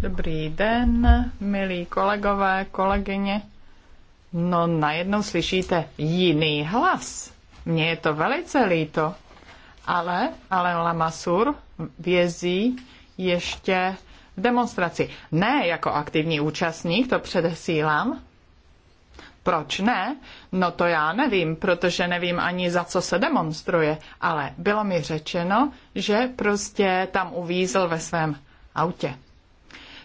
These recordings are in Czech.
Dobrý den, milí kolegové, kolegyně. No, najednou slyšíte jiný hlas. Mně je to velice líto. Ale, ale Lamasur vězí ještě v demonstraci. Ne jako aktivní účastník, to předesílám, proč ne? No to já nevím, protože nevím ani za co se demonstruje, ale bylo mi řečeno, že prostě tam uvízl ve svém autě.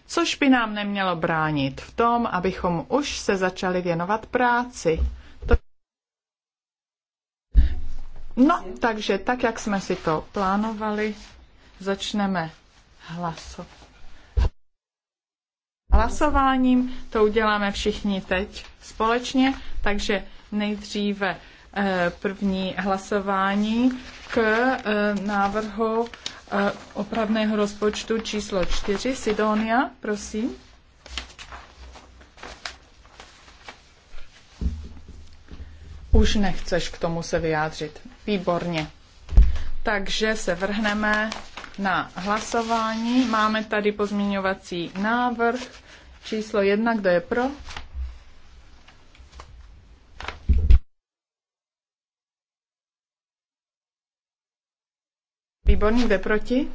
Což by nám nemělo bránit v tom, abychom už se začali věnovat práci. To... No, takže tak, jak jsme si to plánovali, začneme hlasovat hlasováním. To uděláme všichni teď společně, takže nejdříve eh, první hlasování k eh, návrhu eh, opravného rozpočtu číslo 4. Sidonia, prosím. Už nechceš k tomu se vyjádřit. Výborně. Takže se vrhneme na hlasování. Máme tady pozměňovací návrh číslo jedna, kdo je pro? Výborný, kde proti?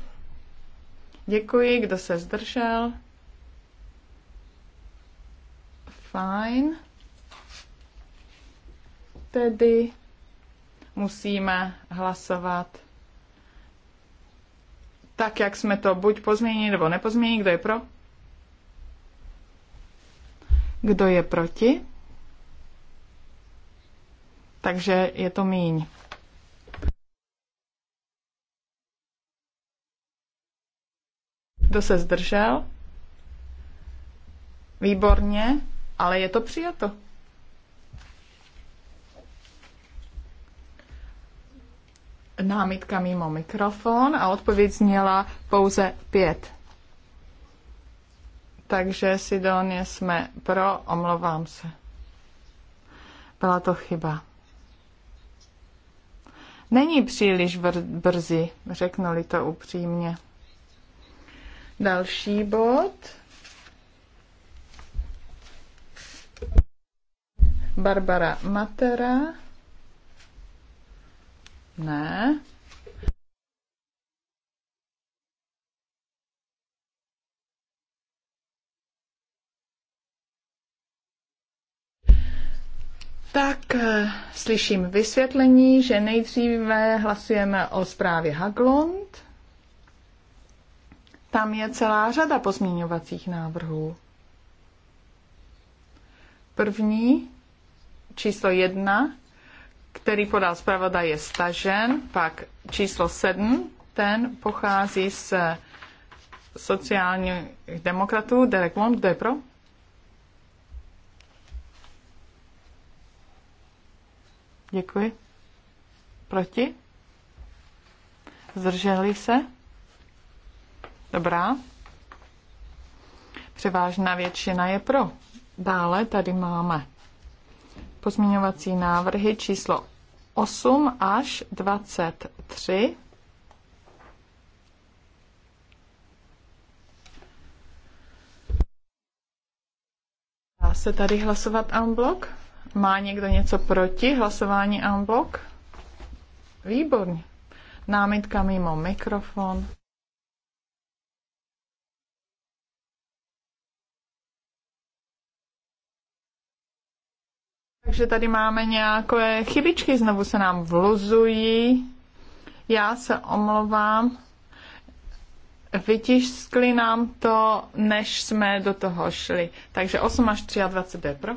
Děkuji, kdo se zdržel? Fajn. Tedy musíme hlasovat tak, jak jsme to buď pozměnili nebo nepozměnili. Kdo je pro? Kdo je proti? Takže je to míň. Kdo se zdržel? Výborně, ale je to přijato. námitka mimo mikrofon a odpověď zněla pouze pět. Takže Sidonie jsme pro, omlouvám se. Byla to chyba. Není příliš br- brzy, řeknuli to upřímně. Další bod. Barbara Matera. Ne. Tak eh, slyším vysvětlení, že nejdříve hlasujeme o zprávě Haglund. Tam je celá řada pozměňovacích návrhů. První, číslo jedna, který podal zpravodaj, je stažen, pak číslo 7, ten pochází z sociálních demokratů. Derek Wong, kdo je pro? Děkuji. Proti? Zdrželi se? Dobrá. Převážná většina je pro. Dále tady máme pozměňovací návrhy číslo 8 až 23. Dá se tady hlasovat unblock? Má někdo něco proti hlasování unblock? Výborně. Námitka mimo mikrofon. Takže tady máme nějaké chybičky, znovu se nám vluzují. Já se omlouvám. Vytiskli nám to, než jsme do toho šli. Takže 8 až 23 je pro.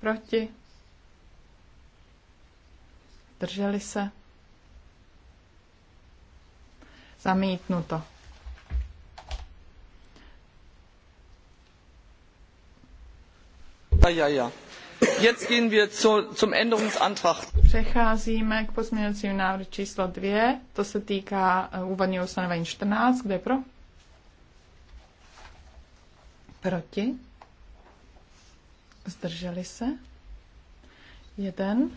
Proti. Drželi se. to. Aj, aj, ja. Jetzt gehen wir zu, zum Änderungsantrag. Přecházíme k pozměňovacímu návrhu číslo 2. To se týká eh, úvodního ustanovení 14. Kdo je pro? Proti? Zdrželi se? Jeden.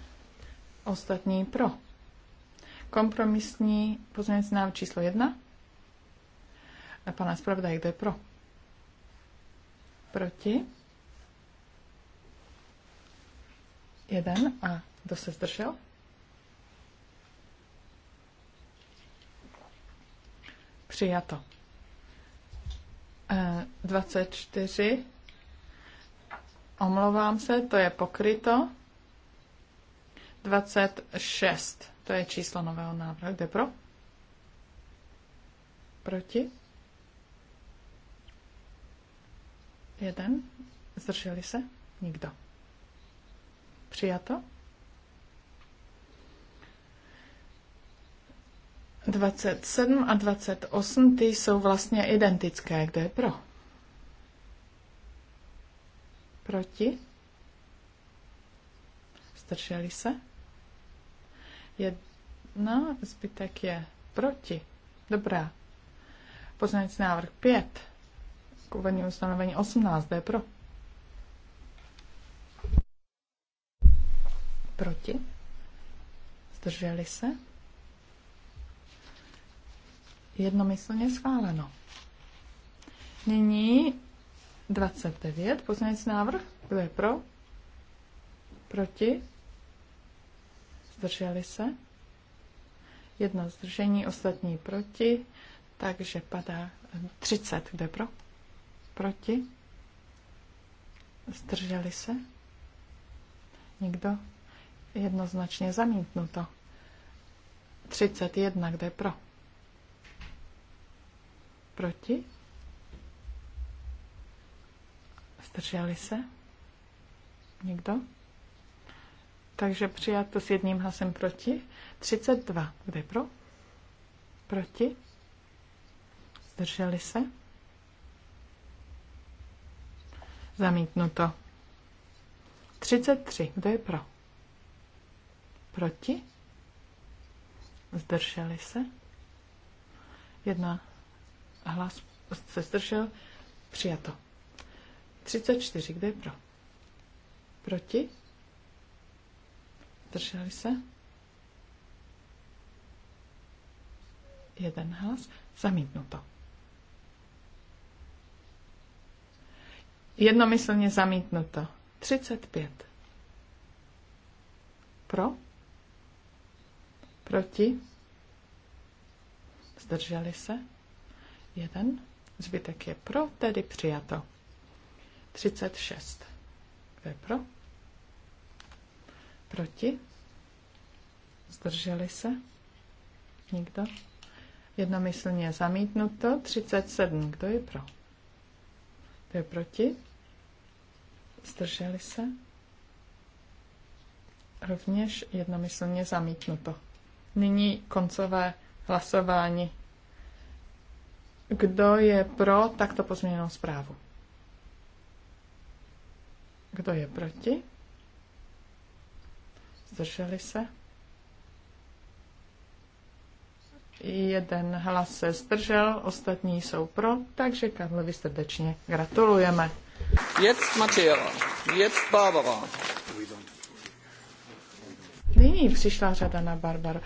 Ostatní pro. Kompromisní pozměňovací návrh číslo 1. Pana zpravodaj, kdo je pro? Proti? Jeden a kdo se zdržel? Přijato. 24. Eh, Omlouvám se, to je pokryto. 26. To je číslo nového návrhu. Jde pro? Proti? Jeden. Zdrželi se? Nikdo. Přijato. 27 a 28, ty jsou vlastně identické. Kdo je pro? Proti? Strželi se? Jedna, zbytek je proti. Dobrá. Poznací návrh 5 k uvedení ustanovení 18, kdo je pro? Proti? Zdrželi se? Jednomyslně schváleno. Nyní 29, poslanec návrh. Kdo je pro? Proti? Zdrželi se? Jedno zdržení, ostatní proti, takže padá 30. Kdo je pro? Proti? Zdrželi se? Nikdo? jednoznačně zamítnuto. 31, kde pro? Proti? Zdrželi se? Nikdo? Takže přijato s jedním hlasem proti. 32, kde pro? Proti? Zdrželi se? Zamítnuto. 33, kdo je pro? Proti? Zdrželi se? Jedna hlas se zdržel. Přijato. 34. Kde je pro? Proti? Zdrželi se? Jeden hlas. Zamítnuto. Jednomyslně zamítnuto. 35. Pro? Proti? Zdrželi se? Jeden. Zbytek je pro, tedy přijato. 36. Kdo je pro? Proti? Zdrželi se? Nikdo? Jednomyslně zamítnuto. 37. Kdo je pro? Kdo je proti? Zdrželi se? Rovněž jednomyslně zamítnuto. Nyní koncové hlasování. Kdo je pro takto pozměněnou zprávu? Kdo je proti? Zdrželi se? Jeden hlas se zdržel, ostatní jsou pro, takže Karlovi srdečně gratulujeme. Jetzt Matěra, jetzt Barbara. Nyní přišla řada na Barbaru.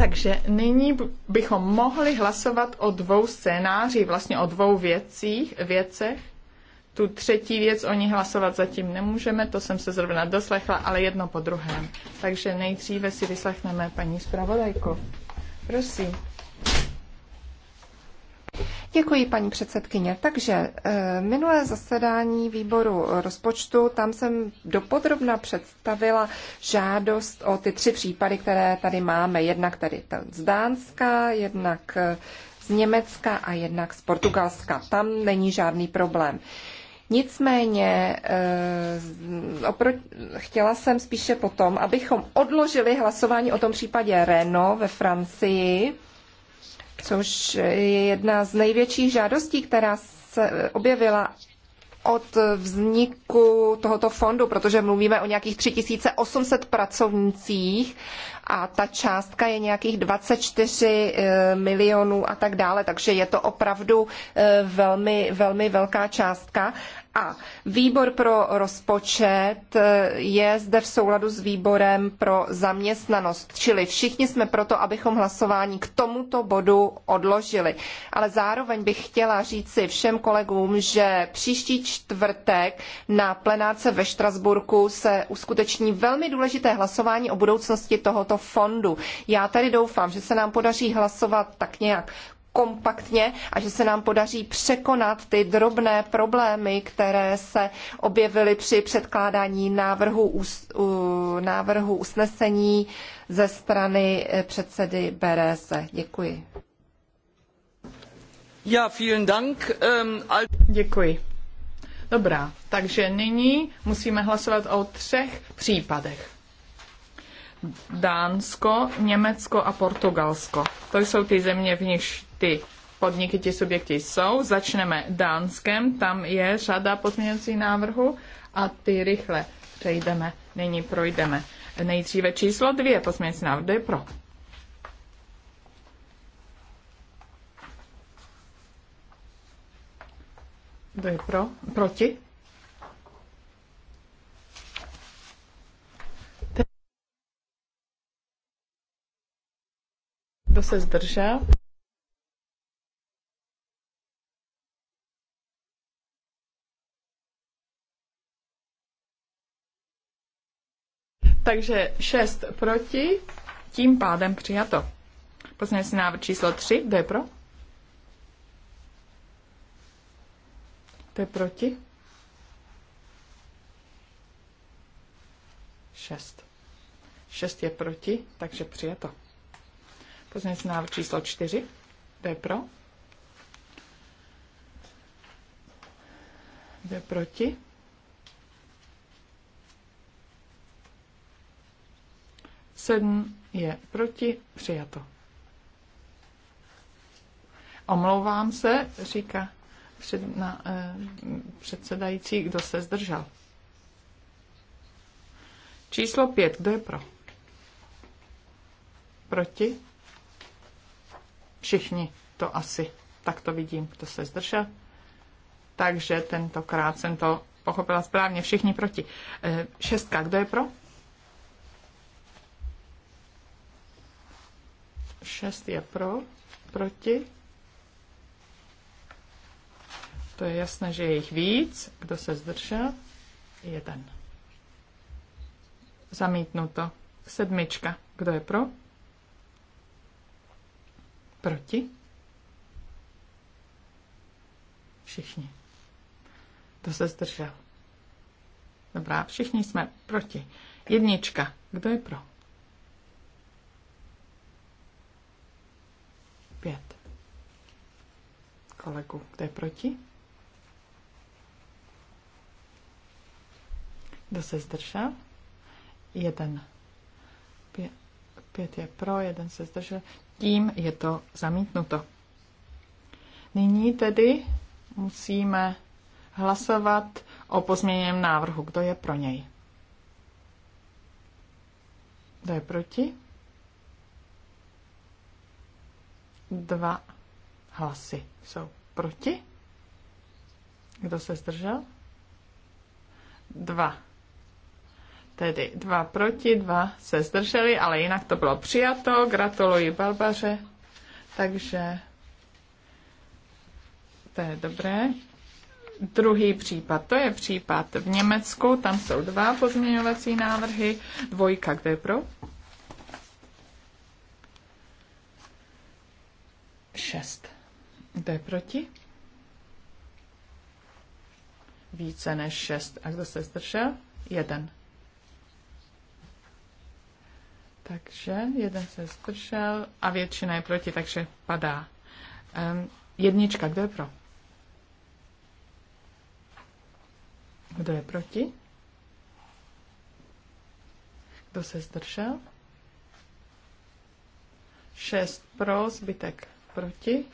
Takže nyní bychom mohli hlasovat o dvou scénářích, vlastně o dvou věcích, věcech. Tu třetí věc o ní hlasovat zatím nemůžeme, to jsem se zrovna doslechla, ale jedno po druhém. Takže nejdříve si vyslechneme paní zpravodajku. Prosím. Děkuji, paní předsedkyně. Takže eh, minulé zasedání výboru rozpočtu, tam jsem dopodrobna představila žádost o ty tři případy, které tady máme. Jednak tady z Dánska, jednak eh, z Německa a jednak z Portugalska. Tam není žádný problém. Nicméně eh, chtěla jsem spíše potom, abychom odložili hlasování o tom případě Renault ve Francii, což je jedna z největších žádostí, která se objevila od vzniku tohoto fondu, protože mluvíme o nějakých 3800 pracovnících a ta částka je nějakých 24 eh, milionů a tak dále, takže je to opravdu eh, velmi, velmi velká částka a výbor pro rozpočet eh, je zde v souladu s výborem pro zaměstnanost, čili všichni jsme proto, abychom hlasování k tomuto bodu odložili. Ale zároveň bych chtěla říci všem kolegům, že příští čtvrtek na plenárce ve Štrasburku se uskuteční velmi důležité hlasování o budoucnosti tohoto fondu. Já tady doufám, že se nám podaří hlasovat tak nějak kompaktně a že se nám podaří překonat ty drobné problémy, které se objevily při předkládání návrhu, návrhu usnesení ze strany eh, předsedy Bereze. Děkuji. Ja, vielen Dank. Ähm, Děkuji. Dobrá, takže nyní musíme hlasovat o třech případech. Dánsko, Německo a Portugalsko. To jsou ty země, v nichž ty podniky, ty subjekty jsou. Začneme Dánskem, tam je řada pozměňovacích návrhů a ty rychle přejdeme, nyní projdeme. Nejdříve číslo dvě pozměňovací návrh, kdo je pro? Kdo je pro? Proti? Kdo se zdržel? Takže 6 proti, tím pádem přijato. Poznám si návrh číslo 3, kdo je pro? Kdo je proti? 6. 6 je proti, takže přijato. Poznám si návrh číslo 4, kdo je pro? Kdo je proti? 7 je proti, přijato. Omlouvám se, říká před, na, eh, předsedající, kdo se zdržel. Číslo 5, kdo je pro? Proti? Všichni to asi. Tak to vidím, kdo se zdržel. Takže tentokrát jsem to pochopila správně. Všichni proti. Eh, šestka, kdo je pro? 6 je pro, proti. To je jasné, že je jich víc. Kdo se zdržel? Jeden. Zamítnuto. Sedmička. Kdo je pro? Proti? Všichni. Kdo se zdržel? Dobrá, všichni jsme proti. Jednička. Kdo je pro? 5 kolegů. Kdo je proti? Kdo se zdržel? Jeden. Pět, pět je pro, jeden se zdržel. Tím je to zamítnuto. Nyní tedy musíme hlasovat o pozměněném návrhu. Kdo je pro něj? Kdo je proti? Dva hlasy jsou proti. Kdo se zdržel? Dva. Tedy dva proti, dva se zdrželi, ale jinak to bylo přijato. Gratuluji Balbaře. Takže to je dobré. Druhý případ, to je případ v Německu, tam jsou dva pozměňovací návrhy, dvojka, kde pro? 6. Kdo je proti? Více než 6. A kdo se zdržel? 1. Takže jeden se zdržel a většina je proti, takže padá. Um, jednička, kdo je pro? Kdo je proti? Kdo se zdržel? Šest pro, zbytek Proti?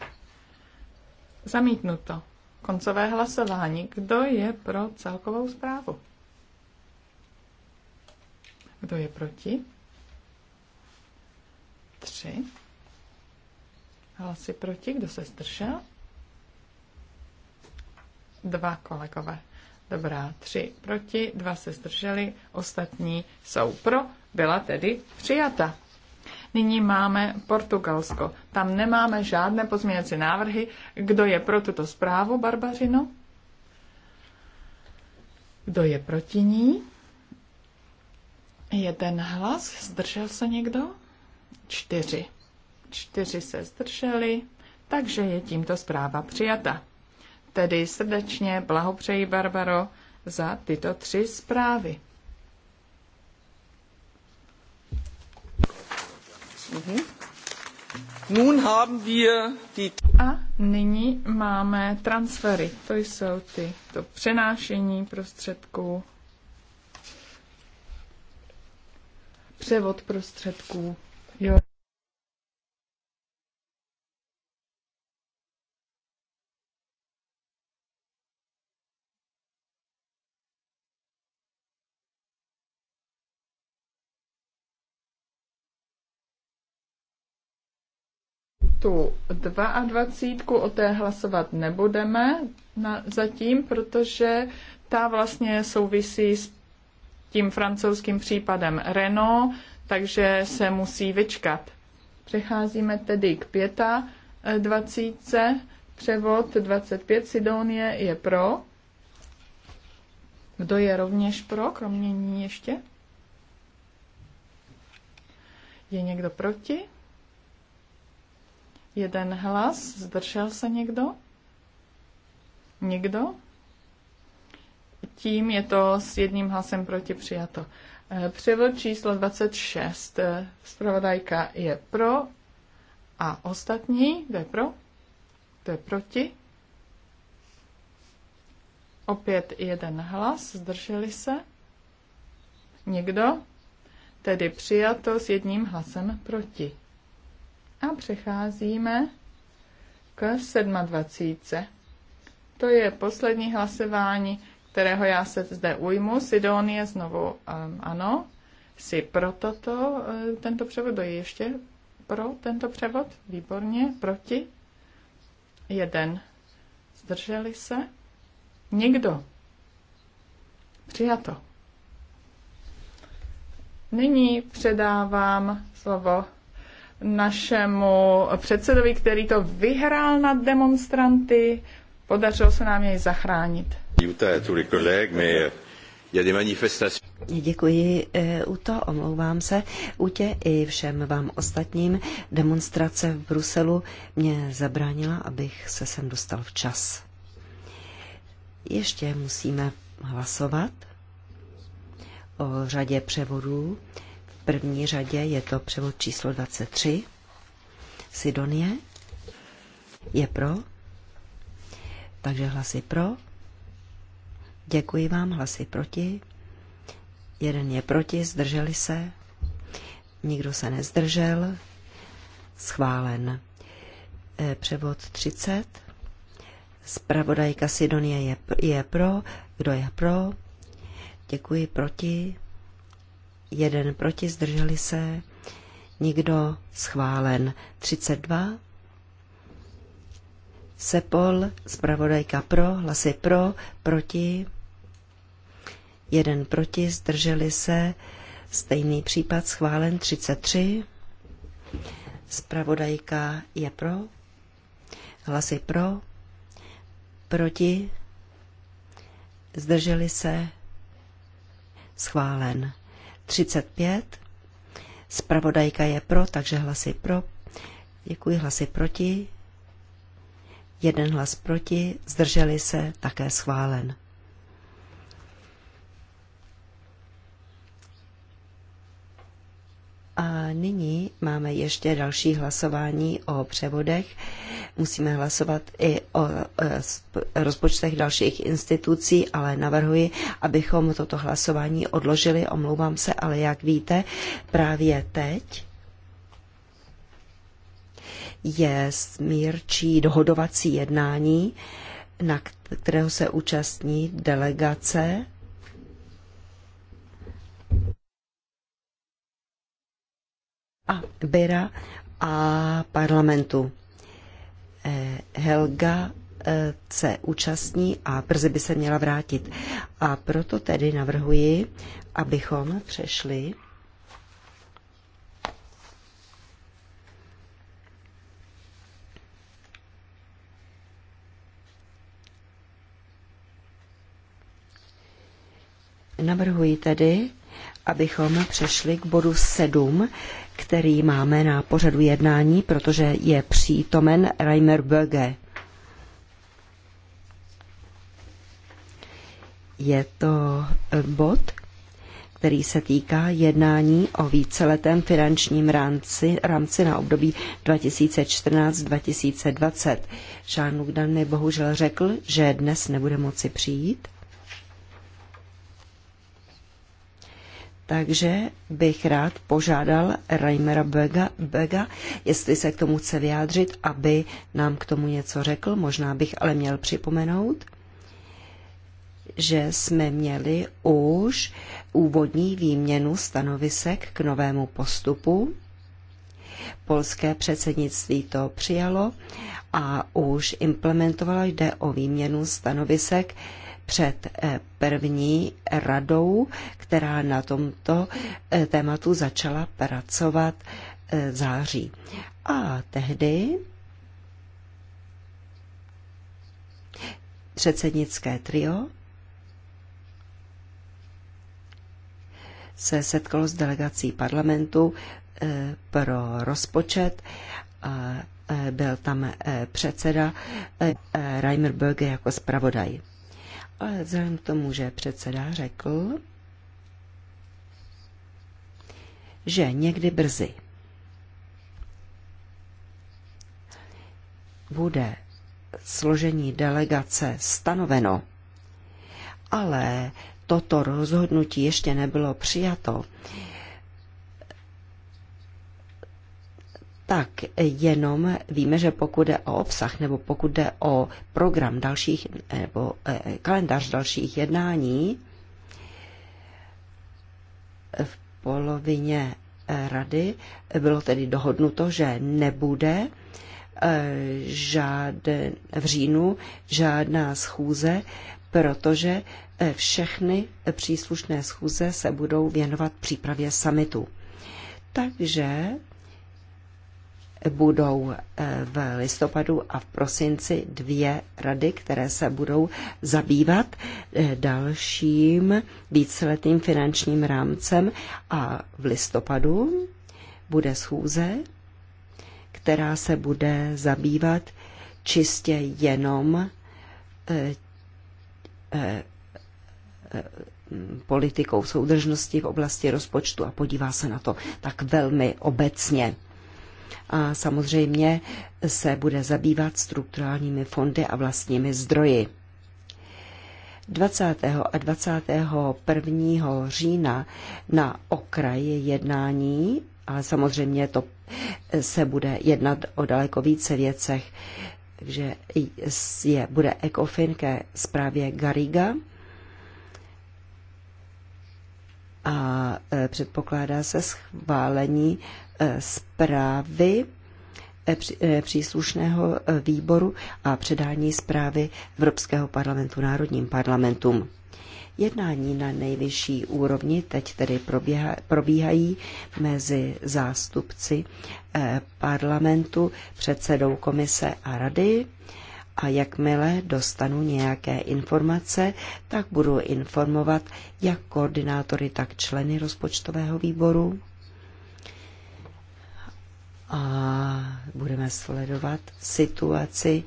Zamítnuto. Koncové hlasování. Kdo je pro celkovou zprávu? Kdo je proti? Tři. Hlasy proti. Kdo se zdržel? Dva kolegové. Dobrá, tři proti, dva se zdrželi, ostatní jsou pro, byla tedy přijata. Nyní máme Portugalsko. Tam nemáme žádné pozměňovací návrhy. Kdo je pro tuto zprávu, Barbařino? Kdo je proti ní? Jeden hlas. Zdržel se někdo? Čtyři. Čtyři se zdrželi, takže je tímto zpráva přijata. Tedy srdečně blahopřeji, Barbaro, za tyto tři zprávy. Mhm. A nyní máme transfery. To jsou ty, to přenášení prostředků, převod prostředků. Jo. tu 22, o té hlasovat nebudeme na, zatím, protože ta vlastně souvisí s tím francouzským případem Renault, takže se musí vyčkat. Přecházíme tedy k 25. Převod 25 Sidonie je pro. Kdo je rovněž pro, kromě ní ještě? Je někdo proti? Jeden hlas. Zdržel se někdo? Nikdo? Tím je to s jedním hlasem proti přijato. Eh, převod číslo 26. Eh, zpravodajka je pro a ostatní, kdo je pro? Kdo je proti? Opět jeden hlas, zdrželi se? Nikdo? Tedy přijato s jedním hlasem proti. A přecházíme k 27. To je poslední hlasování, kterého já se zde ujmu. Sidonie znovu um, ano. Jsi pro toto, uh, tento převod? Je ještě pro tento převod? Výborně. Proti? Jeden. Zdrželi se? Nikdo. Přijato. Nyní předávám slovo našemu předsedovi, který to vyhrál nad demonstranty. Podařilo se nám jej zachránit. Děkuji, eh, to omlouvám se. tě i všem vám ostatním. Demonstrace v Bruselu mě zabránila, abych se sem dostal včas. Ještě musíme hlasovat o řadě převodů první řadě je to převod číslo 23. Sidonie je pro. Takže hlasy pro. Děkuji vám, hlasy proti. Jeden je proti, zdrželi se. Nikdo se nezdržel. Schválen. E, převod 30. Spravodajka Sidonie je, je pro. Kdo je pro? Děkuji, proti jeden proti, zdrželi se, nikdo schválen. 32. Sepol, zpravodajka pro, hlasy pro, proti, jeden proti, zdrželi se, stejný případ schválen 33. Zpravodajka je pro, hlasy pro, proti, zdrželi se, schválen. 35. Spravodajka je pro, takže hlasy pro. Děkuji, hlasy proti. Jeden hlas proti, zdrželi se, také schválen. A nyní máme ještě další hlasování o převodech. Musíme hlasovat i o e, rozpočtech dalších institucí, ale navrhuji, abychom toto hlasování odložili. Omlouvám se, ale jak víte, právě teď je smírčí dohodovací jednání, na kterého se účastní delegace a Bera a parlamentu. Eh, Helga eh, se účastní a brzy by se měla vrátit. A proto tedy navrhuji, abychom přešli Navrhuji tedy, abychom přešli k bodu 7, který máme na pořadu jednání, protože je přítomen Reimer Böge. Je to eh, bod, který se týká jednání o víceletém finančním rámci, rámci na období 2014-2020. Jean-Luc Danny bohužel řekl, že dnes nebude moci přijít. Takže bych rád požádal Reimera Bega, Bega, jestli se k tomu chce vyjádřit, aby nám k tomu něco řekl. Možná bych ale měl připomenout, že jsme měli už úvodní výměnu stanovisek k novému postupu. Polské předsednictví to přijalo a už implementovalo, jde o výměnu stanovisek před eh, první radou, která na tomto eh, tématu začala pracovat eh, v září. A tehdy předsednické trio se setkalo s delegací parlamentu pro rozpočet a byl tam předseda Reimer Böge jako zpravodaj ale vzhledem k tomu, že předseda řekl, že někdy brzy bude složení delegace stanoveno, ale toto rozhodnutí ještě nebylo přijato, tak jenom víme, že pokud jde o obsah nebo pokud jde o program dalších nebo e, kalendář dalších jednání, v polovině e, rady bylo tedy dohodnuto, že nebude e, žádn, v říjnu žádná schůze, protože všechny příslušné schůze se budou věnovat přípravě samitu. Takže budou eh, v listopadu a v prosinci dvě rady, které se budou zabývat eh, dalším víceletým finančním rámcem a v listopadu bude schůze, která se bude zabývat čistě jenom eh, politikou soudržnosti v oblasti rozpočtu a podívá se na to tak velmi obecně a samozřejmě se bude zabývat strukturálními fondy a vlastními zdroji. 20. a 21. října na okraji jednání, ale samozřejmě to se bude jednat o daleko více věcech, takže je, bude ECOFIN ke zprávě Gariga a e, předpokládá se schválení Eh, zprávy eh, eh, příslušného výboru a předání zprávy Evropského parlamentu národním parlamentům. Jednání na nejvyšší úrovni teď tedy probíha, probíhají mezi zástupci parlamentu, předsedou komise a rady a jakmile dostanu nějaké informace, tak budu informovat jak koordinátory, tak členy rozpočtového výboru a budeme sledovat situaci,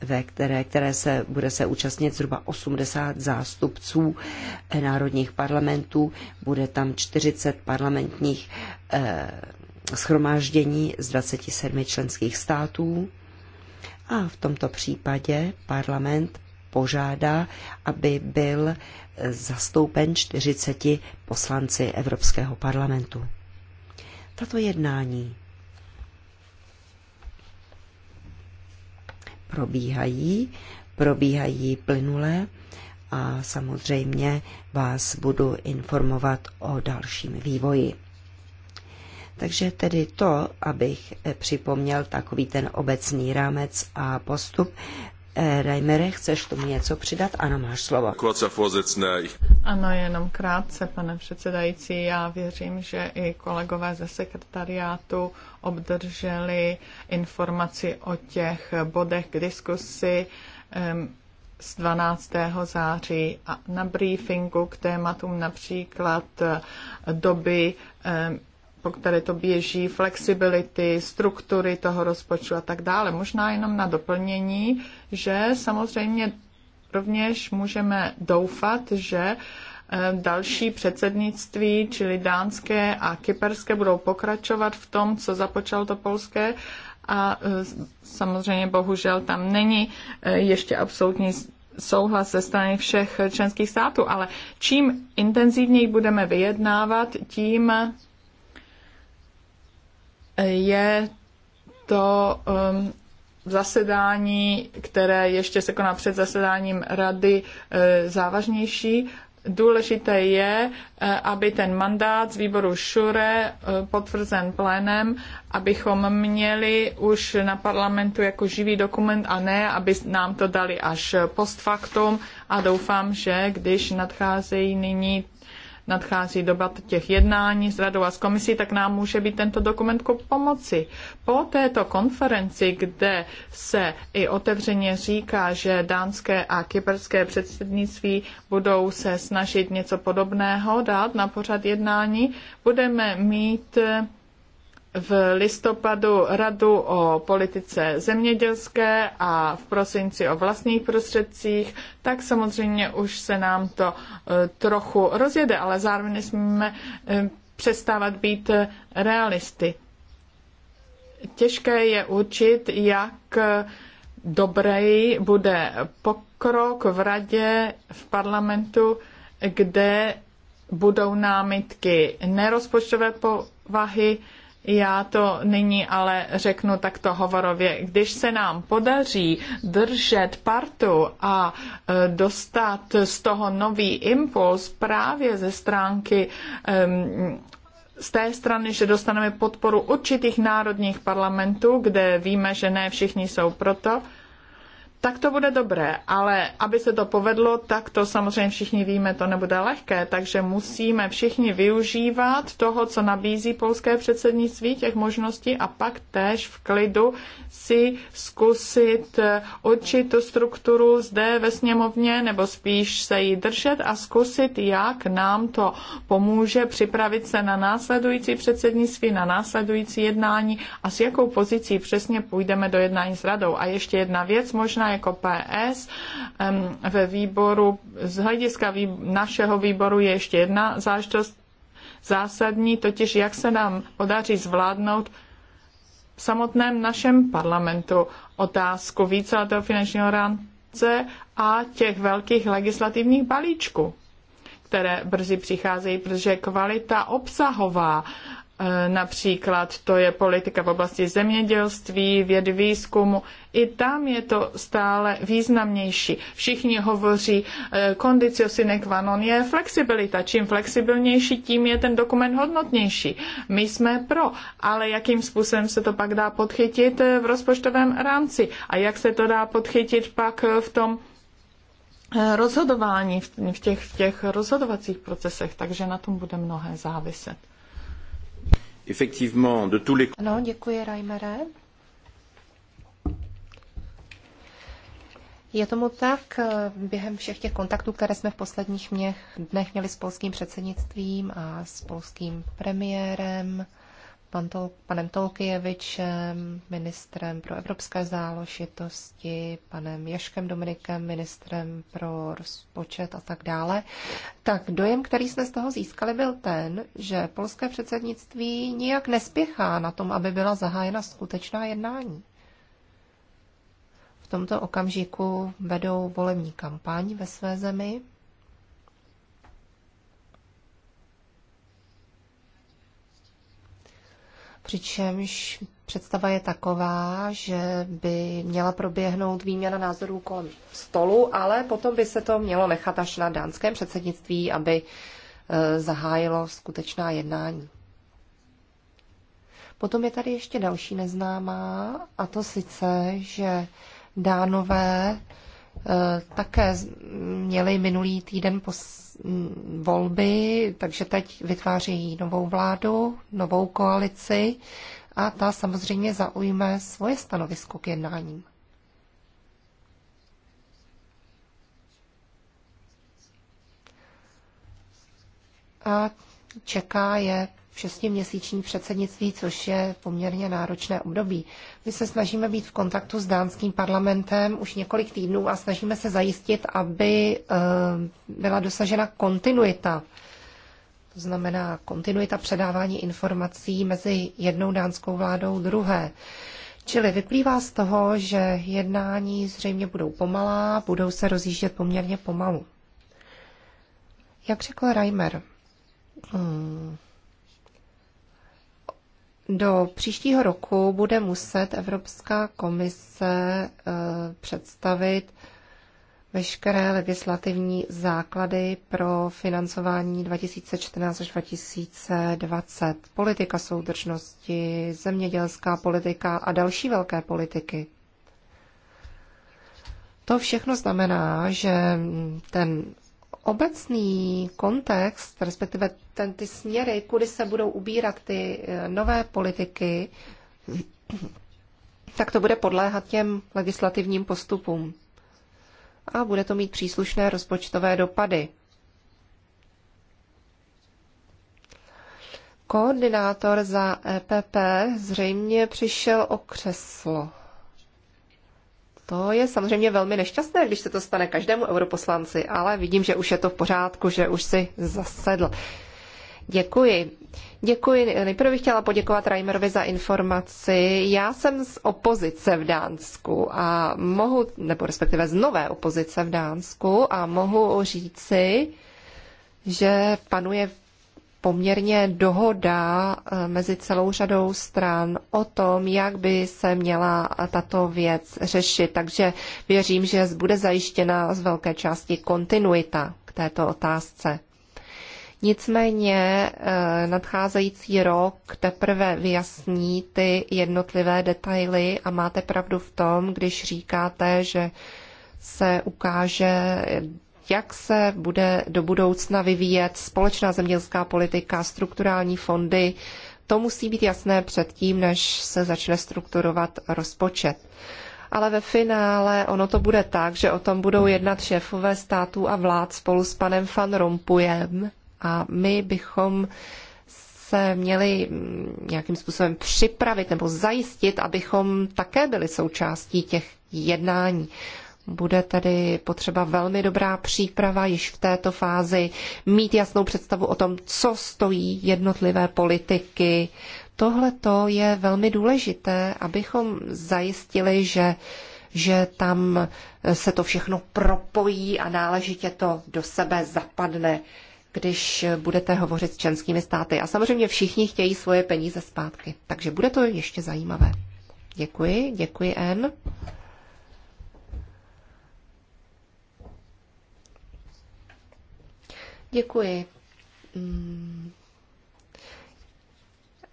ve které, které se bude se účastnit zhruba 80 zástupců eh, národních parlamentů. Bude tam 40 parlamentních eh, schromáždění z 27 členských států. A v tomto případě parlament požádá, aby byl eh, zastoupen 40 poslanci Evropského parlamentu. Tato jednání probíhají, probíhají plynule a samozřejmě vás budu informovat o dalším vývoji. Takže tedy to, abych připomněl takový ten obecný rámec a postup, Reimere, chceš tomu něco přidat? Ano, máš slovo. Ano, jenom krátce, pane předsedající. Já věřím, že i kolegové ze sekretariátu obdrželi informaci o těch bodech k diskusi z 12. září a na briefingu k tématům například doby po které to běží, flexibility, struktury toho rozpočtu a tak dále. Možná jenom na doplnění, že samozřejmě rovněž můžeme doufat, že eh, další předsednictví, čili dánské a kyperské, budou pokračovat v tom, co započalo to polské a eh, samozřejmě bohužel tam není eh, ještě absolutní souhlas ze strany všech členských států, ale čím intenzivněji budeme vyjednávat, tím je to um, zasedání, které ještě se koná před zasedáním rady, e, závažnější. Důležité je, e, aby ten mandát z výboru Šure e, potvrzen plénem, abychom měli už na parlamentu jako živý dokument a ne, aby nám to dali až post factum a doufám, že když nadcházejí nyní nadchází doba těch jednání s radou a s komisí, tak nám může být tento dokument ku pomoci. Po této konferenci, kde se i otevřeně říká, že dánské a kyperské předsednictví budou se snažit něco podobného dát na pořad jednání, budeme mít v listopadu radu o politice zemědělské a v prosinci o vlastních prostředcích, tak samozřejmě už se nám to e, trochu rozjede, ale zároveň nesmíme e, přestávat být e, realisty. Těžké je určit, jak dobrý bude pokrok v radě, v parlamentu, kde budou námitky nerozpočtové povahy, já to nyní ale řeknu takto hovorově. Když se nám podaří držet partu a e, dostat z toho nový impuls právě ze stránky um, z té strany, že dostaneme podporu určitých národních parlamentů, kde víme, že ne všichni jsou proto, tak to bude dobré, ale aby se to povedlo, tak to samozřejmě všichni víme, to nebude lehké, takže musíme všichni využívat toho, co nabízí polské předsednictví, těch možností a pak též v klidu si zkusit eh, určit tu strukturu zde ve sněmovně, nebo spíš se jí držet a zkusit, jak nám to pomůže připravit se na následující předsednictví, na následující jednání a s jakou pozicí přesně půjdeme do jednání s radou. A ještě jedna věc možná jako PS ve výboru, z hlediska našeho výboru je ještě jedna záležitost zásadní, totiž jak se nám podaří zvládnout v samotném našem parlamentu otázku víceletého finančního rámce a těch velkých legislativních balíčků které brzy přicházejí, protože kvalita obsahová Eh, například to je politika v oblasti zemědělství, věd výzkumu, i tam je to stále významnější. Všichni hovoří, kondicio eh, sine qua non je flexibilita. Čím flexibilnější, tím je ten dokument hodnotnější. My jsme pro, ale jakým způsobem se to pak dá podchytit eh, v rozpočtovém rámci a jak se to dá podchytit pak v tom rozhodování, v těch, v těch rozhodovacích procesech, takže na tom bude mnohé záviset effectivement de tous les... Ano, děkuji, Reimere. Je tomu tak, během všech těch kontaktů, které jsme v posledních dnech měli s polským předsednictvím a s polským premiérem, pan Tol, panem Tolkijevičem, ministrem pro evropské záložitosti, panem Ješkem Dominikem, ministrem pro rozpočet a tak dále. Tak dojem, který jsme z toho získali, byl ten, že polské předsednictví nijak nespěchá na tom, aby byla zahájena skutečná jednání. V tomto okamžiku vedou volební kampaň ve své zemi, přičemž představa je taková, že by měla proběhnout výměna názorů kolem stolu, ale potom by se to mělo nechat až na dánském předsednictví, aby e, zahájilo skutečná jednání. Potom je tady ještě další neznámá, a to sice, že dánové e, také měli minulý týden pos volby, takže teď vytváří novou vládu, novou koalici a ta samozřejmě zaujme svoje stanovisko k jednáním. A čeká je v šestiměsíční předsednictví, což je poměrně náročné období. My se snažíme být v kontaktu s dánským parlamentem už několik týdnů a snažíme se zajistit, aby eh, byla dosažena kontinuita. To znamená kontinuita předávání informací mezi jednou dánskou vládou druhé. Čili vyplývá z toho, že jednání zřejmě budou pomalá, budou se rozjíždět poměrně pomalu. Jak řekl Reimer, hmm, do příštího roku bude muset Evropská komise eh, představit veškeré legislativní základy pro financování 2014 až 2020, politika soudržnosti, zemědělská politika a další velké politiky. To všechno znamená, že ten obecný kontext, respektive ten, ty směry, kudy se budou ubírat ty eh, nové politiky, tak to bude podléhat těm legislativním postupům. A bude to mít příslušné rozpočtové dopady. Koordinátor za EPP zřejmě přišel o křeslo. To je samozřejmě velmi nešťastné, když se to stane každému europoslanci, ale vidím, že už je to v pořádku, že už si zasedl. Děkuji. Děkuji. Nejprve bych chtěla poděkovat Reimerovi za informaci. Já jsem z opozice v Dánsku a mohu, nebo respektive z nové opozice v Dánsku a mohu říci, že panuje poměrně dohoda eh, mezi celou řadou stran o tom, jak by se měla tato věc řešit. Takže věřím, že bude zajištěna z velké části kontinuita k této otázce. Nicméně eh, nadcházející rok teprve vyjasní ty jednotlivé detaily a máte pravdu v tom, když říkáte, že se ukáže jak se bude do budoucna vyvíjet společná zemědělská politika, strukturální fondy. To musí být jasné předtím, než se začne strukturovat rozpočet. Ale ve finále ono to bude tak, že o tom budou jednat šéfové států a vlád spolu s panem Van Rompuyem a my bychom se měli mm, nějakým způsobem připravit nebo zajistit, abychom také byli součástí těch jednání. Bude tedy potřeba velmi dobrá příprava již v této fázi, mít jasnou představu o tom, co stojí jednotlivé politiky. Tohle je velmi důležité, abychom zajistili, že že tam se to všechno propojí a náležitě to do sebe zapadne, když budete hovořit s členskými státy. A samozřejmě všichni chtějí svoje peníze zpátky, takže bude to ještě zajímavé. Děkuji, děkuji N. Děkuji. Mm.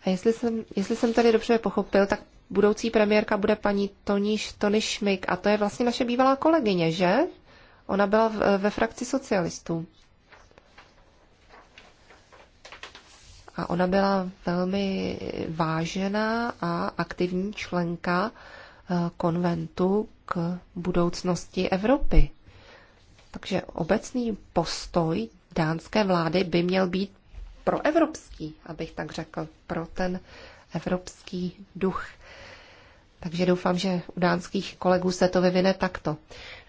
A jestli jsem, jestli jsem tady dobře pochopil, tak budoucí premiérka bude paní Toniš Tony Šmik a to je vlastně naše bývalá kolegyně, že? Ona byla ve frakci socialistů. A ona byla velmi vážená a aktivní členka eh, konventu k budoucnosti Evropy. Takže obecný postoj dánské vlády by měl být proevropský, abych tak řekl, pro ten evropský duch. Takže doufám, že u dánských kolegů se to vyvine takto.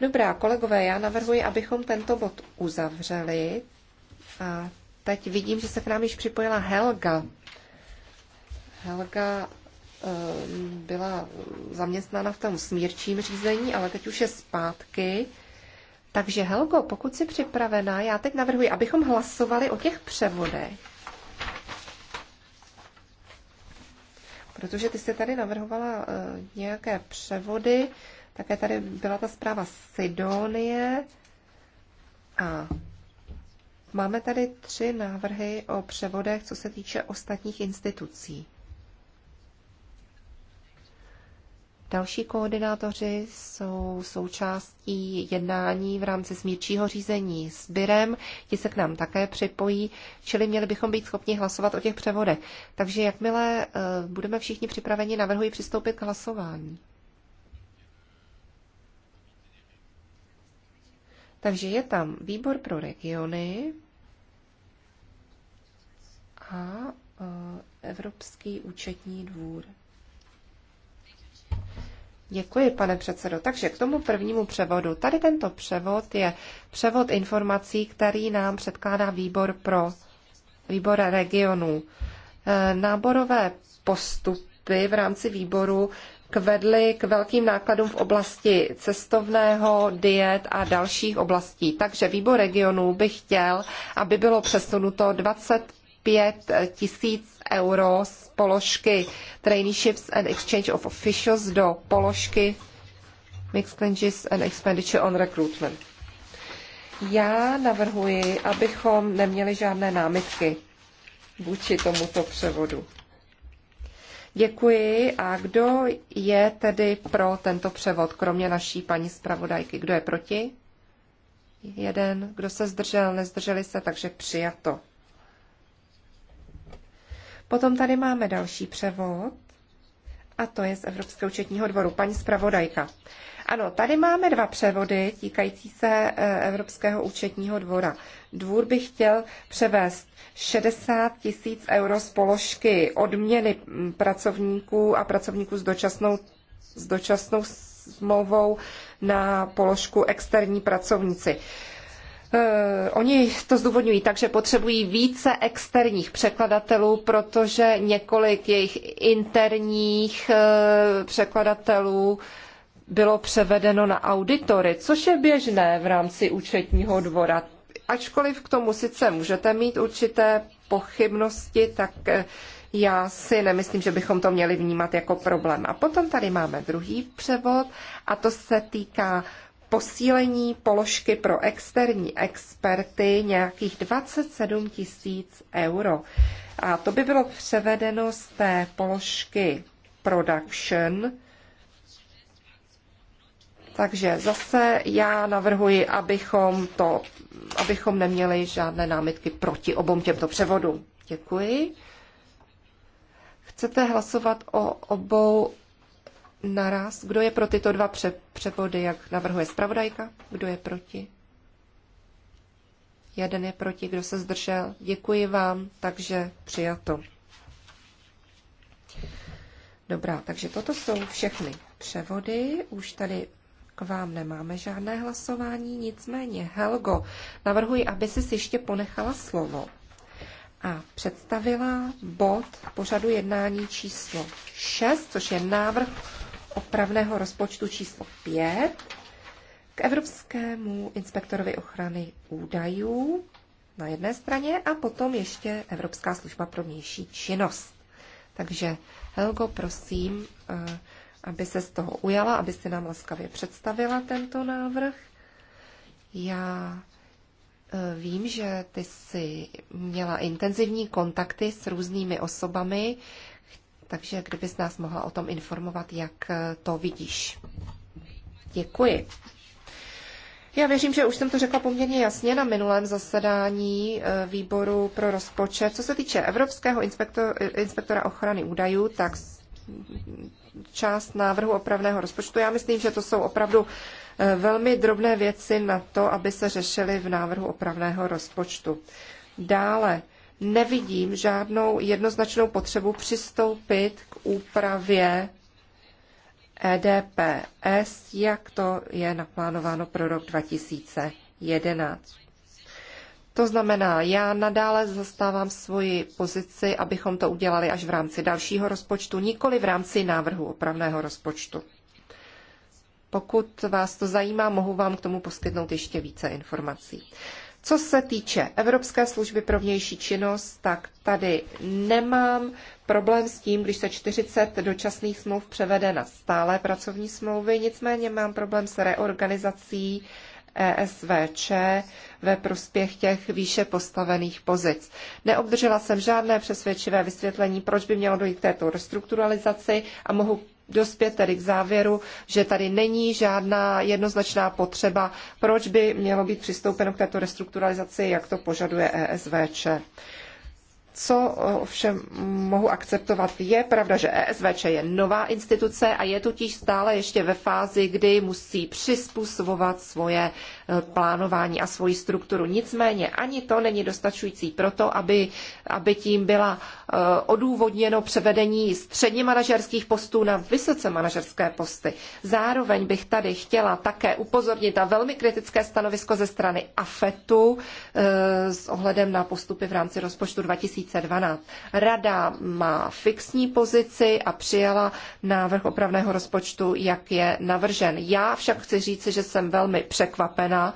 Dobrá, kolegové, já navrhuji, abychom tento bod uzavřeli. A teď vidím, že se k nám již připojila Helga. Helga eh, byla zaměstnána v tom smírčím řízení, ale teď už je zpátky. Takže Helgo, pokud jsi připravená, já teď navrhuji, abychom hlasovali o těch převodech. Protože ty jsi tady navrhovala uh, nějaké převody, také tady byla ta zpráva Sidonie a máme tady tři návrhy o převodech, co se týče ostatních institucí. Další koordinátoři jsou součástí jednání v rámci smírčího řízení s Birem, ti se k nám také připojí, čili měli bychom být schopni hlasovat o těch převodech. Takže jakmile eh, budeme všichni připraveni, navrhuji přistoupit k hlasování. Takže je tam výbor pro regiony a eh, Evropský účetní dvůr. Děkuji, pane předsedo. Takže k tomu prvnímu převodu. Tady tento převod je převod informací, který nám předkládá výbor pro výbor regionů. E, náborové postupy v rámci výboru kvedly k velkým nákladům v oblasti cestovného, diet a dalších oblastí. Takže výbor regionů by chtěl, aby bylo přesunuto 20 5 tisíc euro z položky Traineeships and Exchange of Officials do položky Mixed and Expenditure on Recruitment. Já navrhuji, abychom neměli žádné námitky vůči tomuto převodu. Děkuji. A kdo je tedy pro tento převod, kromě naší paní zpravodajky? Kdo je proti? Jeden. Kdo se zdržel, nezdrželi se, takže přijato. Potom tady máme další převod a to je z Evropského účetního dvoru, paní zpravodajka. Ano, tady máme dva převody týkající se e, Evropského účetního dvora. Dvůr by chtěl převést 60 tisíc euro z položky odměny pracovníků a pracovníků s dočasnou, s dočasnou smlouvou na položku externí pracovníci. Eh, oni to zdůvodňují tak, že potřebují více externích překladatelů, protože několik jejich interních eh, překladatelů bylo převedeno na auditory, což je běžné v rámci účetního dvora. Ačkoliv k tomu sice můžete mít určité pochybnosti, tak eh, já si nemyslím, že bychom to měli vnímat jako problém. A potom tady máme druhý převod a to se týká posílení položky pro externí experty nějakých 27 tisíc euro. A to by bylo převedeno z té položky production. Takže zase já navrhuji, abychom, to, abychom neměli žádné námitky proti obou těmto převodům. Děkuji. Chcete hlasovat o obou naraz. Kdo je pro tyto dva pře- převody, jak navrhuje zpravodajka? Kdo je proti? Jeden je proti, kdo se zdržel. Děkuji vám, takže přijato. Dobrá, takže toto jsou všechny převody. Už tady k vám nemáme žádné hlasování, nicméně Helgo, navrhuji, aby si ještě ponechala slovo a představila bod pořadu jednání číslo 6, což je návrh opravného rozpočtu číslo 5 k Evropskému inspektorovi ochrany údajů na jedné straně a potom ještě Evropská služba pro vnější činnost. Takže Helgo, prosím, eh, aby se z toho ujala, aby se nám laskavě představila tento návrh. Já eh, vím, že ty jsi měla intenzivní kontakty s různými osobami, takže kdybys nás mohla o tom informovat, jak eh, to vidíš. Děkuji. Já věřím, že už jsem to řekla poměrně jasně na minulém zasedání eh, výboru pro rozpočet. Co se týče Evropského inspektor, eh, inspektora ochrany údajů, tak část návrhu opravného rozpočtu. Já myslím, že to jsou opravdu velmi drobné věci na to, aby se řešily v návrhu opravného rozpočtu. Dále nevidím žádnou jednoznačnou potřebu přistoupit k úpravě EDPS, jak to je naplánováno pro rok 2011. To znamená, já nadále zastávám svoji pozici, abychom to udělali až v rámci dalšího rozpočtu, nikoli v rámci návrhu opravného rozpočtu. Pokud vás to zajímá, mohu vám k tomu poskytnout ještě více informací. Co se týče Evropské služby pro vnější činnost, tak tady nemám problém s tím, když se 40 dočasných smluv převede na stále pracovní smlouvy, nicméně mám problém s reorganizací ESVČ ve prospěch těch výše postavených pozic. Neobdržela jsem žádné přesvědčivé vysvětlení, proč by mělo dojít k této restrukturalizaci a mohu dospět tedy k závěru, že tady není žádná jednoznačná potřeba, proč by mělo být přistoupeno k této restrukturalizaci, jak to požaduje ESVČ. Co ovšem mohu akceptovat, je pravda, že ESVČ je nová instituce a je totiž stále ještě ve fázi, kdy musí přizpůsobovat svoje plánování a svoji strukturu. Nicméně ani to není dostačující proto, aby, aby tím byla eh, odůvodněno převedení středně manažerských postů na vysoce manažerské posty. Zároveň bych tady chtěla také upozornit na velmi kritické stanovisko ze strany AFETu eh, s ohledem na postupy v rámci rozpočtu 2012. Rada má fixní pozici a přijala návrh opravného rozpočtu, jak je navržen. Já však chci říci, že jsem velmi překvapena zejména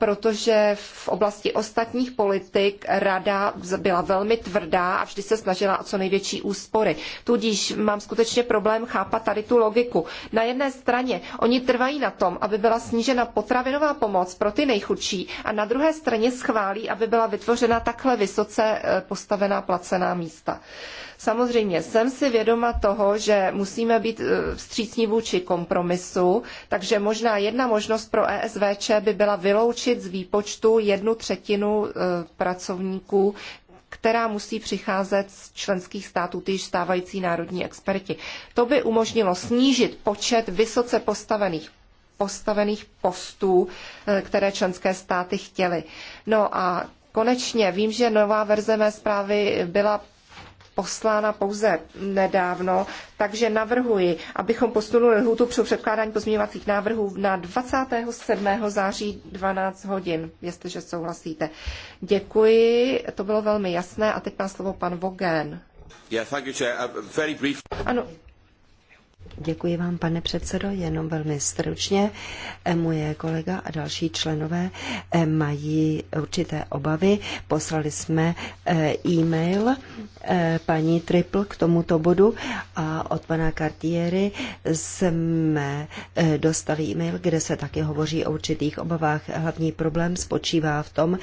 protože v oblasti ostatních politik rada byla velmi tvrdá a vždy se snažila o co největší úspory. Tudíž mám skutečně problém chápat tady tu logiku. Na jedné straně oni trvají na tom, aby byla snížena potravinová pomoc pro ty nejchudší a na druhé straně schválí, aby byla vytvořena takhle vysoce eh, postavená placená místa. Samozřejmě jsem si vědoma toho, že musíme být eh, vstřícní vůči kompromisu, takže možná jedna možnost pro ESVČ by byla vyloučit z výpočtu jednu třetinu eh, pracovníků, která musí přicházet z členských států, ty již stávající národní experti. To by umožnilo snížit počet vysoce postavených postavených postů, eh, které členské státy chtěly. No a konečně vím, že nová verze mé zprávy byla poslána pouze nedávno, takže navrhuji, abychom posunuli lhůtu pro předkládání pozměňovacích návrhů na 27. září 12 hodin, jestliže souhlasíte. Děkuji, to bylo velmi jasné a teď má slovo pan Vogen. Yeah, thank you, chair. Uh, very brief. Ano, Děkuji vám, pane předsedo, jenom velmi stručně. E, moje kolega a další členové e, mají určité obavy. Poslali jsme e, e-mail paní Triple k tomuto bodu a od pana Cartiery jsme dostali e-mail, kde se taky hovoří o určitých obavách. Hlavní problém spočívá v tom,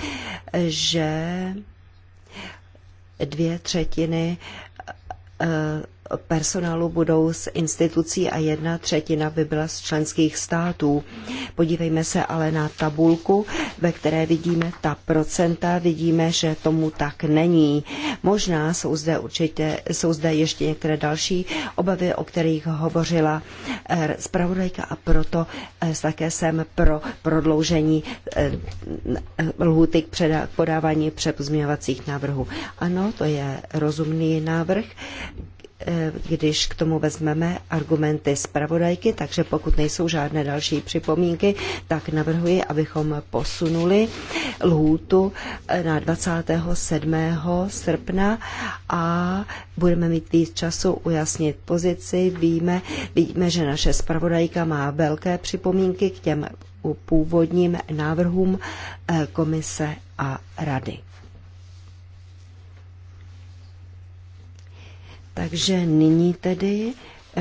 že dvě třetiny personálu budou z institucí a jedna třetina by byla z členských států. Podívejme se ale na tabulku, ve které vidíme ta procenta, vidíme, že tomu tak není. Možná jsou zde určitě, jsou zde ještě některé další obavy, o kterých hovořila eh, zpravodajka a proto eh, také jsem pro prodloužení eh, lhůty k podávání přepozměvacích návrhů. Ano, to je rozumný návrh. Eh, když k tomu vezmeme argumenty zpravodajky, takže pokud nejsou žádné další připomínky, tak navrhuji, abychom posunuli lhůtu eh, na 27. srpna a budeme mít víc času ujasnit pozici. Víme, víme že naše zpravodajka má velké připomínky k těm původním návrhům eh, komise a rady. Takže nyní tedy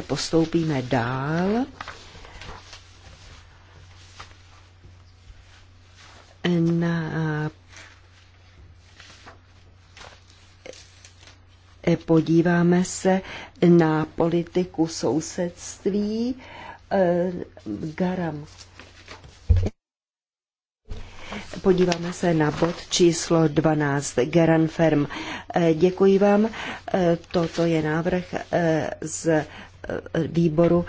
postoupíme dál. Na eh, podíváme se na politiku sousedství. Eh, Garam Podíváme se na bod číslo 12, Geran Firm. Eh, děkuji vám. Eh, toto je návrh eh, z výboru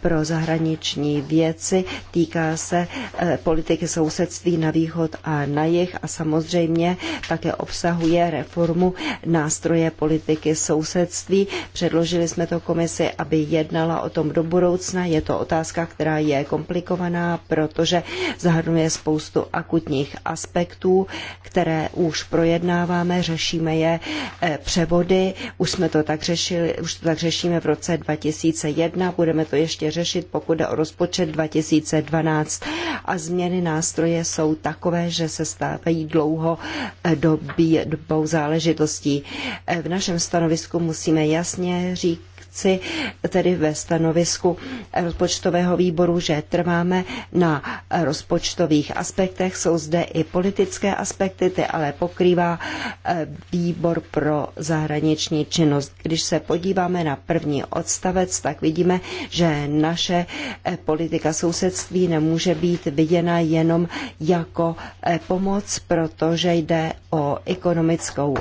pro zahraniční věci, týká se eh, politiky sousedství na východ a na jih a samozřejmě také obsahuje reformu nástroje politiky sousedství. Předložili jsme to komisi, aby jednala o tom do budoucna. Je to otázka, která je komplikovaná, protože zahrnuje spoustu akutních aspektů, které už projednáváme, řešíme je eh, převody. Už jsme to tak řešili, už to tak řešíme v roce 2001, budeme to ještě řešit, pokud jde o rozpočet 2012. A změny nástroje jsou takové, že se stávají dlouho eh, dobí, dobou záležitostí. Eh, v našem stanovisku musíme jasně říct reakci tedy ve stanovisku rozpočtového výboru, že trváme na rozpočtových aspektech. Jsou zde i politické aspekty, ty ale pokrývá eh, výbor pro zahraniční činnost. Když se podíváme na první odstavec, tak vidíme, že naše eh, politika sousedství nemůže být viděna jenom jako eh, pomoc, protože jde o ekonomickou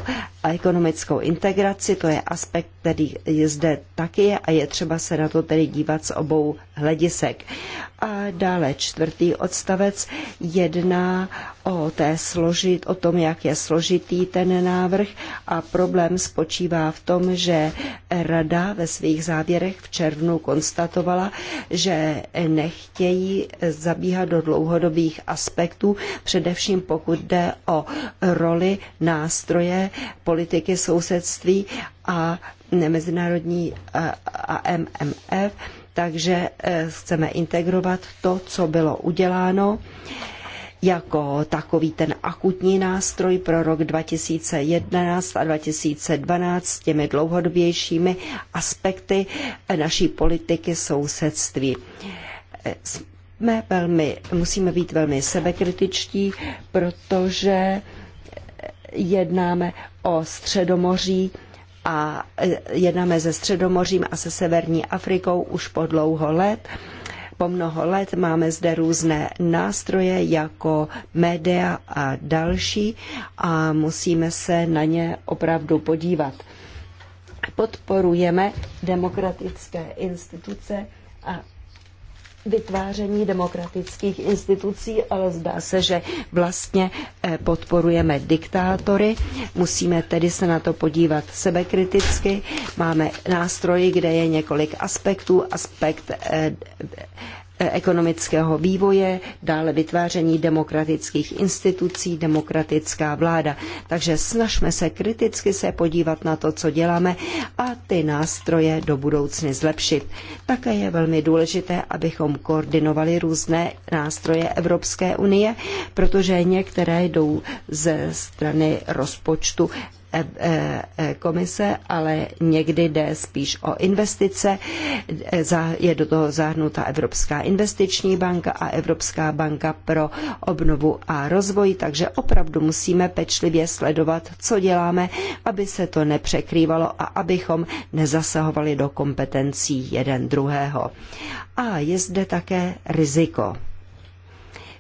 a ekonomickou integraci, to je aspekt, který je zde taky je a je třeba se na to tedy dívat z obou hledisek. A dále čtvrtý odstavec jedná o, té složit, o tom, jak je složitý ten návrh a problém spočívá v tom, že Rada ve svých závěrech v červnu konstatovala, že nechtějí zabíhat do dlouhodobých aspektů, především pokud jde o roli nástroje politiky sousedství a mezinárodní eh, a MMF, takže eh, chceme integrovat to, co bylo uděláno jako takový ten akutní nástroj pro rok 2011 a 2012 s těmi dlouhodobějšími aspekty naší politiky sousedství. Eh, jsme velmi, musíme být velmi sebekritičtí, protože jednáme o Středomoří a e, jednáme se Středomořím a se Severní Afrikou už po dlouho let. Po mnoho let máme zde různé nástroje jako média a další a musíme se na ně opravdu podívat. Podporujeme demokratické instituce a vytváření demokratických institucí, ale zdá se, že vlastně eh, podporujeme diktátory. Musíme tedy se na to podívat sebekriticky. Máme nástroji, kde je několik aspektů. Aspekt eh, Eh, ekonomického vývoje, dále vytváření demokratických institucí, demokratická vláda. Takže snažme se kriticky se podívat na to, co děláme a ty nástroje do budoucny zlepšit. Také je velmi důležité, abychom koordinovali různé nástroje Evropské unie, protože některé jdou ze strany rozpočtu E, e, e, komise, ale někdy jde spíš o investice. Je do toho zahrnuta Evropská investiční banka a Evropská banka pro obnovu a rozvoj, takže opravdu musíme pečlivě sledovat, co děláme, aby se to nepřekrývalo a abychom nezasahovali do kompetencí jeden druhého. A je zde také riziko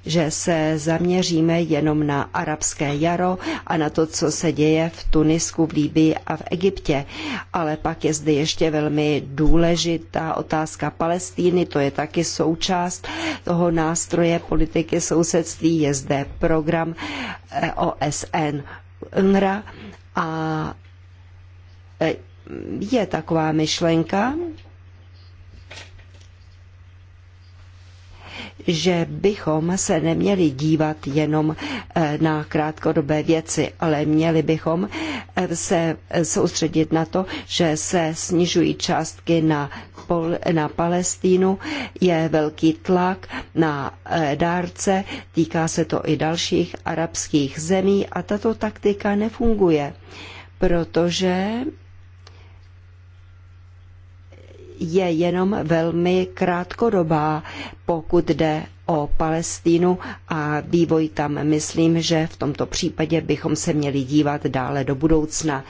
že se zaměříme jenom na arabské jaro a na to, co se děje v Tunisku, v Líbii a v Egyptě. Ale pak je zde ještě velmi důležitá otázka Palestíny, to je taky součást toho nástroje politiky sousedství, je zde program eh, OSN UNRWA a eh, je taková myšlenka, že bychom se neměli dívat jenom eh, na krátkodobé věci, ale měli bychom eh, se soustředit na to, že se snižují částky na, Pol, na Palestínu, je velký tlak na eh, dárce, týká se to i dalších arabských zemí a tato taktika nefunguje, protože je jenom velmi krátkodobá, pokud jde o Palestínu a vývoj tam. Myslím, že v tomto případě bychom se měli dívat dále do budoucna.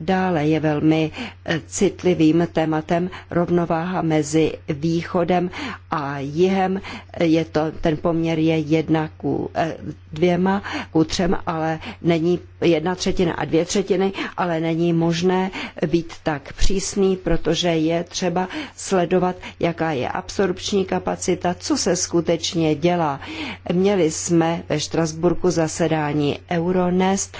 Dále je velmi eh, citlivým tématem rovnováha mezi východem a jihem. Je to, ten poměr je jedna ku eh, dvěma, ku třem, ale není jedna třetina a dvě třetiny, ale není možné být tak přísný, protože je třeba sledovat, jaká je absorpční kapacita, co se skutečně dělá. Měli jsme ve Štrasburku zasedání Euronest,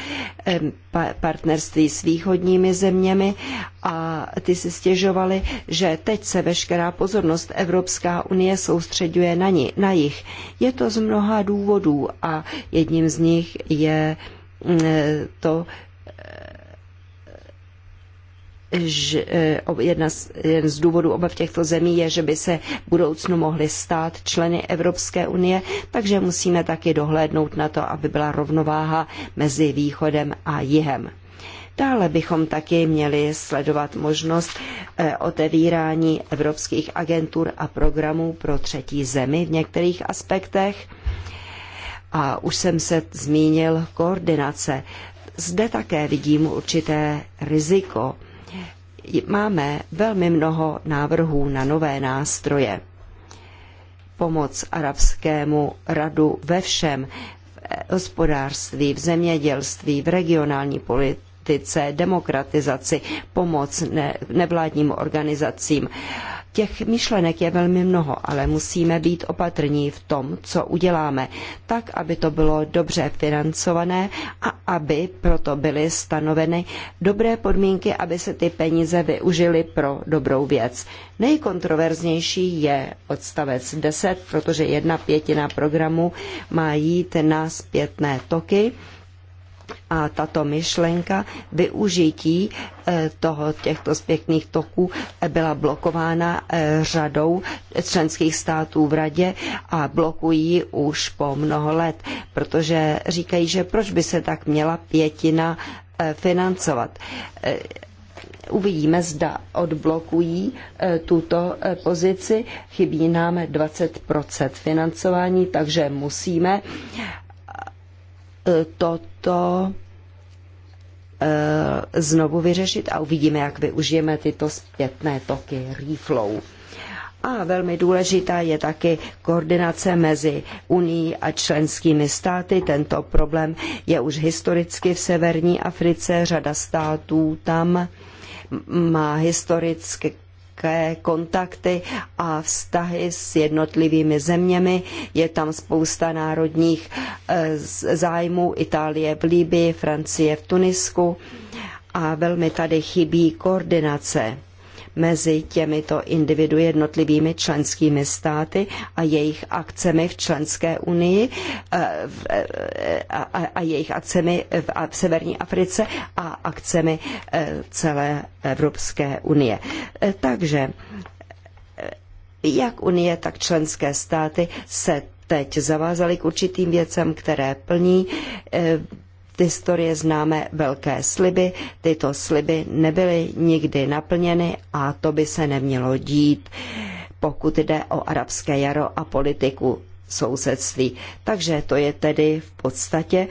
partnerství s východními zeměmi a ty si stěžovali, že teď se veškerá pozornost Evropská unie soustředuje na, ni, na jich. Je to z mnoha důvodů a jedním z nich je mm, to, že eh, jedna z, jeden z důvodů obav těchto zemí je, že by se v budoucnu mohly stát členy Evropské unie, takže musíme taky dohlédnout na to, aby byla rovnováha mezi východem a jihem. Dále bychom taky měli sledovat možnost eh, otevírání evropských agentur a programů pro třetí zemi v některých aspektech. A už jsem se zmínil koordinace. Zde také vidím určité riziko máme velmi mnoho návrhů na nové nástroje. Pomoc arabskému radu ve všem, v hospodářství, v zemědělství, v regionální politice politice, demokratizaci, pomoc ne, nevládním organizacím. Těch myšlenek je velmi mnoho, ale musíme být opatrní v tom, co uděláme, tak, aby to bylo dobře financované a aby proto byly stanoveny dobré podmínky, aby se ty peníze využily pro dobrou věc. Nejkontroverznější je odstavec 10, protože jedna pětina programu má jít na zpětné toky a tato myšlenka využití eh, toho, těchto zpětných toků eh, byla blokována eh, řadou členských států v radě a blokují už po mnoho let, protože říkají, že proč by se tak měla pětina financovat uvidíme, zda odblokují tuto pozici. Chybí nám 20 financování, takže musíme toto eh, znovu vyřešit a uvidíme, jak využijeme tyto zpětné toky reflow. A velmi důležitá je taky koordinace mezi Unii a členskými státy. Tento problém je už historicky v severní Africe. Řada států tam má historicky také kontakty a vztahy s jednotlivými zeměmi. Je tam spousta národních eh, zájmů Itálie v Líbii, Francie v Tunisku a velmi tady chybí koordinace mezi těmito individu jednotlivými členskými státy a jejich akcemi v členské unii eh, eh, a jejich akcemi v severní Africe a akcemi eh, celé Evropské unie. Takže jak Unie, tak členské státy se teď zavázaly k určitým věcem, které plní z historie známe velké sliby, tyto sliby nebyly nikdy naplněny a to by se nemělo dít, pokud jde o arabské jaro a politiku sousedství. Takže to je tedy v podstatě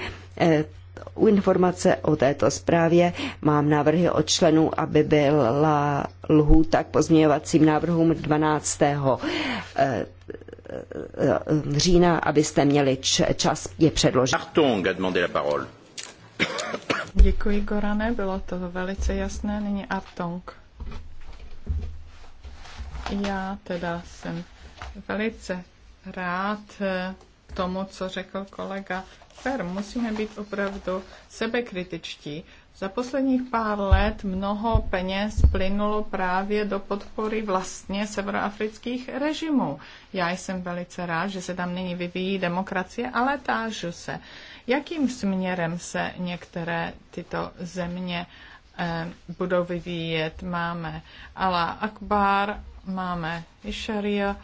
u eh, informace o této zprávě mám návrhy od členů, aby byla lhůta k pozměňovacím návrhům 12. Eh, eh, října, abyste měli čas je předložit. a demandé la parole. Děkuji, Gorane, bylo to velice jasné. Nyní Artong. Já teda jsem velice rád tomu, co řekl kolega Fer. Musíme být opravdu sebekritičtí. Za posledních pár let mnoho peněz plynulo právě do podpory vlastně severoafrických režimů. Já jsem velice rád, že se tam nyní vyvíjí demokracie, ale tážu se jakým směrem se některé tyto země eh, budou vyvíjet. Máme Ala Akbar, máme Isharia,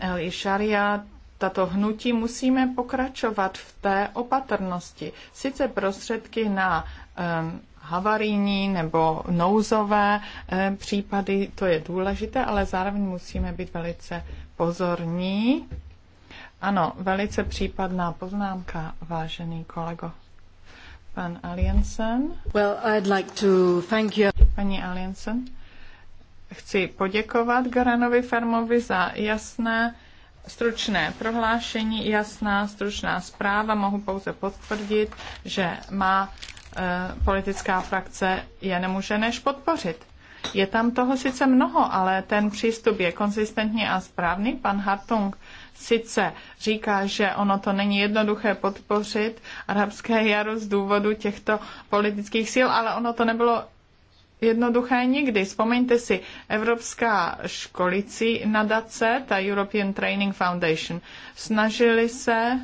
El Isharia, tato hnutí musíme pokračovat v té opatrnosti. Sice prostředky na um, havarijní nebo nouzové um, případy, to je důležité, ale zároveň musíme být velice pozorní ano, velice případná poznámka, vážený kolego. Pan Aliensen. Well, I'd like to thank you. Paní Aliensen. Chci poděkovat Garanovi Fermovi za jasné stručné prohlášení, jasná stručná zpráva. Mohu pouze potvrdit, že má e, politická frakce je nemůže než podpořit. Je tam toho sice mnoho, ale ten přístup je konzistentní a správný. Pan Hartung sice říká, že ono to není jednoduché podpořit arabské jaro z důvodu těchto politických sil, ale ono to nebylo jednoduché nikdy. Vzpomeňte si, Evropská školicí nadace, ta European Training Foundation, snažili se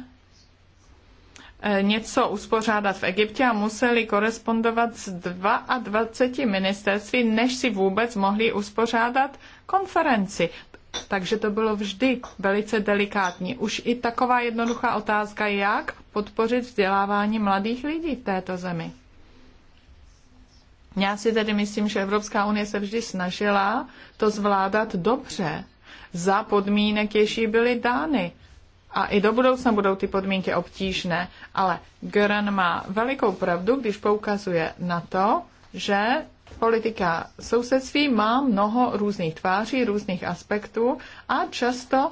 eh, něco uspořádat v Egyptě a museli korespondovat s 22 ministerství, než si vůbec mohli uspořádat konferenci. Takže to bylo vždy velice delikátní. Už i taková jednoduchá otázka, jak podpořit vzdělávání mladých lidí v této zemi. Já si tedy myslím, že Evropská unie se vždy snažila to zvládat dobře, za podmínek, jež byly dány. A i do budoucna budou ty podmínky obtížné, ale Gran má velikou pravdu, když poukazuje na to, že politika sousedství má mnoho různých tváří, různých aspektů a často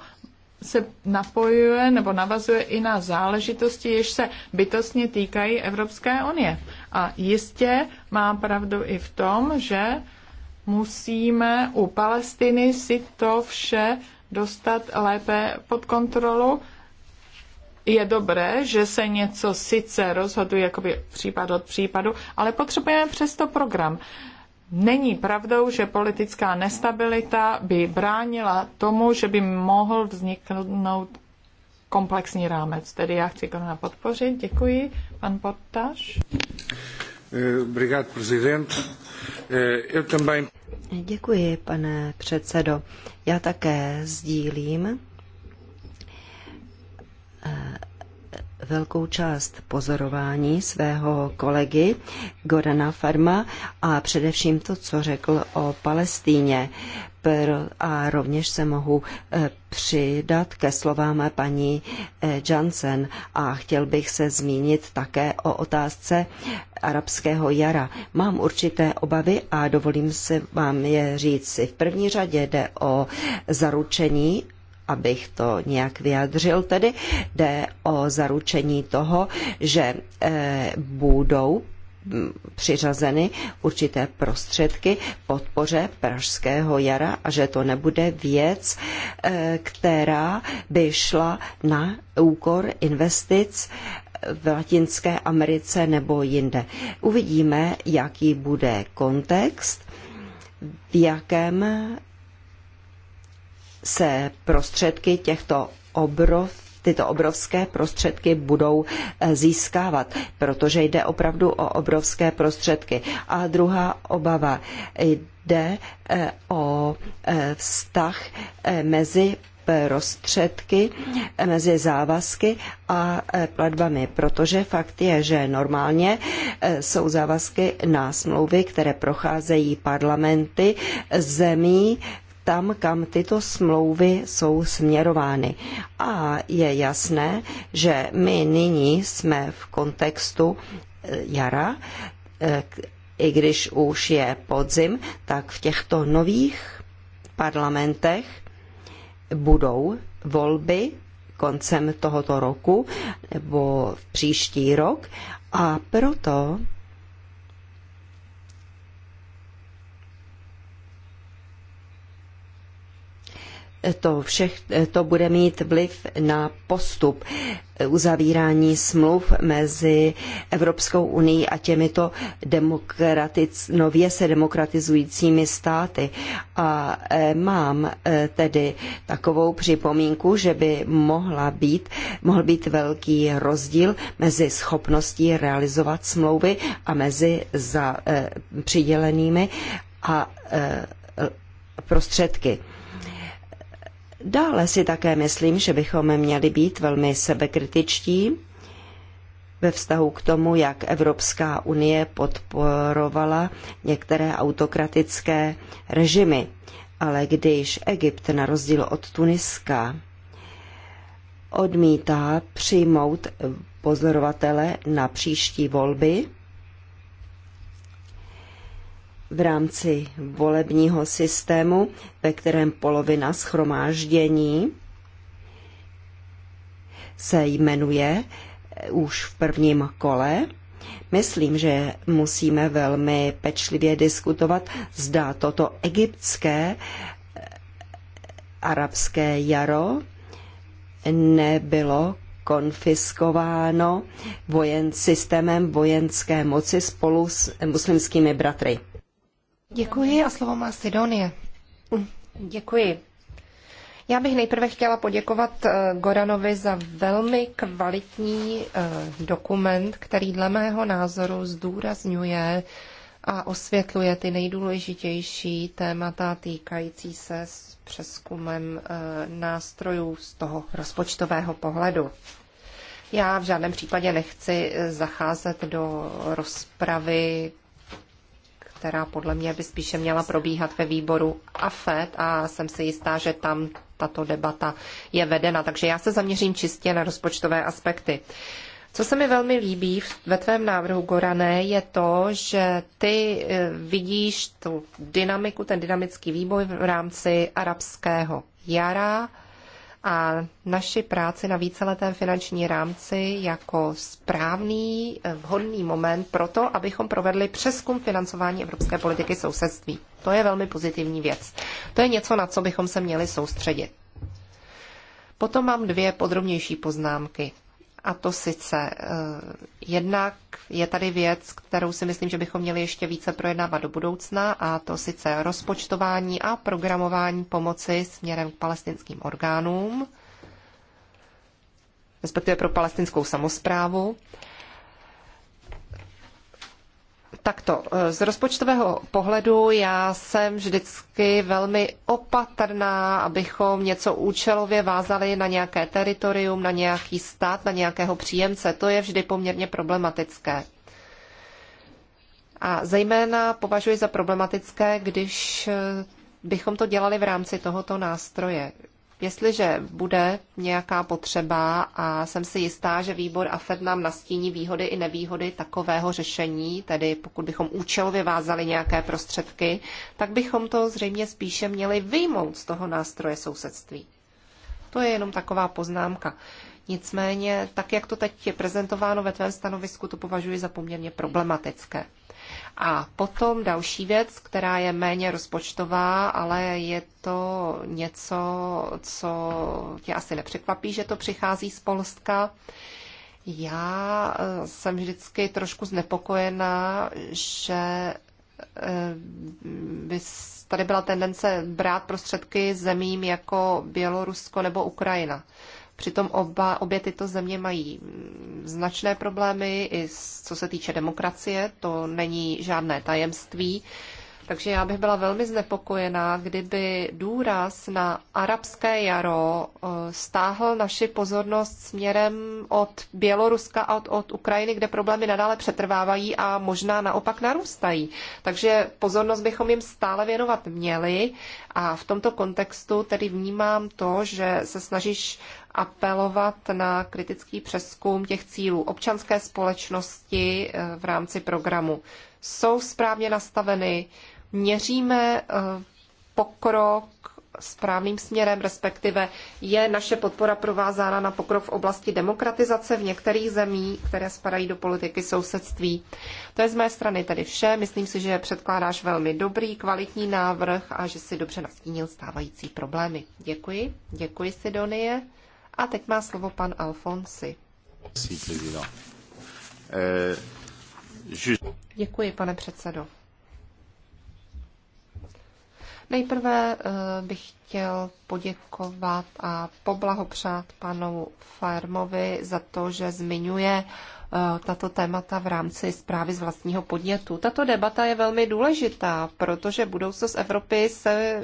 se napojuje nebo navazuje i na záležitosti, jež se bytostně týkají Evropské unie. A jistě má pravdu i v tom, že musíme u Palestiny si to vše dostat lépe pod kontrolu. Je dobré, že se něco sice rozhoduje jakoby případ od případu, ale potřebujeme přesto program. Není pravdou, že politická nestabilita by bránila tomu, že by mohl vzniknout komplexní rámec. Tedy já chci Korona podpořit. Děkuji. Pan Portaš. Eh, prezident. Eh, Děkuji, pane předsedo. Já také sdílím eh, velkou část pozorování svého kolegy Gorana Farma a především to, co řekl o Palestíně. A rovněž se mohu eh, přidat ke slovám paní eh, Jansen a chtěl bych se zmínit také o otázce arabského jara. Mám určité obavy a dovolím se vám je říct. V první řadě jde o zaručení abych to nějak vyjádřil, tedy jde o zaručení toho, že eh, budou hm, přiřazeny určité prostředky podpoře Pražského jara a že to nebude věc, eh, která by šla na úkor investic eh, v Latinské Americe nebo jinde. Uvidíme, jaký bude kontext, v jakém se prostředky těchto obrov, tyto obrovské prostředky budou eh, získávat, protože jde opravdu o obrovské prostředky. A druhá obava jde eh, o eh, vztah mezi prostředky mezi závazky a platbami, protože fakt je, že normálně jsou závazky na smlouvy, které procházejí parlamenty zemí, tam, kam tyto smlouvy jsou směrovány. A je jasné, že my nyní jsme v kontextu eh, jara, eh, i když už je podzim, tak v těchto nových parlamentech budou volby koncem tohoto roku nebo v příští rok a proto to, všech, to bude mít vliv na postup uzavírání smluv mezi Evropskou unii a těmito demokratic, nově se demokratizujícími státy. A e, mám e, tedy takovou připomínku, že by mohla být, mohl být velký rozdíl mezi schopností realizovat smlouvy a mezi za, e, přidělenými a prostředky Dále si také myslím, že bychom měli být velmi sebekritičtí ve vztahu k tomu, jak Evropská unie podporovala některé autokratické režimy. Ale když Egypt, na rozdíl od Tuniska, odmítá přijmout pozorovatele na příští volby, v rámci volebního systému, ve kterém polovina schromáždění se jmenuje eh, už v prvním kole. Myslím, že musíme velmi pečlivě diskutovat, zda toto egyptské eh, arabské jaro nebylo konfiskováno vojen, systémem vojenské moci spolu s muslimskými bratry. Děkuji a slovo má Sidonie. Děkuji. Já bych nejprve chtěla poděkovat eh, Goranovi za velmi kvalitní eh, dokument, který dle mého názoru zdůrazňuje a osvětluje ty nejdůležitější témata týkající se s přeskumem eh, nástrojů z toho rozpočtového pohledu. Já v žádném případě nechci zacházet do rozpravy která podle mě by spíše měla probíhat ve výboru AFET a jsem si jistá, že tam tato debata je vedena. Takže já se zaměřím čistě na rozpočtové aspekty. Co se mi velmi líbí ve tvém návrhu, Gorané, je to, že ty eh, vidíš tu dynamiku, ten dynamický výboj v rámci arabského jara, a naši práci na víceletém finanční rámci jako správný, eh, vhodný moment pro to, abychom provedli přeskum financování evropské politiky sousedství. To je velmi pozitivní věc. To je něco, na co bychom se měli soustředit. Potom mám dvě podrobnější poznámky. A to sice eh, jednak je tady věc, kterou si myslím, že bychom měli ještě více projednávat do budoucna, a to sice rozpočtování a programování pomoci směrem k palestinským orgánům, respektive pro palestinskou samozprávu. Takto, eh, z rozpočtového pohledu já jsem vždycky velmi opatrná, abychom něco účelově vázali na nějaké teritorium, na nějaký stát, na nějakého příjemce. To je vždy poměrně problematické. A zejména považuji za problematické, když eh, bychom to dělali v rámci tohoto nástroje. Jestliže bude nějaká potřeba a jsem si jistá, že výbor AFED nám nastíní výhody i nevýhody takového řešení, tedy pokud bychom účelově vázali nějaké prostředky, tak bychom to zřejmě spíše měli vyjmout z toho nástroje sousedství. To je jenom taková poznámka. Nicméně, tak jak to teď je prezentováno ve tvém stanovisku, to považuji za poměrně problematické. A potom další věc, která je méně rozpočtová, ale je to něco, co tě asi nepřekvapí, že to přichází z Polska. Já eh, jsem vždycky trošku znepokojená, že by eh, tady byla tendence brát prostředky zemím jako Bělorusko nebo Ukrajina. Přitom oba, obě tyto země mají značné problémy, i co se týče demokracie, to není žádné tajemství. Takže já bych byla velmi znepokojená, kdyby důraz na arabské jaro eh, stáhl naši pozornost směrem od Běloruska a od, od Ukrajiny, kde problémy nadále přetrvávají a možná naopak narůstají. Takže pozornost bychom jim stále věnovat měli a v tomto kontextu tedy vnímám to, že se snažíš apelovat na kritický přeskum těch cílů občanské společnosti eh, v rámci programu. Jsou správně nastaveny, měříme eh, pokrok správným směrem, respektive je naše podpora provázána na pokrok v oblasti demokratizace v některých zemí, které spadají do politiky sousedství. To je z mé strany tedy vše. Myslím si, že předkládáš velmi dobrý, kvalitní návrh a že si dobře nastínil stávající problémy. Děkuji. Děkuji, Sidonie. A teď má slovo pan Alfonsi. Euh, Děkuji, pane předsedo. Nejprve eh, bych chtěl poděkovat a poblahopřát panu Farmovi za to, že zmiňuje eh, tato témata v rámci zprávy z vlastního podnětu. Tato debata je velmi důležitá, protože budoucnost Evropy se eh,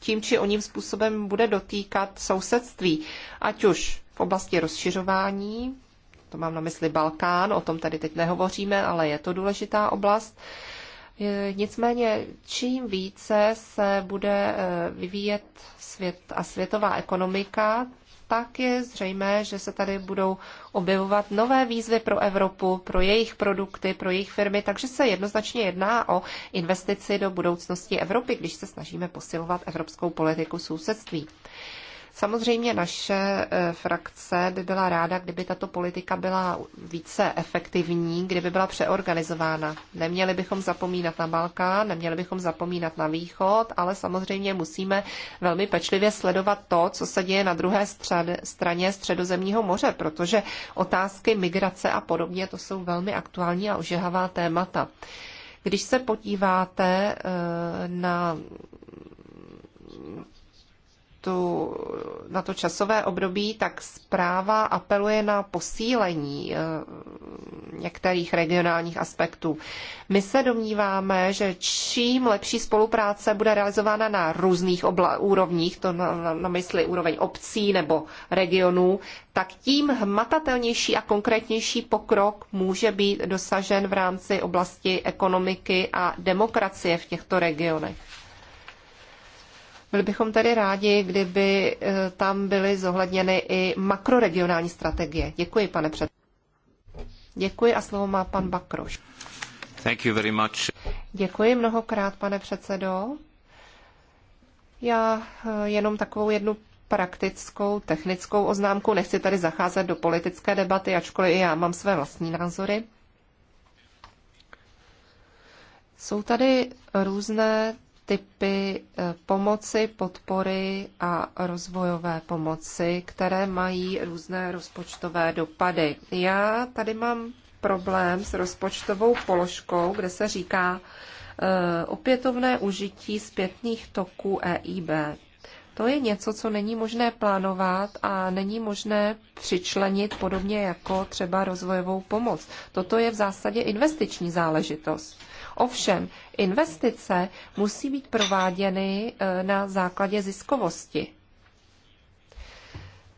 tím či oním způsobem bude dotýkat sousedství, ať už v oblasti rozšiřování, to mám na mysli Balkán, o tom tady teď nehovoříme, ale je to důležitá oblast, E, nicméně čím více se bude e, vyvíjet svět a světová ekonomika, tak je zřejmé, že se tady budou objevovat nové výzvy pro Evropu, pro jejich produkty, pro jejich firmy, takže se jednoznačně jedná o investici do budoucnosti Evropy, když se snažíme posilovat evropskou politiku sousedství. Samozřejmě naše eh, frakce by byla ráda, kdyby tato politika byla více efektivní, kdyby byla přeorganizována. Neměli bychom zapomínat na Balkán, neměli bychom zapomínat na východ, ale samozřejmě musíme velmi pečlivě sledovat to, co se děje na druhé střed, straně středozemního moře, protože otázky migrace a podobně to jsou velmi aktuální a ožehavá témata. Když se podíváte eh, na tu, na to časové období, tak zpráva apeluje na posílení eh, některých regionálních aspektů. My se domníváme, že čím lepší spolupráce bude realizována na různých obla- úrovních, to na, na, na mysli úroveň obcí nebo regionů, tak tím hmatatelnější a konkrétnější pokrok může být dosažen v rámci oblasti ekonomiky a demokracie v těchto regionech. Byli bychom tedy rádi, kdyby eh, tam byly zohledněny i makroregionální strategie. Děkuji, pane před. Děkuji a slovo má pan Bakroš. Thank you very much. Děkuji mnohokrát, pane předsedo. Já eh, jenom takovou jednu praktickou, technickou oznámku. Nechci tady zacházet do politické debaty, ačkoliv i já mám své vlastní názory. Jsou tady různé typy eh, pomoci, podpory a rozvojové pomoci, které mají různé rozpočtové dopady. Já tady mám problém s rozpočtovou položkou, kde se říká eh, opětovné užití zpětných toků EIB. To je něco, co není možné plánovat a není možné přičlenit podobně jako třeba rozvojovou pomoc. Toto je v zásadě investiční záležitost. Ovšem, investice musí být prováděny e, na základě ziskovosti.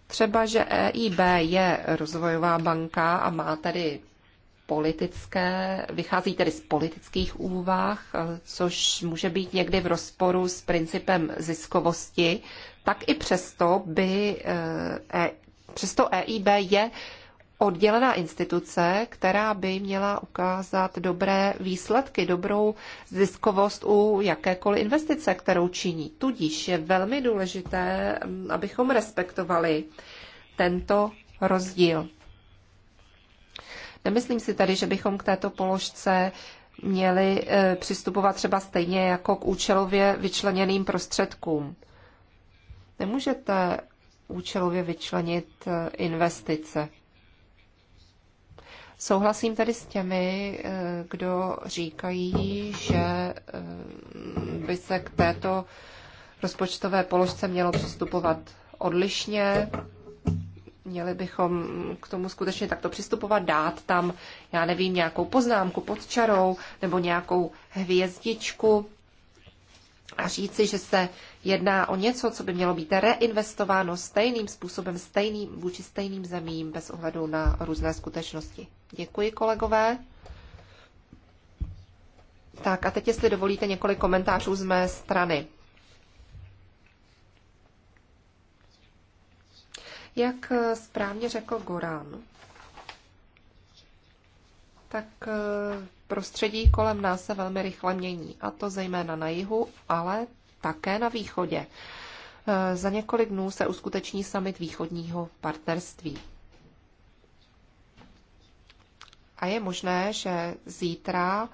Třeba, že EIB je rozvojová banka a má tedy politické, vychází tedy z politických úvah, e, což může být někdy v rozporu s principem ziskovosti, tak i přesto by, e, přesto EIB je oddělená instituce, která by měla ukázat dobré výsledky, dobrou ziskovost u jakékoliv investice, kterou činí. Tudíž je velmi důležité, mm, abychom respektovali tento rozdíl. Nemyslím si tady, že bychom k této položce měli e, přistupovat třeba stejně jako k účelově vyčleněným prostředkům. Nemůžete účelově vyčlenit e, investice. Souhlasím tedy s těmi, eh, kdo říkají, že eh, by se k této rozpočtové položce mělo přistupovat odlišně. Měli bychom k tomu skutečně takto přistupovat, dát tam, já nevím, nějakou poznámku pod čarou nebo nějakou hvězdičku, a říci, že se jedná o něco, co by mělo být reinvestováno stejným způsobem, stejným, vůči stejným zemím, bez ohledu na různé skutečnosti. Děkuji, kolegové. Tak a teď, jestli dovolíte několik komentářů z mé strany. Jak správně řekl Goran, tak eh, Prostředí kolem nás se velmi rychle mění, a to zejména na jihu, ale také na východě. E, za několik dnů se uskuteční summit východního partnerství. A je možné, že zítra e,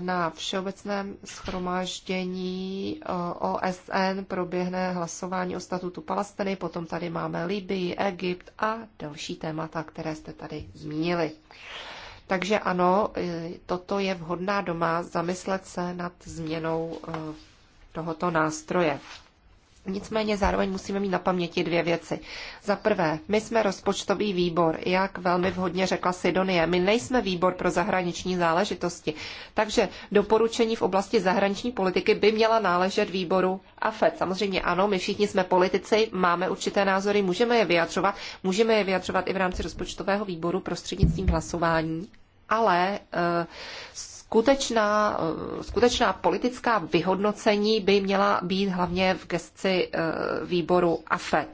na všeobecném schromáždění e, OSN proběhne hlasování o statutu Palestiny, potom tady máme Libii, Egypt a další témata, které jste tady zmínili. Takže ano, e, toto je vhodná doma zamyslet se nad změnou e, tohoto nástroje. Nicméně zároveň musíme mít na paměti dvě věci. Za prvé, my jsme rozpočtový výbor, jak velmi vhodně řekla Sidonie. My nejsme výbor pro zahraniční záležitosti, takže doporučení v oblasti zahraniční politiky by měla náležet výboru AFED. Samozřejmě ano, my všichni jsme politici, máme určité názory, můžeme je vyjadřovat, můžeme je vyjadřovat i v rámci rozpočtového výboru prostřednictvím hlasování, ale eh, skutečná, skutečná politická vyhodnocení by měla být hlavně v gesci eh, výboru AFET.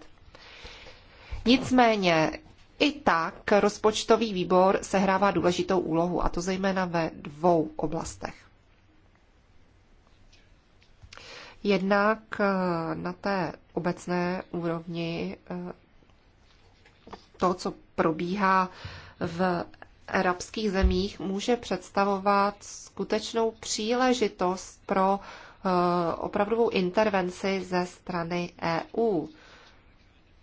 Nicméně i tak rozpočtový výbor sehrává důležitou úlohu, a to zejména ve dvou oblastech. Jednak eh, na té obecné úrovni eh, to, co probíhá v arabských zemích může představovat skutečnou příležitost pro eh, opravdovou intervenci ze strany EU.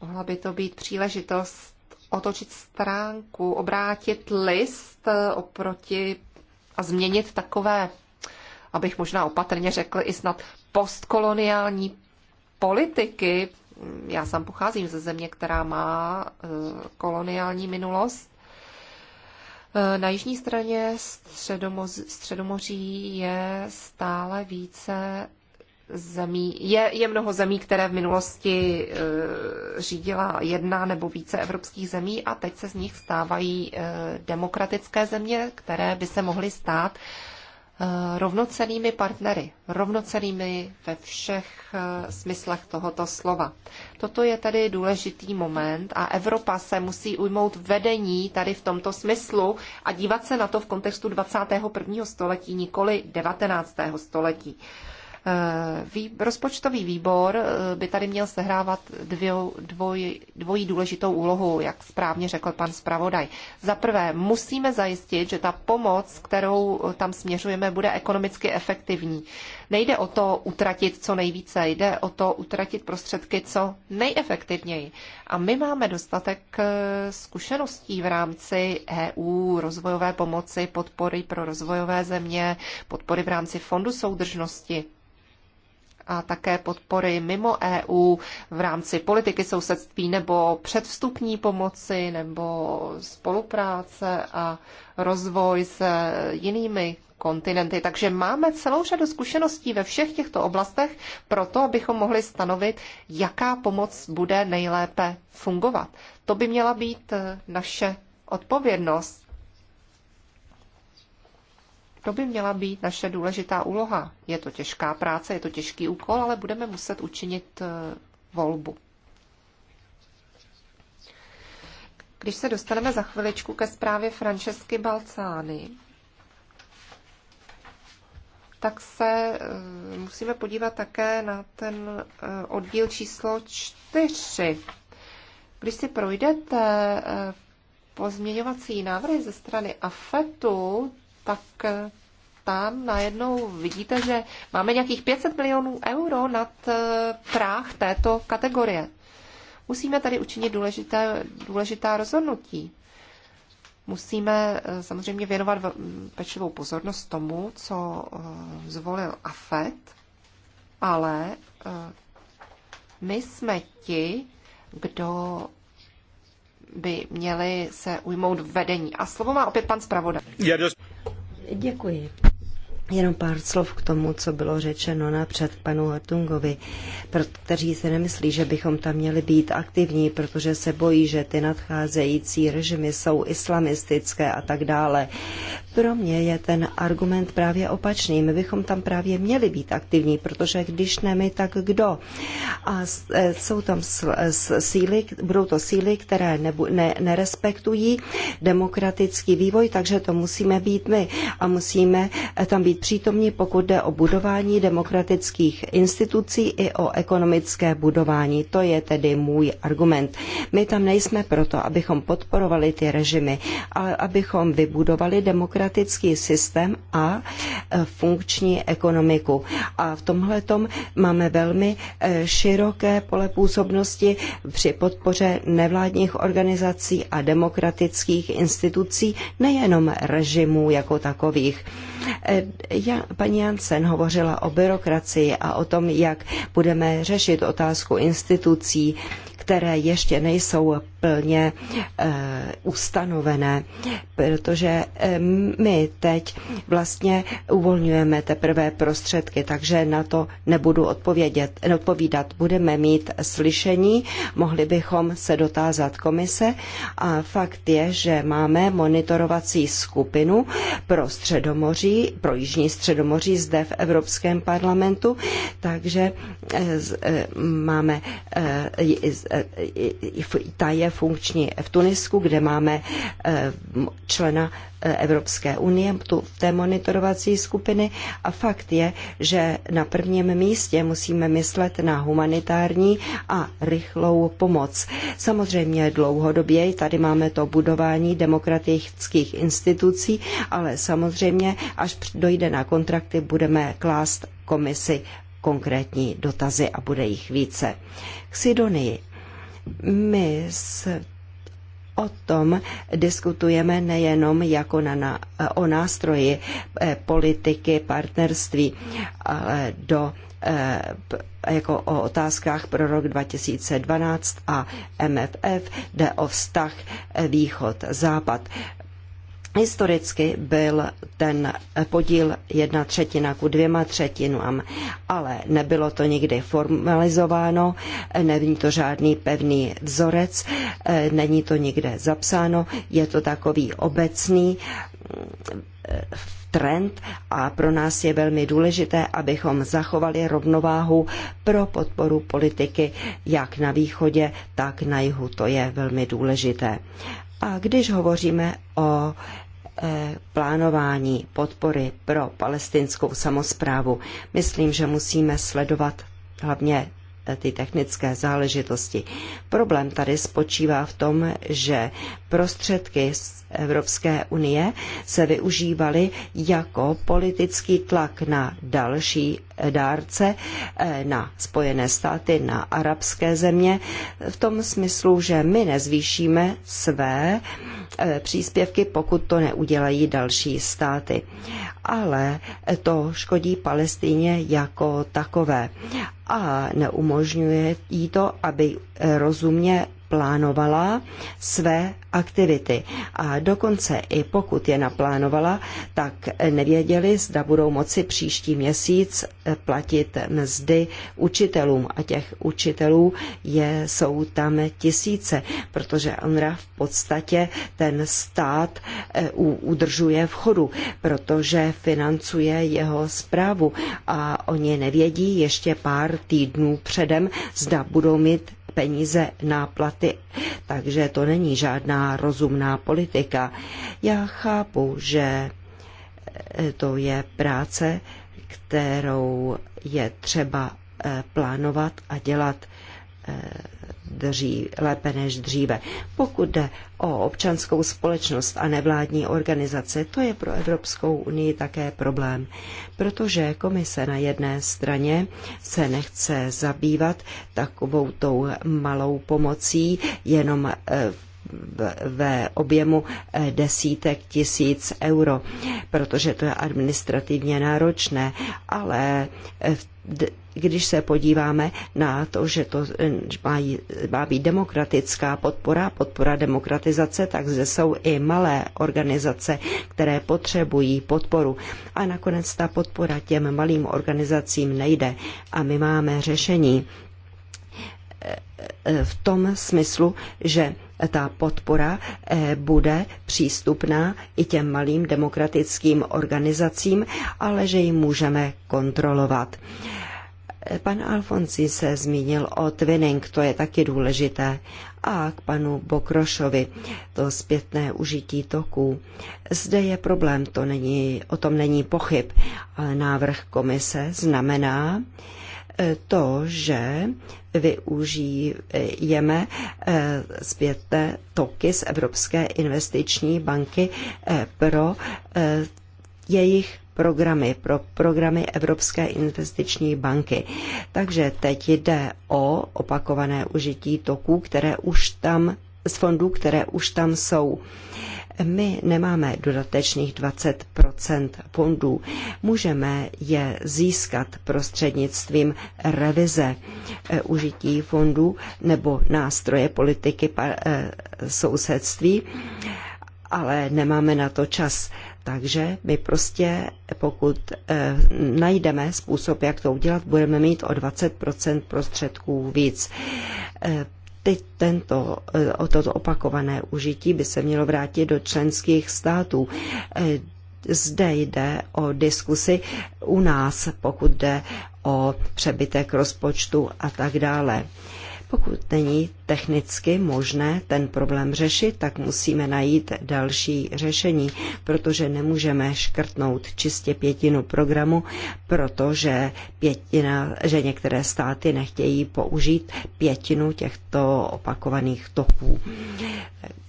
Mohla by to být příležitost otočit stránku, obrátit list eh, oproti a změnit takové, abych možná opatrně řekl, i snad postkoloniální politiky. Já sám pocházím ze země, která má eh, koloniální minulost na jižní straně středomoz, Středomoří je stále více zemí, je, je mnoho zemí, které v minulosti e, řídila jedna nebo více evropských zemí a teď se z nich stávají e, demokratické země, které by se mohly stát Eh, rovnocenými partnery, rovnocenými ve všech eh, smyslech tohoto slova. Toto je tedy důležitý moment a Evropa se musí ujmout vedení tady v tomto smyslu a dívat se na to v kontextu 21. století, nikoli 19. století. Eh, vý, rozpočtový výbor eh, by tady měl sehrávat dvou, dvoj, dvojí důležitou úlohu, jak správně řekl pan zpravodaj. Za prvé, musíme zajistit, že ta pomoc, kterou tam směřujeme, bude ekonomicky efektivní. Nejde o to utratit co nejvíce, jde o to utratit prostředky co nejefektivněji. A my máme dostatek eh, zkušeností v rámci EU, rozvojové pomoci, podpory pro rozvojové země, podpory v rámci Fondu soudržnosti a také podpory mimo EU v rámci politiky sousedství nebo předvstupní pomoci nebo spolupráce a rozvoj s jinými kontinenty. Takže máme celou řadu zkušeností ve všech těchto oblastech pro to, abychom mohli stanovit, jaká pomoc bude nejlépe fungovat. To by měla být naše odpovědnost to by měla být naše důležitá úloha. Je to těžká práce, je to těžký úkol, ale budeme muset učinit eh, volbu. Když se dostaneme za chviličku ke zprávě Francesky Balcány, tak se eh, musíme podívat také na ten eh, oddíl číslo čtyři. Když si projdete pozměňovací návrhy ze strany AFETu, tak eh, tam najednou vidíte, že máme nějakých 500 milionů euro nad eh, práh této kategorie. Musíme tady učinit důležité, důležitá rozhodnutí. Musíme eh, samozřejmě věnovat pečlivou pozornost tomu, co zvolil AFET, ale my jsme ti, kdo by měli se ujmout vedení. A slovo má opět pan zpravodaj. Děkuji. Jenom pár slov k tomu, co bylo řečeno napřed panu Hartungovi, kteří se nemyslí, že bychom tam měli být aktivní, protože se bojí, že ty nadcházející režimy jsou islamistické a tak dále. Pro mě je ten argument právě opačný. My bychom tam právě měli být aktivní, protože když ne my, tak kdo? A e, jsou tam síly, budou to síly, které nebu, ne, nerespektují demokratický vývoj, takže to musíme být my a musíme e, tam být přítomní, pokud jde o budování demokratických institucí i o ekonomické budování. To je tedy můj argument. My tam nejsme proto, abychom podporovali ty režimy, ale abychom vybudovali demokratické demokratický systém a e, funkční ekonomiku. A v tomhle tom máme velmi e, široké pole působnosti při podpoře nevládních organizací a demokratických institucí, nejenom režimů jako takových. E, Já, paní Jansen hovořila o byrokracii a o tom, jak budeme řešit otázku institucí, které ještě nejsou plně eh, ustanovené, protože eh, my teď vlastně uvolňujeme teprve prostředky, takže na to nebudu odpovědět, odpovídat. Budeme mít slyšení, mohli bychom se dotázat komise a fakt je, že máme monitorovací skupinu pro středomoří, pro jižní středomoří zde v Evropském parlamentu, takže eh, máme ta je funkční v Tunisku, kde máme eh, člena eh, Evropské unie v té monitorovací skupiny a fakt je, že na prvním místě musíme myslet na humanitární a rychlou pomoc. Samozřejmě dlouhodobě tady máme to budování demokratických institucí, ale samozřejmě, až dojde na kontrakty, budeme klást komisi konkrétní dotazy a bude jich více. K Sidonii my s o tom diskutujeme nejenom jako na, na, o nástroji eh, politiky, partnerství, ale do eh, jako o otázkách pro rok 2012 a MFF jde o vztah eh, východ-západ. Historicky byl ten podíl jedna třetina ku dvěma třetinám, ale nebylo to nikdy formalizováno, není to žádný pevný vzorec, není to nikde zapsáno, je to takový obecný eh, trend a pro nás je velmi důležité, abychom zachovali rovnováhu pro podporu politiky jak na východě, tak na jihu. To je velmi důležité. A když hovoříme o Eh, plánování podpory pro palestinskou samozprávu. Myslím, že musíme sledovat hlavně eh, ty technické záležitosti. Problém tady spočívá v tom, že prostředky z Evropské unie se využívaly jako politický tlak na další dárce, eh, na Spojené státy, na arabské země, v tom smyslu, že my nezvýšíme své eh, příspěvky, pokud to neudělají další státy. Ale to škodí Palestině jako takové a neumožňuje jí to, aby rozumně plánovala své aktivity. A dokonce i pokud je naplánovala, tak nevěděli, zda budou moci příští měsíc platit mzdy učitelům. A těch učitelů je, jsou tam tisíce, protože UNRWA v podstatě ten stát eh, udržuje v chodu, protože financuje jeho zprávu a oni nevědí ještě pár týdnů předem, zda budou mít peníze na platy. Takže to není žádná rozumná politika. Já chápu, že eh, to je práce, kterou je třeba eh, plánovat a dělat eh, dřív, lépe než dříve. Pokud jde o občanskou společnost a nevládní organizace, to je pro Evropskou unii také problém, protože komise na jedné straně se nechce zabývat takovou tou malou pomocí jenom eh, v ve objemu eh, desítek tisíc euro, protože to je administrativně náročné, ale eh, v když se podíváme na to, že to eh, má, má být demokratická podpora, podpora demokratizace, tak zde jsou i malé organizace, které potřebují podporu. A nakonec ta podpora těm malým organizacím nejde. A my máme řešení eh, eh, v tom smyslu, že ta podpora bude přístupná i těm malým demokratickým organizacím, ale že ji můžeme kontrolovat. Pan Alfonsi se zmínil o twinning, to je taky důležité. A k panu Bokrošovi, to zpětné užití toků. Zde je problém, to není, o tom není pochyb, ale návrh komise znamená e, to, že využijeme e, zpětné toky z Evropské investiční banky e, pro jejich programy, pro programy Evropské investiční banky. Takže teď jde o opakované užití toků, které už tam z fondů, které už tam jsou. My nemáme dodatečných 20 fondů. Můžeme je získat prostřednictvím revize eh, užití fondů nebo nástroje politiky eh, sousedství, ale nemáme na to čas. Takže my prostě, pokud eh, najdeme způsob, jak to udělat, budeme mít o 20 prostředků víc. Eh, teď tento, eh, o toto opakované užití by se mělo vrátit do členských států. Zde jde o diskusy u nás, pokud jde o přebytek rozpočtu a tak dále. Pokud není technicky možné ten problém řešit, tak musíme najít další řešení, protože nemůžeme škrtnout čistě pětinu programu, protože, pětina, že některé státy nechtějí použít pětinu těchto opakovaných toků.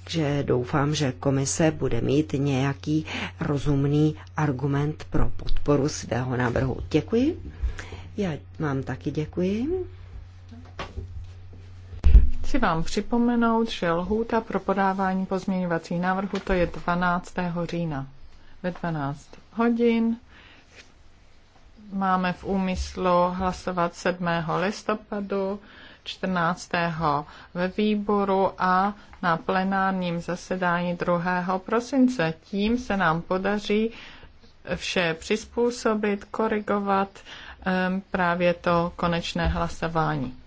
Takže doufám, že komise bude mít nějaký rozumný argument pro podporu svého návrhu. Děkuji. Já vám taky děkuji. Chci vám připomenout, že lhůta pro podávání pozměňovacích návrhů to je 12. října ve 12 hodin. Máme v úmyslu hlasovat 7. listopadu, 14. ve výboru a na plenárním zasedání 2. prosince. Tím se nám podaří vše přizpůsobit, korigovat ehm, právě to konečné hlasování.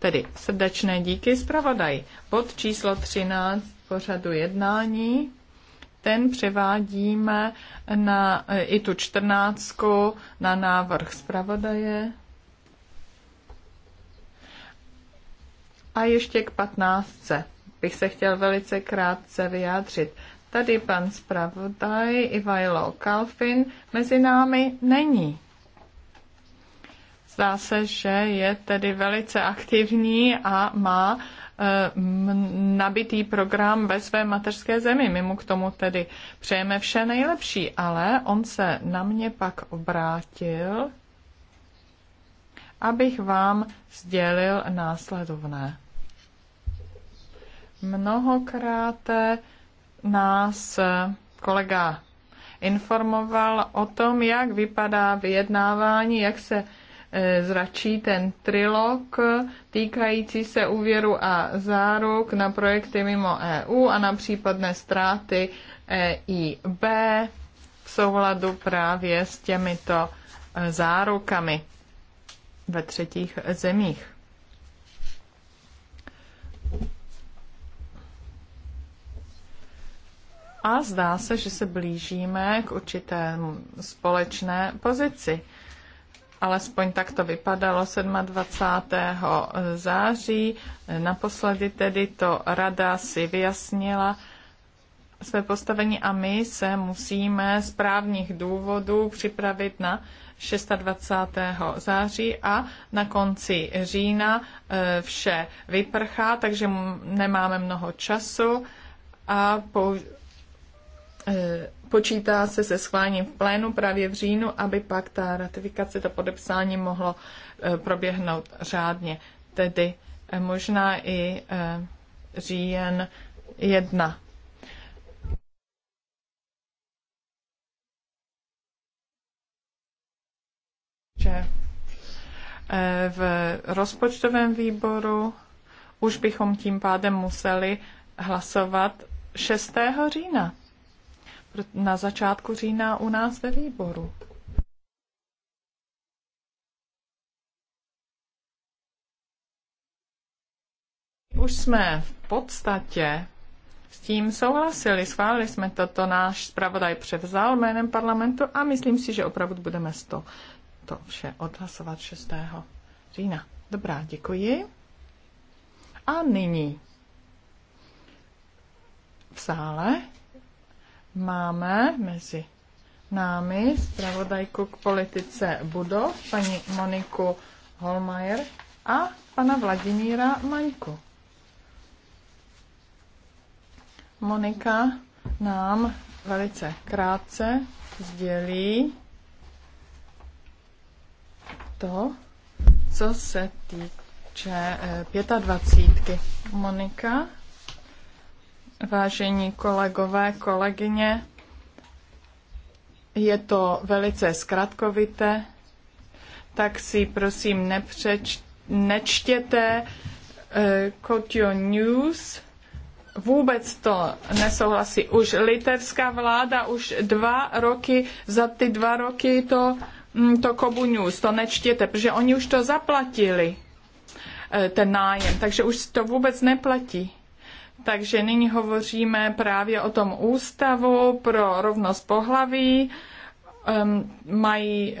Tedy srdečné díky zpravodaj. Bod číslo 13 pořadu jednání ten převádíme na eh, i tu čtrnáctku na návrh zpravodaje. A ještě k patnáctce bych se chtěl velice krátce vyjádřit. Tady pan zpravodaj Ivajlo Kalfin mezi námi není. Zdá se, že je tedy velice aktivní a má eh, nabitý program ve své mateřské zemi. My mu k tomu tedy přejeme vše nejlepší, ale on se na mě pak obrátil, abych vám sdělil následovné. Mnohokrát nás kolega informoval o tom, jak vypadá vyjednávání, jak se E, zračí ten trilog týkající se úvěru a záruk na projekty mimo EU a na případné ztráty EIB v souladu právě s těmito e, zárukami ve třetích zemích. A zdá se, že se blížíme k určité společné pozici alespoň tak to vypadalo 27. září. Naposledy tedy to rada si vyjasnila své postavení a my se musíme z právních důvodů připravit na 26. září a na konci října e, vše vyprchá, takže nemáme mnoho času a po, e, Počítá se se schválením v plénu právě v říjnu, aby pak ta ratifikace, to podepsání mohlo eh, proběhnout řádně. Tedy eh, možná i eh, říjen jedna. že v rozpočtovém výboru už bychom tím pádem museli hlasovat 6. října na začátku října u nás ve výboru. Už jsme v podstatě s tím souhlasili, schválili jsme toto, náš zpravodaj převzal jménem parlamentu a myslím si, že opravdu budeme z to, to vše odhlasovat 6. října. Dobrá, děkuji. A nyní v sále máme mezi námi zpravodajku k politice budov, paní Moniku Holmajer a pana Vladimíra Maňku. Monika nám velice krátce sdělí to, co se týče 25. Eh, Monika, Vážení kolegové, kolegyně, je to velice zkratkovité, tak si prosím nepřeč, nečtěte uh, eh, Kotio News. Vůbec to nesouhlasí. Už litevská vláda už dva roky, za ty dva roky to, mm, to Kobu News, to nečtěte, protože oni už to zaplatili, eh, ten nájem, takže už to vůbec neplatí. Takže nyní hovoříme právě o tom ústavu pro rovnost pohlaví. Mají e,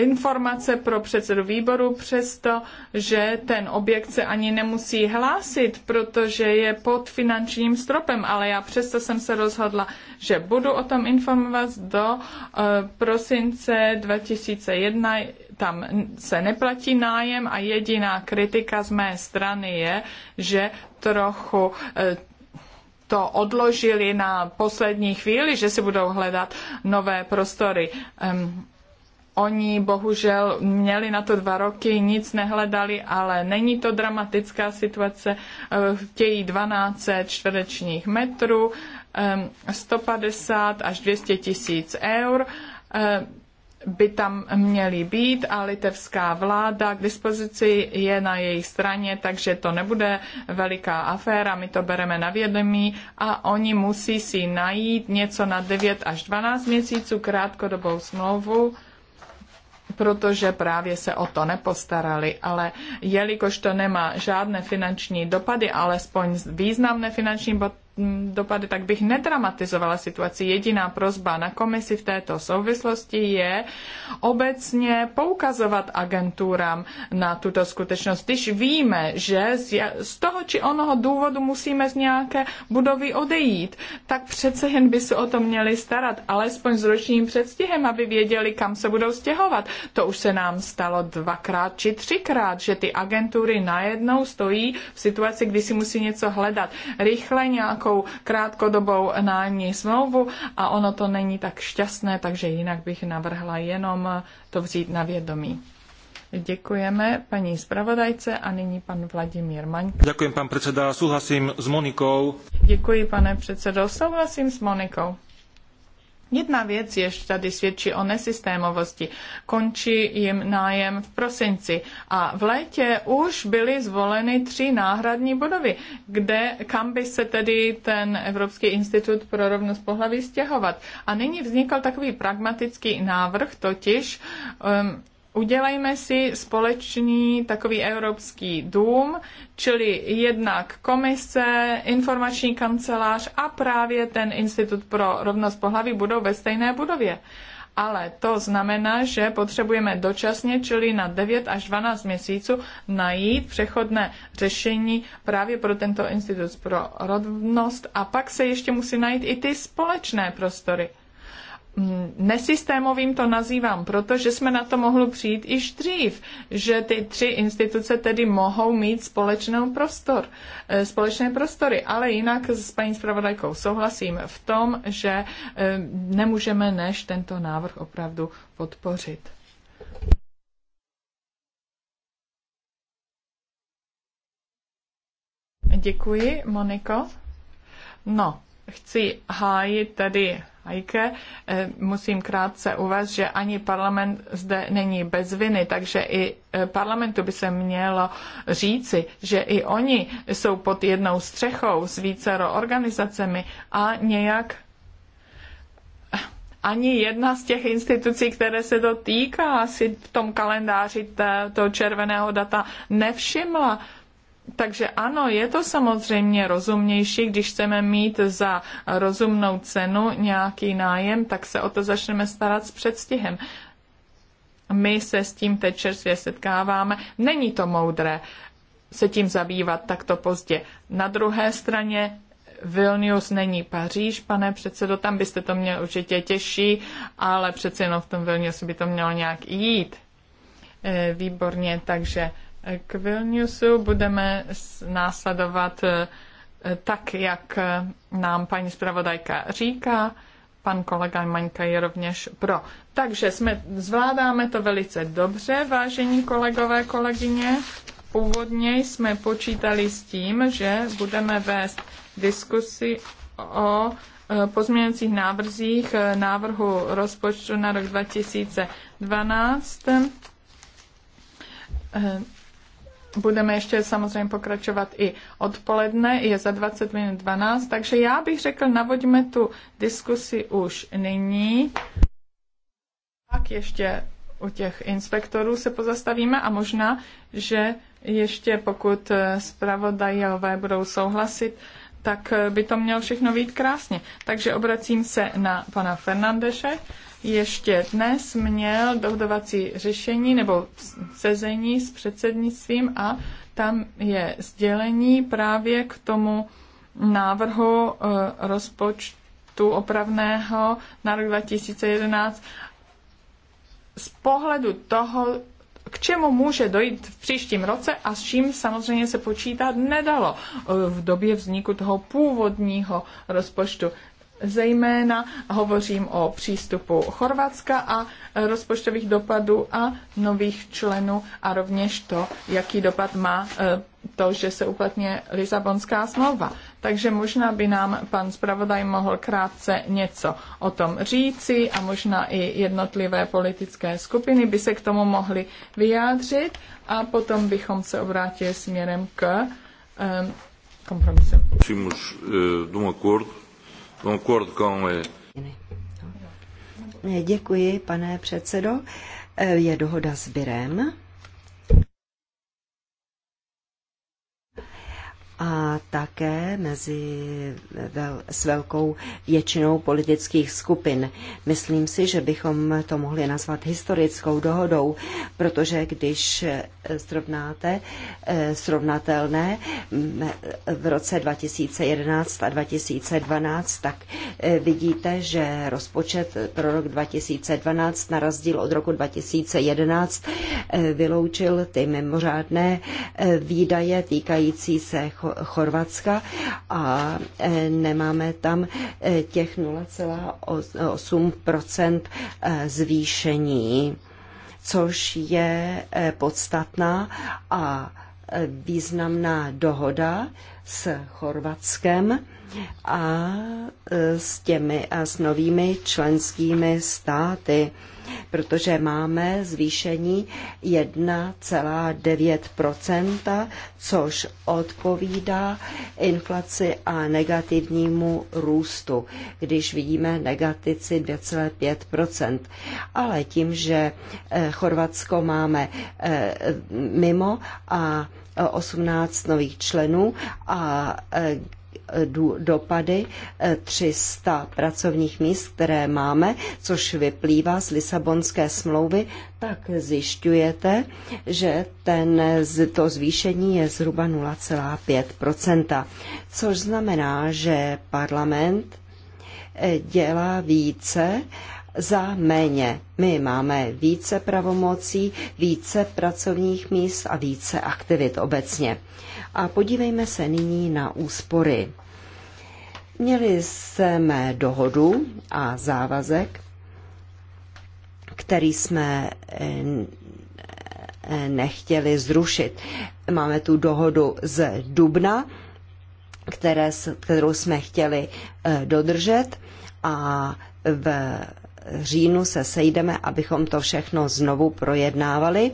informace pro předsedu výboru, přesto, že ten objekt se ani nemusí hlásit, protože je pod finančním stropem. Ale já přesto jsem se rozhodla, že budu o tom informovat do e, prosince 2001 tam se neplatí nájem a jediná kritika z mé strany je, že trochu e, to odložili na poslední chvíli, že si budou hledat nové prostory. Oni bohužel měli na to dva roky, nic nehledali, ale není to dramatická situace. E, chtějí 12 čtverečních metrů, 150 až 200 tisíc eur by tam měly být a litevská vláda k dispozici je na její straně, takže to nebude veliká aféra, my to bereme na vědomí a oni musí si najít něco na 9 až 12 měsíců krátkodobou smlouvu, protože právě se o to nepostarali, ale jelikož to nemá žádné finanční dopady, alespoň významné finanční dopady, tak bych nedramatizovala situaci. Jediná prozba na komisi v této souvislosti je obecně poukazovat agenturám na tuto skutečnost. Když víme, že z toho či onoho důvodu musíme z nějaké budovy odejít, tak přece jen by se o to měli starat, alespoň s ročním předstihem, aby věděli, kam se budou stěhovat. To už se nám stalo dvakrát či třikrát, že ty agentury najednou stojí v situaci, kdy si musí něco hledat. Rychle nějak nějakou krátkodobou nájemní smlouvu a ono to není tak šťastné, takže jinak bych navrhla jenom to vzít na vědomí. Děkujeme paní zpravodajce a nyní pan Vladimír Maň. Děkuji, pan předseda, souhlasím s Monikou. Děkuji, pane předsedo, souhlasím s Monikou. Jedna věc jež tady svědčí o nesystémovosti. Končí jim nájem v prosinci a v létě už byly zvoleny tři náhradní budovy, kde, kam by se tedy ten Evropský institut pro rovnost pohlaví stěhovat. A nyní vznikl takový pragmatický návrh, totiž um, Udělejme si společný takový evropský dům, čili jednak komise, informační kancelář a právě ten Institut pro rovnost pohlaví budou ve stejné budově. Ale to znamená, že potřebujeme dočasně, čili na 9 až 12 měsíců, najít přechodné řešení právě pro tento institut pro rovnost a pak se ještě musí najít i ty společné prostory. Nesystémovým to nazývám, protože jsme na to mohli přijít již dřív, že ty tři instituce tedy mohou mít společnou prostor, eh, společné prostory, ale jinak s paní zpravodajkou souhlasím v tom, že eh, nemůžeme než tento návrh opravdu podpořit. Děkuji, Moniko. No, chci hájit tady Hajke. Eh, musím krátce uvést, že ani parlament zde není bez viny, takže i eh, parlamentu by se mělo říci, že i oni jsou pod jednou střechou s vícero organizacemi a nějak eh, ani jedna z těch institucí, které se to týká, si v tom kalendáři toho červeného data nevšimla takže ano, je to samozřejmě rozumnější, když chceme mít za rozumnou cenu nějaký nájem, tak se o to začneme starat s předstihem. My se s tím teď čerstvě setkáváme. Není to moudré se tím zabývat takto pozdě. Na druhé straně Vilnius není Paříž, pane předsedo, tam byste to měl určitě těžší, ale přece jenom v tom Vilniusu by to mělo nějak jít. E, výborně, takže k Vilniusu budeme následovat eh, tak, jak eh, nám paní zpravodajka říká. Pan kolega Maňka je rovněž pro. Takže jsme, zvládáme to velice dobře, vážení kolegové, kolegyně. Původně jsme počítali s tím, že budeme vést diskusi o eh, pozměňujících návrzích návrhu rozpočtu na rok 2012 Budeme ještě samozřejmě pokračovat i odpoledne, je za 20 minut 12, takže já bych řekl, navodíme tu diskusi už nyní. Pak ještě u těch inspektorů se pozastavíme a možná, že ještě pokud eh, zpravodajové budou souhlasit, tak eh, by to mělo všechno být krásně. Takže obracím se na pana Fernandeše ještě dnes měl dohodovací řešení nebo sezení s předsednictvím a tam je sdělení právě k tomu návrhu eh, rozpočtu opravného na rok 2011 z pohledu toho, k čemu může dojít v příštím roce a s čím samozřejmě se počítat nedalo eh, v době vzniku toho původního rozpočtu zejména hovořím o přístupu Chorvatska a rozpočtových dopadů a nových členů a rovněž to, jaký dopad má eh, to, že se uplatně Lisabonská smlouva. Takže možná by nám pan zpravodaj mohl krátce něco o tom říci a možná i jednotlivé politické skupiny by se k tomu mohly vyjádřit a potom bychom se obrátili směrem k um, kompromisu. Přímož, uh, eh, Eh, Děkuji, pane předsedo. Eh, je dohoda s Birem. a také mezi vel, s velkou většinou politických skupin. Myslím si, že bychom to mohli nazvat historickou dohodou, protože když eh, srovnáte eh, srovnatelné mm, eh, v roce 2011 a 2012, tak vidíte, že rozpočet pro rok 2012 na rozdíl od roku 2011 vyloučil ty mimořádné výdaje týkající se cho Chorvatska a e, nemáme tam e, těch 0,8 e, zvýšení, což je podstatná a významná dohoda s Chorvatskem a s těmi a s novými členskými státy protože máme zvýšení 1,9%, což odpovídá inflaci a negativnímu růstu, když vidíme negatici 2,5%. Ale tím, že eh, Chorvatsko máme eh, mimo a 18 eh, nových členů a dopady 300 eh, pracovních míst, které máme, což vyplývá z Lisabonské smlouvy, tak zjišťujete, že ten, to zvýšení je zhruba 0,5 což znamená, že parlament eh, dělá více za méně. My máme více pravomocí, více pracovních míst a více aktivit obecně. A podívejme se nyní na úspory. Měli jsme dohodu a závazek, který jsme eh, eh, nechtěli zrušit. Máme tu dohodu z Dubna, které, kterou jsme chtěli eh, dodržet a v říjnu se sejdeme, abychom to všechno znovu projednávali.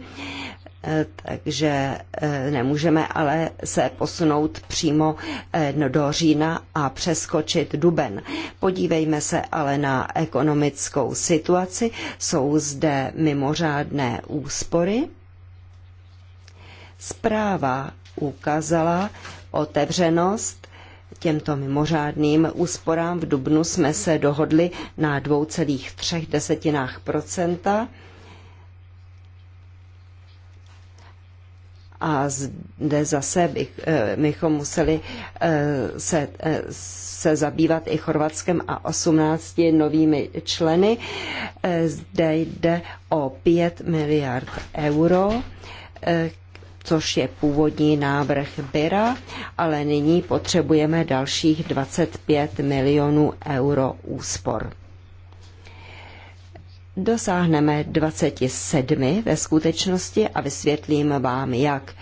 Eh, takže eh, nemůžeme ale se posunout přímo eh, no, do října a přeskočit duben. Podívejme se ale na ekonomickou situaci. Jsou zde mimořádné úspory. Zpráva ukázala otevřenost těmto mimořádným úsporám. V Dubnu jsme se dohodli na 2,3 desetinách procenta A zde zase bych, eh, bychom museli eh, se, eh, se zabývat i Chorvatskem a 18 novými členy. Zde jde o 5 miliard euro, což je původní návrh Byra, ale nyní potřebujeme dalších 25 milionů euro úspor dosáhneme 27 ve skutečnosti a vysvětlím vám jak.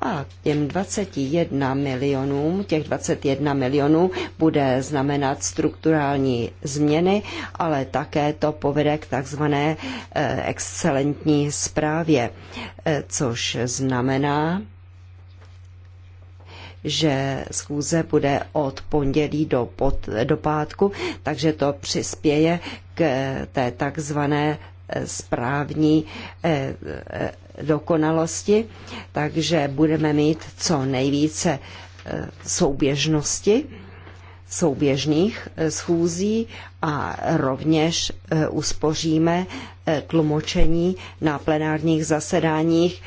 A těm 21 milionům, těch 21 milionů bude znamenat strukturální změny, ale také to povede k takzvané eh, excelentní zprávě, eh, což znamená, že schůze bude od pondělí do, pod, do pátku, takže to přispěje k té takzvané eh, správní eh, eh, dokonalosti, takže budeme mít co nejvíce souběžnosti, souběžných schůzí a rovněž uspoříme tlumočení na plenárních zasedáních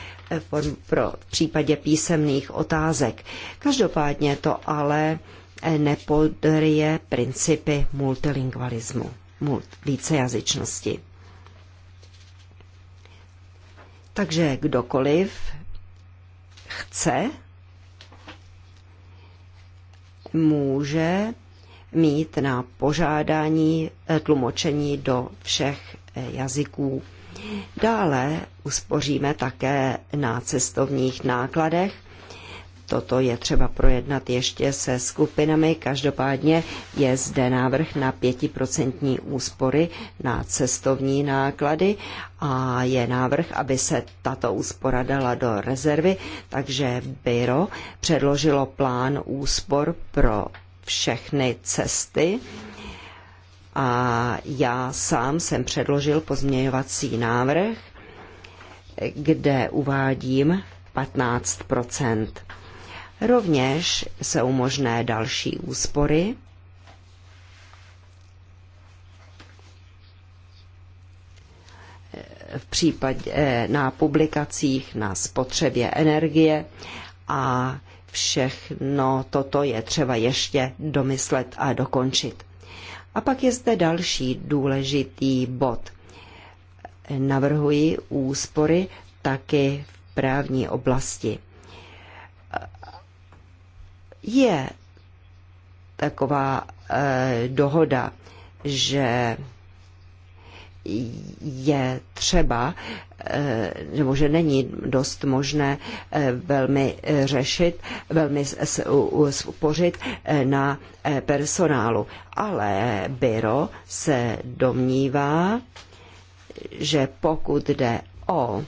pro v případě písemných otázek. Každopádně to ale eh, nepodryje principy multilingvalismu, vícejazyčnosti. Takže kdokoliv chce, může mít na požádání eh, tlumočení do všech eh, jazyků Dále uspoříme také na cestovních nákladech. Toto je třeba projednat ještě se skupinami. Každopádně je zde návrh na 5% úspory na cestovní náklady a je návrh, aby se tato úspora dala do rezervy, takže byro předložilo plán úspor pro všechny cesty. A já sám jsem předložil pozměňovací návrh, kde uvádím 15 Rovněž jsou možné další úspory. v případě eh, na publikacích, na spotřebě energie a všechno toto je třeba ještě domyslet a dokončit. A pak je zde další důležitý bod. Navrhuji úspory taky v právní oblasti. Je taková eh, dohoda, že je třeba, eh, nebo že není dost možné eh, velmi řešit, velmi spořit eh, na personálu. Ale Byro se domnívá, že pokud jde o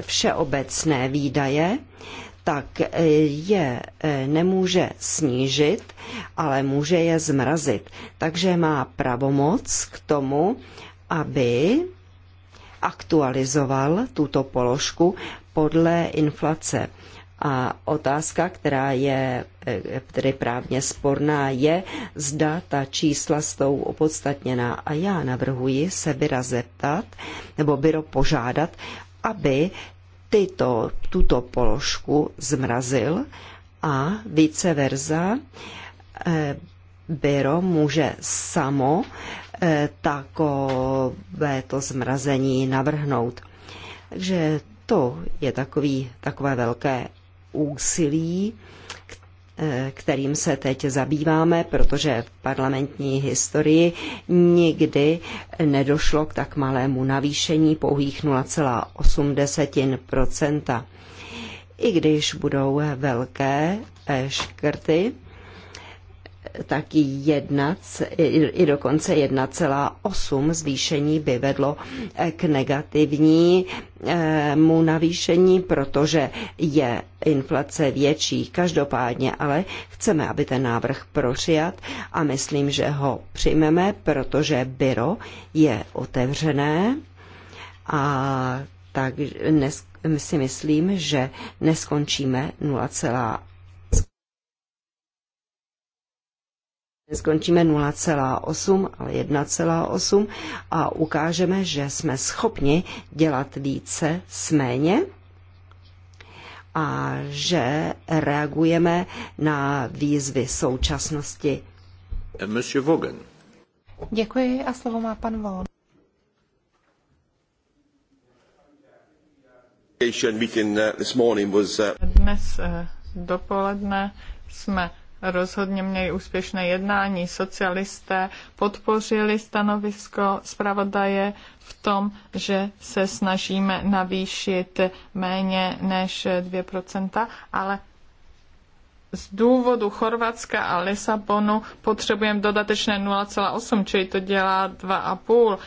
všeobecné výdaje, tak je nemůže snížit, ale může je zmrazit. Takže má pravomoc k tomu, aby aktualizoval tuto položku podle inflace. A otázka, která je eh, tedy právně sporná, je, zda ta čísla jsou opodstatněná. A já navrhuji se Byra zeptat, nebo Byro požádat, aby tyto, tuto položku zmrazil a vice versa. Eh, byro může samo Eh, takovéto zmrazení navrhnout. Takže to je takový, takové velké úsilí, eh, kterým se teď zabýváme, protože v parlamentní historii nikdy nedošlo k tak malému navýšení pouhých 0,8 i když budou velké eh, škrty taky jedna i dokonce 1,8 zvýšení by vedlo eh, k negativnímu eh, navýšení, protože je inflace větší. Každopádně ale chceme, aby ten návrh prošijat a myslím, že ho přijmeme, protože byro je otevřené a tak dnes si myslím, že neskončíme skončíme 0,8, ale 1,8 a ukážeme, že jsme schopni dělat více s méně a že reagujeme na výzvy současnosti. Monsieur Děkuji a slovo má pan Vaughan. Uh, uh, Dnes uh, dopoledne jsme rozhodně měli úspěšné jednání. Socialisté podpořili stanovisko zpravodaje v tom, že se snažíme navýšit méně než 2%, ale z důvodu Chorvatska a Lisabonu potřebujeme dodatečné 0,8, čili to dělá 2,5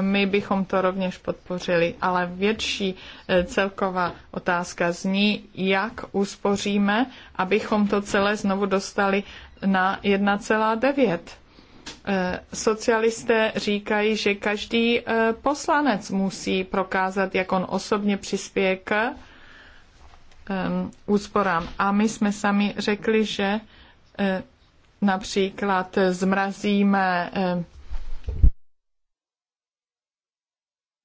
my bychom to rovněž podpořili, ale větší e, celková otázka zní, jak uspoříme, abychom to celé znovu dostali na 1,9. E, socialisté říkají, že každý e, poslanec musí prokázat, jak on osobně přispěje k úsporám. A my jsme sami řekli, že například zmrazíme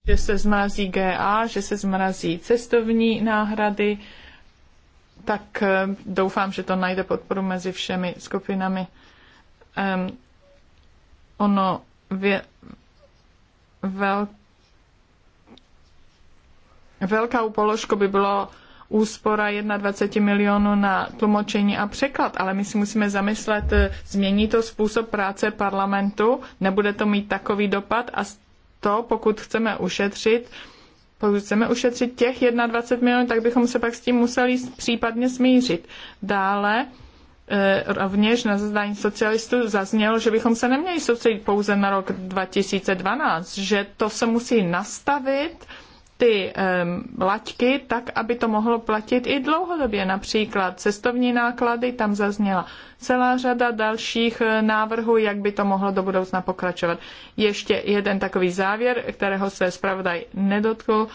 že se zmrazí GA, že se zmrazí cestovní náhrady, tak eh, doufám, že to najde podporu mezi všemi skupinami. Um, ono vě, vel, velká položka by bylo úspora 21 milionů na tlumočení a překlad, ale my si musíme zamyslet, eh, změní to způsob práce parlamentu, nebude to mít takový dopad a to, pokud chceme ušetřit, pokud chceme ušetřit těch 21 milionů, tak bychom se pak s tím museli případně smířit. Dále eh, rovněž na zadání socialistů zaznělo, že bychom se neměli soustředit pouze na rok 2012, že to se musí nastavit ty um, laťky tak, aby to mohlo platit i dlouhodobě. Například cestovní náklady, tam zazněla celá řada dalších eh, návrhů, jak by to mohlo do budoucna pokračovat. Ještě jeden takový závěr, kterého se zpravodaj nedotkl.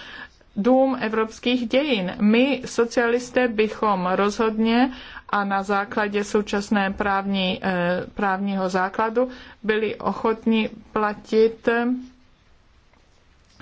Dům evropských dějin. My, socialisté, bychom rozhodně a na základě současné právní, eh, právního základu byli ochotni platit eh,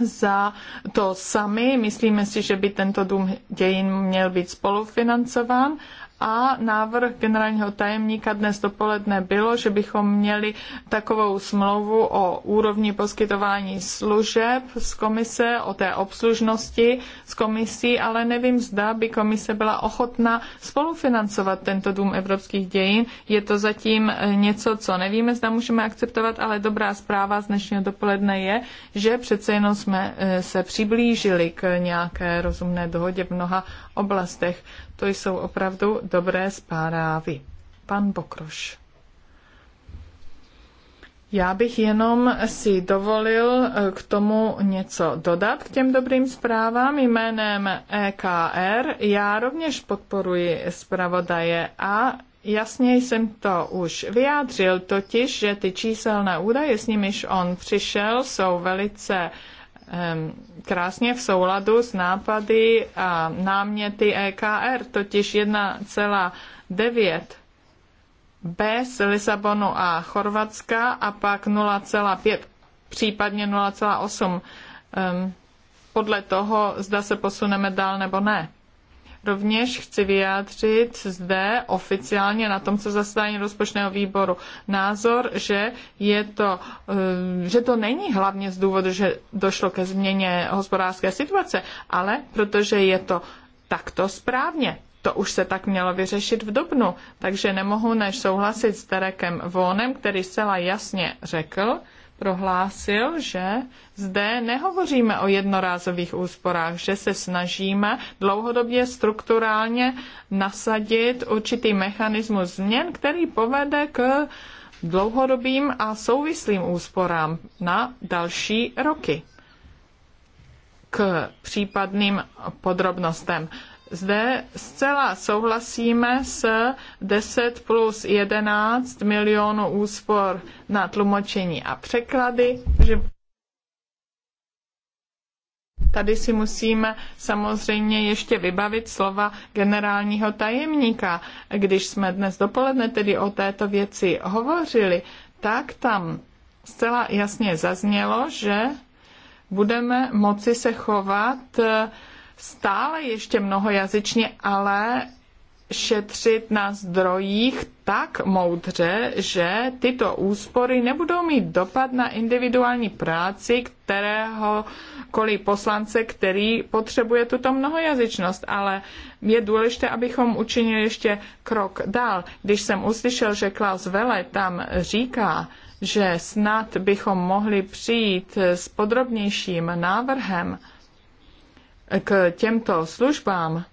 za to sami. Myslíme si, že by tento dům dějin měl být spolufinancován a návrh generálního tajemníka dnes dopoledne bylo, že bychom měli takovou smlouvu o úrovni poskytování služeb z komise, o té obslužnosti z komisí, ale nevím, zda by komise byla ochotná spolufinancovat tento dům evropských dějin. Je to zatím eh, něco, co nevíme, zda můžeme akceptovat, ale dobrá zpráva z dnešního dopoledne je, že přece jenom jsme eh, se přiblížili k nějaké rozumné dohodě v mnoha oblastech. To jsou opravdu dobré zprávy. Pan Bokroš. Já bych jenom si dovolil eh, k tomu něco dodat k těm dobrým zprávám jménem EKR. Já rovněž podporuji zpravodaje a jasně jsem to už vyjádřil, totiž, že ty číselné údaje, s nimiž on přišel, jsou velice uh, Ehm, krásně v souladu s nápady a náměty EKR, totiž 1,9 bez Lisabonu a Chorvatska a pak 0,5, případně 0,8 ehm, podle toho, zda se posuneme dál nebo ne. Rovněž chci vyjádřit zde oficiálně na tom, co zasedání rozpočného výboru, názor, že, je to, eh, že to není hlavně z důvodu, že došlo ke změně hospodářské situace, ale protože je to takto správně. To už se tak mělo vyřešit v Dubnu, takže nemohu než souhlasit s Terekem Vónem, který zcela jasně řekl, prohlásil, že zde nehovoříme o jednorázových úsporách, že se snažíme dlouhodobě strukturálně nasadit určitý mechanismus změn, který povede k dlouhodobým a souvislým úsporám na další roky. K případným podrobnostem. Zde zcela souhlasíme s 10 plus 11 milionů úspor na tlumočení a překlady, že tady si musíme samozřejmě ještě vybavit slova generálního tajemníka. Když jsme dnes dopoledne tedy o této věci hovořili, tak tam zcela jasně zaznělo, že budeme moci se chovat stále ještě mnohojazyčně, ale šetřit na zdrojích tak moudře, že tyto úspory nebudou mít dopad na individuální práci kteréhokoliv poslance, který potřebuje tuto mnohojazyčnost. Ale je důležité, abychom učinili ještě krok dál. Když jsem uslyšel, že Klaus Vele tam říká, že snad bychom mohli přijít s podrobnějším návrhem, k těmto službám,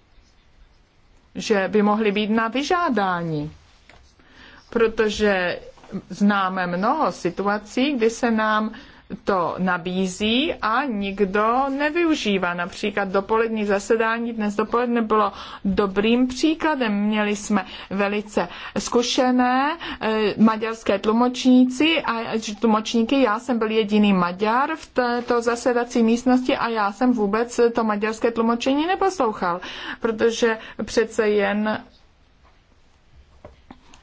že by mohly být na vyžádání, protože známe mnoho situací, kdy se nám to nabízí a nikdo nevyužívá. Například dopolední zasedání dnes dopoledne bylo dobrým příkladem. Měli jsme velice zkušené eh, maďarské tlumočníci a tlumočníky. Já jsem byl jediný Maďar v této zasedací místnosti a já jsem vůbec to maďarské tlumočení neposlouchal, protože přece jen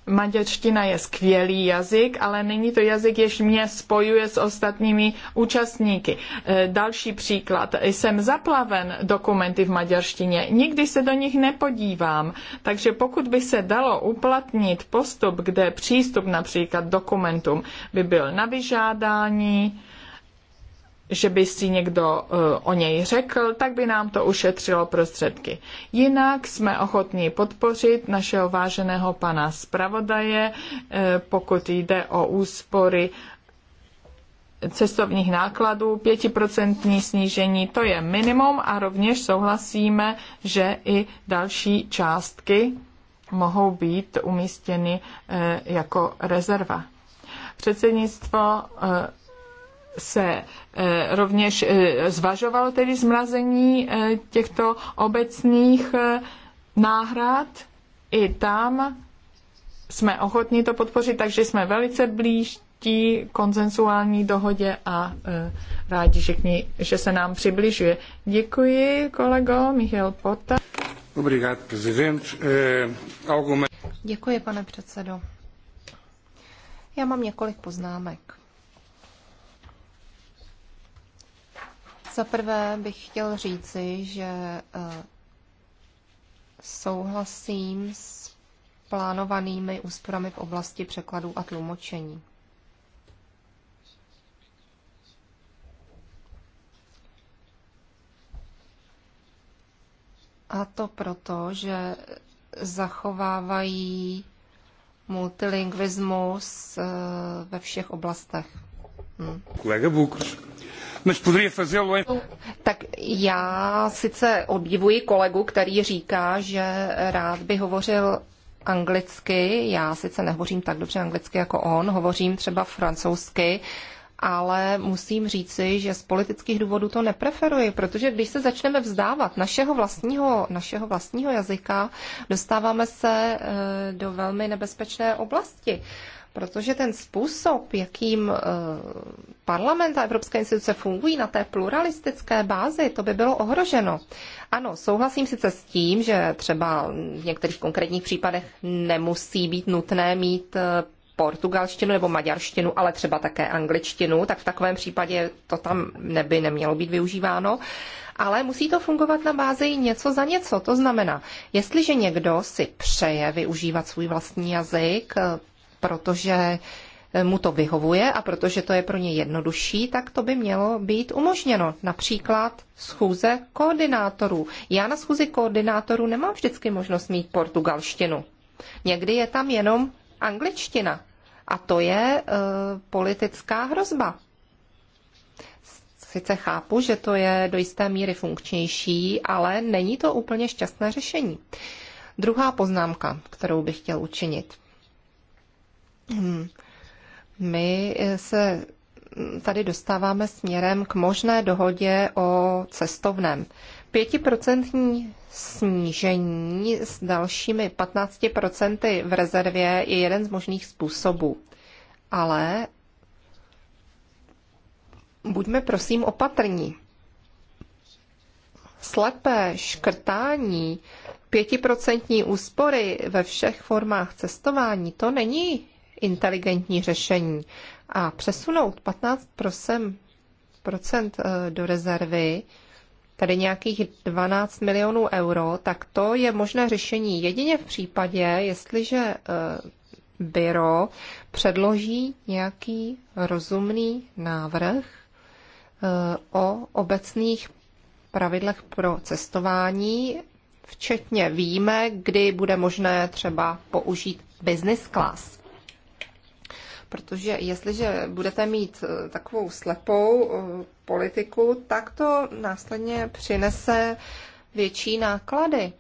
Maďarština je skvělý jazyk, ale není to jazyk, jež mě spojuje s ostatními účastníky. E, další příklad. Jsem zaplaven dokumenty v maďarštině. Nikdy se do nich nepodívám. Takže pokud by se dalo uplatnit postup, kde přístup například dokumentům by byl na vyžádání, že by si někdo eh, o něj řekl, tak by nám to ušetřilo prostředky. Jinak jsme ochotní podpořit našeho váženého pana zpravodaje, eh, pokud jde o úspory cestovních nákladů, pětiprocentní snížení, to je minimum a rovněž souhlasíme, že i další částky mohou být umístěny eh, jako rezerva. Předsednictvo se eh, rovněž eh, zvažovalo tedy zmrazení eh, těchto obecných náhrad. I tam jsme ochotní to podpořit, takže jsme velice blížtí konsensuální dohodě a rádi, že, k ní, že se nám přibližuje. Děkuji, kolego Michal Pota. Děkuji, pane předsedo. Já mám několik poznámek. Za prvé bych chtěl říci, že eh, souhlasím s plánovanými úsporami v oblasti překladů a tlumočení. A to proto, že zachovávají multilingvismus eh, ve všech oblastech. Hm poderia fazê-lo Tak já sice obdivuji kolegu, který říká, že rád by hovořil anglicky. Já sice nehovořím tak dobře anglicky jako on, hovořím třeba francouzsky, ale musím říci, že z politických důvodů to nepreferuji, protože když se začneme vzdávat našeho vlastního, našeho vlastního jazyka, dostáváme se eh, do velmi nebezpečné oblasti protože ten způsob, jakým eh, parlament a evropské instituce fungují na té pluralistické bázi, to by bylo ohroženo. Ano, souhlasím sice s tím, že třeba v některých konkrétních případech nemusí být nutné mít eh, portugalštinu nebo maďarštinu, ale třeba také angličtinu, tak v takovém případě to tam neby nemělo být využíváno. Ale musí to fungovat na bázi něco za něco. To znamená, jestliže někdo si přeje využívat svůj vlastní jazyk, eh, protože eh, mu to vyhovuje a protože to je pro ně jednodušší, tak to by mělo být umožněno. Například schůze koordinátorů. Já na schůzi koordinátorů nemám vždycky možnost mít portugalštinu. Někdy je tam jenom angličtina. A to je e, politická hrozba. Sice chápu, že to je do jisté míry funkčnější, ale není to úplně šťastné řešení. Druhá poznámka, kterou bych chtěl učinit. Hmm. My se tady dostáváme směrem k možné dohodě o cestovném. Pětiprocentní snížení s dalšími 15% v rezervě je jeden z možných způsobů. Ale buďme prosím opatrní. Slepé škrtání pětiprocentní úspory ve všech formách cestování, to není inteligentní řešení. A přesunout 15 eh, do rezervy, tedy nějakých 12 milionů euro, tak to je možné řešení jedině v případě, jestliže eh, byro předloží nějaký rozumný návrh eh, o obecných pravidlech pro cestování, včetně víme, kdy bude možné třeba použít business class. Protože jestliže budete mít eh, takovou slepou eh, politiku, tak to následně přinese větší náklady.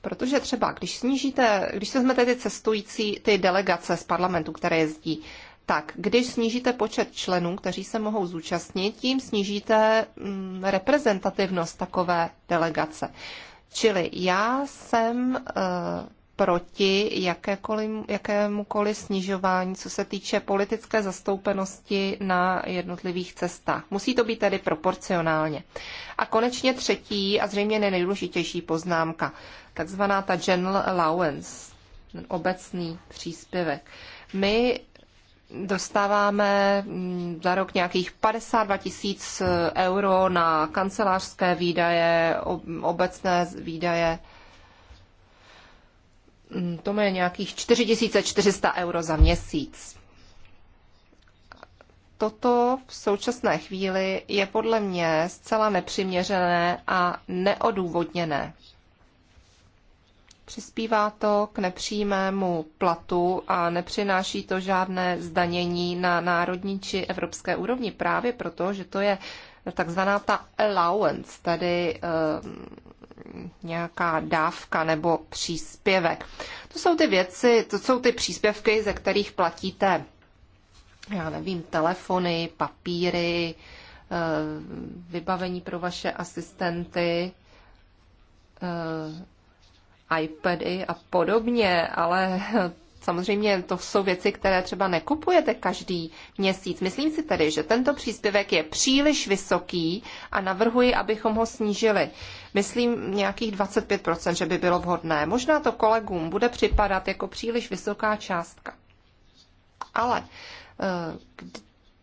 Protože třeba, když snížíte, když se vezmete ty cestující, ty delegace z parlamentu, které jezdí, tak když snížíte počet členů, kteří se mohou zúčastnit, tím snížíte mm, reprezentativnost takové delegace. Čili já jsem eh, proti jakémukoliv snižování, co se týče politické zastoupenosti na jednotlivých cestách. Musí to být tedy proporcionálně. A konečně třetí a zřejmě nejdůležitější poznámka, takzvaná ta general allowance, ten obecný příspěvek. My dostáváme mm, za rok nějakých 52 tisíc euro na kancelářské výdaje, obecné výdaje, Mm, to je nějakých 4400 euro za měsíc. Toto v současné chvíli je podle mě zcela nepřiměřené a neodůvodněné. Přispívá to k nepřímému platu a nepřináší to žádné zdanění na národní či evropské úrovni právě proto, že to je takzvaná ta allowance, tedy ehm, nějaká dávka nebo příspěvek. To jsou ty věci, to jsou ty příspěvky, ze kterých platíte, já nevím, telefony, papíry, eh, vybavení pro vaše asistenty, eh, iPady a podobně, ale Samozřejmě to jsou věci, které třeba nekupujete každý měsíc. Myslím si tedy, že tento příspěvek je příliš vysoký a navrhuji, abychom ho snížili. Myslím nějakých 25%, že by bylo vhodné. Možná to kolegům bude připadat jako příliš vysoká částka. Ale eh,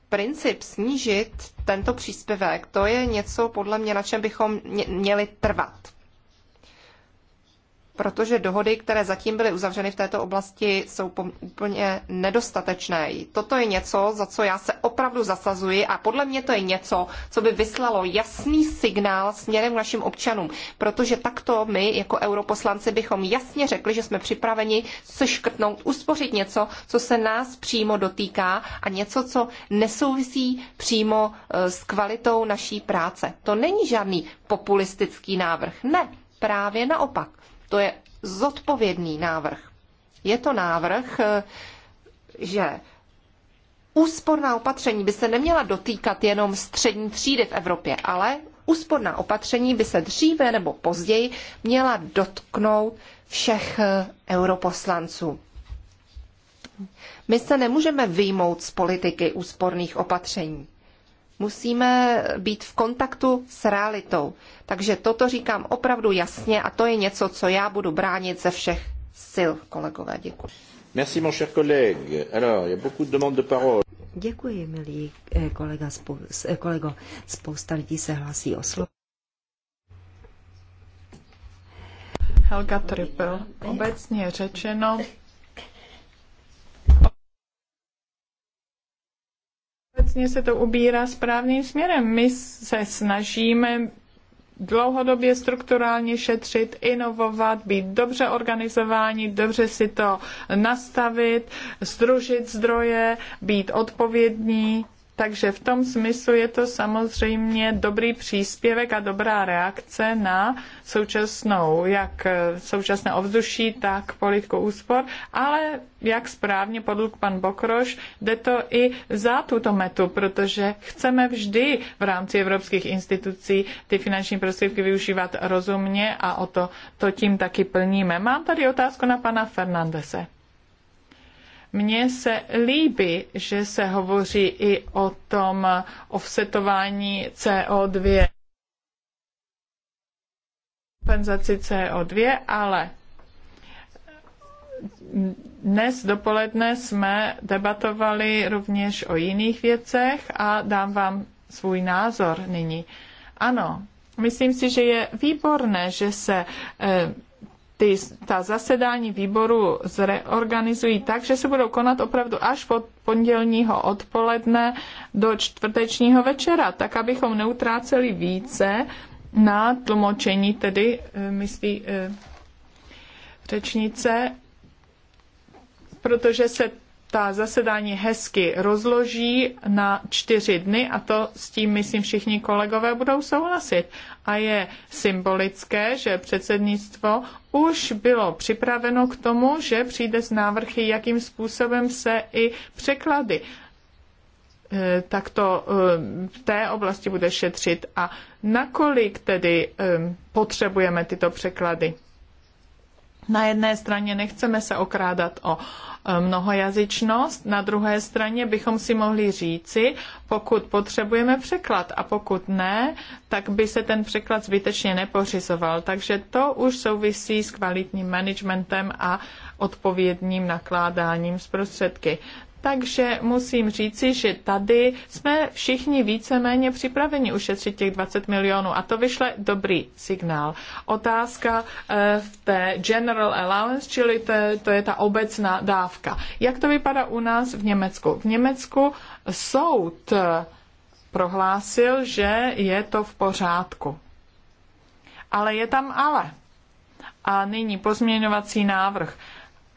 princip snížit tento příspěvek, to je něco podle mě, na čem bychom měli trvat protože dohody, které zatím byly uzavřeny v této oblasti, jsou úplně nedostatečné. Toto je něco, za co já se opravdu zasazuji a podle mě to je něco, co by vyslalo jasný signál směrem k našim občanům, protože takto my jako europoslanci bychom jasně řekli, že jsme připraveni škrtnout, uspořit něco, co se nás přímo dotýká a něco, co nesouvisí přímo eh, s kvalitou naší práce. To není žádný populistický návrh. Ne, právě naopak. To je zodpovědný návrh. Je to návrh, eh, že úsporná opatření by se neměla dotýkat jenom střední třídy v Evropě, ale úsporná opatření by se dříve nebo později měla dotknout všech eh, europoslanců. My se nemůžeme vyjmout z politiky úsporných opatření. Musíme být v kontaktu s realitou. Takže toto říkám opravdu jasně a to je něco, co já budu bránit ze všech sil, kolegové. Děkuji. Merci, mon cher collègue. Alors, il y a beaucoup de demandes de parole. Děkuji, milý eh, kolega, eh, kolego. Spousta lidí se hlásí o slovo. Helga Trippel. Obecně řečeno, vlastně se to ubírá správným směrem. My se snažíme dlouhodobě strukturálně šetřit, inovovat, být dobře organizováni, dobře si to nastavit, združit zdroje, být odpovědní, takže v tom smyslu je to samozřejmě dobrý příspěvek a dobrá reakce na současnou, jak eh, současné ovzduší, tak politiku úspor, ale jak správně podluk pan Bokroš, jde to i za tuto metu, protože chceme vždy v rámci evropských institucí ty finanční prostředky využívat rozumně a o to, to tím taky plníme. Mám tady otázku na pana Fernandese. Mně se líbí, že se hovoří i o tom offsetování CO2, kompenzaci CO2, ale dnes dopoledne jsme debatovali rovněž o jiných věcech a dám vám svůj názor nyní. Ano, myslím si, že je výborné, že se eh, ty, ta zasedání výboru zreorganizují tak, že se budou konat opravdu až od pondělního odpoledne do čtvrtečního večera, tak abychom neutráceli více na tlumočení, tedy eh, myslí eh, řečnice, protože se ta zasedání hezky rozloží na čtyři dny a to s tím, myslím, všichni kolegové budou souhlasit a je symbolické, že předsednictvo už bylo připraveno k tomu, že přijde z návrhy, jakým způsobem se i překlady eh, tak to eh, v té oblasti bude šetřit. A nakolik tedy eh, potřebujeme tyto překlady? Na jedné straně nechceme se okrádat o E, mnohojazyčnost. Na druhé straně bychom si mohli říci, pokud potřebujeme překlad a pokud ne, tak by se ten překlad zbytečně nepořizoval. Takže to už souvisí s kvalitním managementem a odpovědným nakládáním s prostředky. Takže musím říci, že tady jsme všichni víceméně připraveni ušetřit těch 20 milionů a to vyšle dobrý signál. Otázka eh, v té general allowance, čili to, to je ta obecná dávka. Jak to vypadá u nás v Německu? V Německu soud eh, prohlásil, že je to v pořádku. Ale je tam ale. A nyní pozměňovací návrh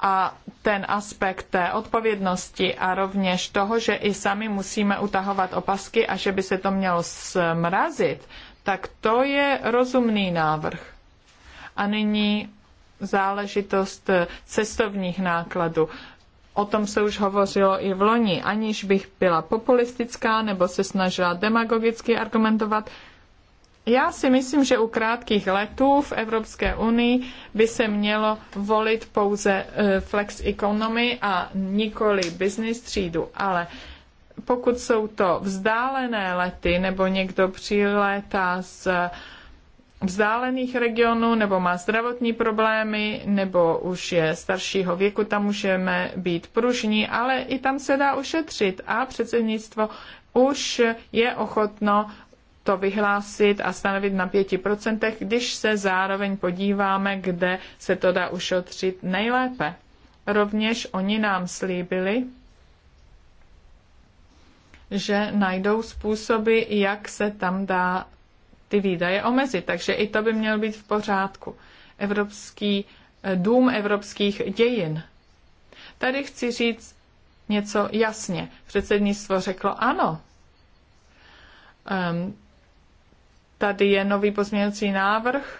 a ten aspekt té odpovědnosti a rovněž toho, že i sami musíme utahovat opasky a že by se to mělo smrazit, tak to je rozumný návrh. A nyní záležitost cestovních nákladů. O tom se už hovořilo i v loni, aniž bych byla populistická nebo se snažila demagogicky argumentovat. Já si myslím, že u krátkých letů v Evropské unii by se mělo volit pouze eh, flex economy a nikoli business třídu, ale pokud jsou to vzdálené lety nebo někdo přilétá z eh, vzdálených regionů nebo má zdravotní problémy nebo už je staršího věku, tam můžeme být pružní, ale i tam se dá ušetřit a předsednictvo už je ochotno to vyhlásit a stanovit na 5%, když se zároveň podíváme, kde se to dá ušetřit nejlépe. Rovněž oni nám slíbili, že najdou způsoby, jak se tam dá ty výdaje omezit. Takže i to by mělo být v pořádku. Evropský eh, dům evropských dějin. Tady chci říct něco jasně. Předsednictvo řeklo ano. Um, Tady je nový pozměňovací návrh,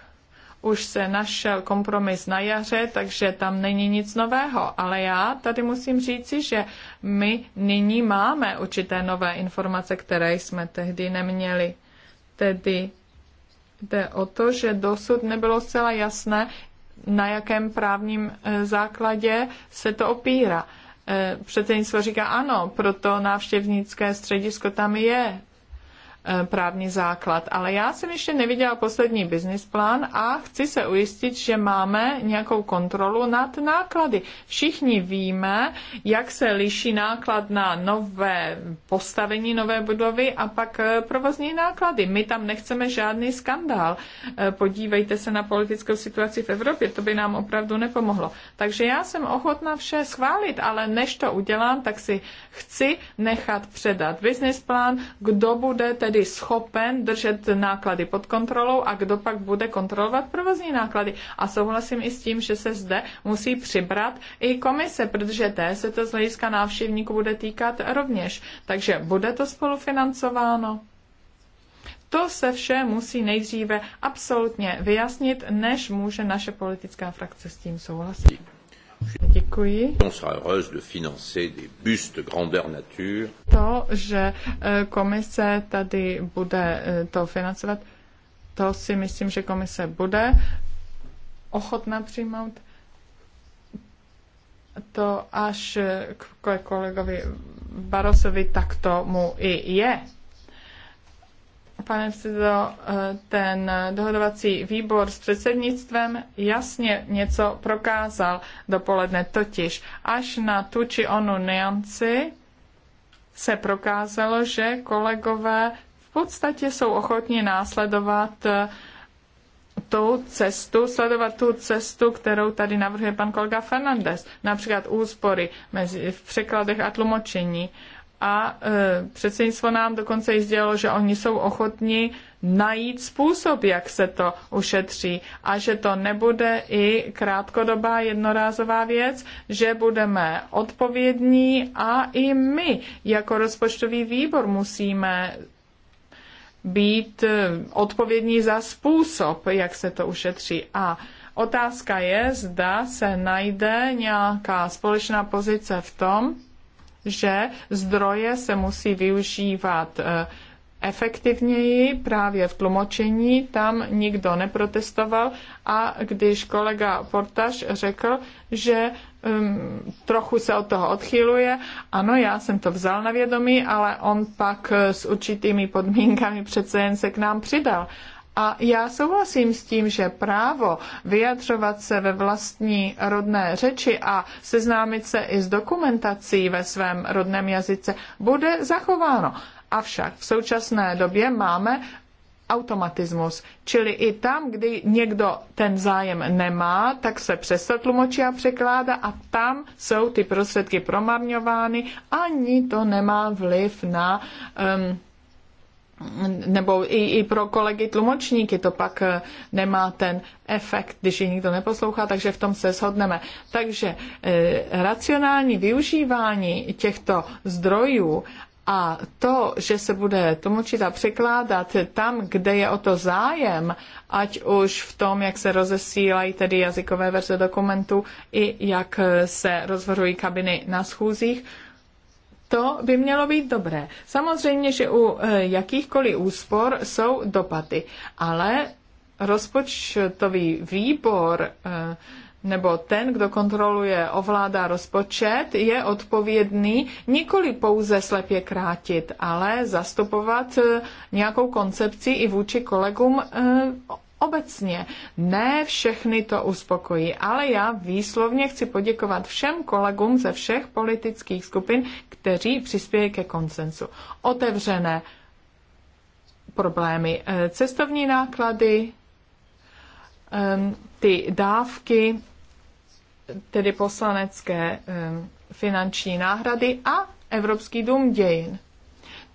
už se našel kompromis na jaře, takže tam není nic nového. Ale já tady musím říci, že my nyní máme určité nové informace, které jsme tehdy neměli. Tedy jde o to, že dosud nebylo zcela jasné, na jakém právním eh, základě se to opírá. Eh, předsednictvo říká ano, proto návštěvnické středisko tam je, Eh, právní základ. Ale já jsem ještě neviděla poslední business plán a chci se ujistit, že máme nějakou kontrolu nad náklady. Všichni víme, jak se liší náklad na nové postavení nové budovy a pak eh, provozní náklady. My tam nechceme žádný skandál. Eh, podívejte se na politickou situaci v Evropě, to by nám opravdu nepomohlo. Takže já jsem ochotná vše schválit, ale než to udělám, tak si chci nechat předat business plán, kdo bude tedy tedy schopen držet náklady pod kontrolou a kdo pak bude kontrolovat provozní náklady. A souhlasím i s tím, že se zde musí přibrat i komise, protože té se to z hlediska návštěvníků bude týkat rovněž. Takže bude to spolufinancováno. To se vše musí nejdříve absolutně vyjasnit, než může naše politická frakce s tím souhlasit. Děkuji. To, že eh, komise tady bude eh, to financovat, to si myslím, že komise bude ochotná přijmout to až eh, k kolegovi Barosovi, tak tomu i je. Pane předsedo, eh, ten dohodovací výbor s předsednictvem jasně něco prokázal dopoledne, totiž až na tu či onu nianci se prokázalo, že kolegové v podstatě jsou ochotni následovat eh, tu cestu, sledovat tu cestu, kterou tady navrhuje pan kolega Fernandez, například úspory mezi, v překladech a tlumočení a e, předsednictvo nám dokonce i sdělilo, že oni jsou ochotni najít způsob, jak se to ušetří a že to nebude i krátkodobá jednorázová věc, že budeme odpovědní a i my jako rozpočtový výbor musíme být e, odpovědní za způsob, jak se to ušetří. A otázka je, zda se najde nějaká společná pozice v tom, že zdroje se musí využívat eh, efektivněji právě v tlumočení, tam nikdo neprotestoval a když kolega Portaž řekl, že um, trochu se od toho odchyluje, ano, já jsem to vzal na vědomí, ale on pak eh, s určitými podmínkami přece jen se k nám přidal. A já souhlasím s tím, že právo vyjadřovat se ve vlastní rodné řeči a seznámit se i s dokumentací ve svém rodném jazyce bude zachováno. Avšak v současné době máme automatismus. Čili i tam, kdy někdo ten zájem nemá, tak se přesto tlumočí a překládá a tam jsou ty prostředky promarňovány, ani to nemá vliv na um, nebo i, i pro kolegy tlumočníky to pak eh, nemá ten efekt, když ji nikdo neposlouchá, takže v tom se shodneme. Takže e, racionální využívání těchto zdrojů a to, že se bude tlumočit a překládat tam, kde je o to zájem, ať už v tom, jak se rozesílají tedy jazykové verze dokumentu, i jak eh, se rozvrhují kabiny na schůzích, to by mělo být dobré. Samozřejmě, že u e, jakýchkoliv úspor jsou dopady, ale rozpočtový výbor e, nebo ten, kdo kontroluje, ovládá rozpočet, je odpovědný nikoli pouze slepě krátit, ale zastupovat e, nějakou koncepci i vůči kolegům obecně. Ne všechny to uspokojí, ale já výslovně chci poděkovat všem kolegům ze všech politických skupin, kteří přispějí ke koncensu. Otevřené problémy, eh, cestovní náklady, ehm, ty dávky, tedy poslanecké ehm, finanční náhrady a Evropský dům dějin.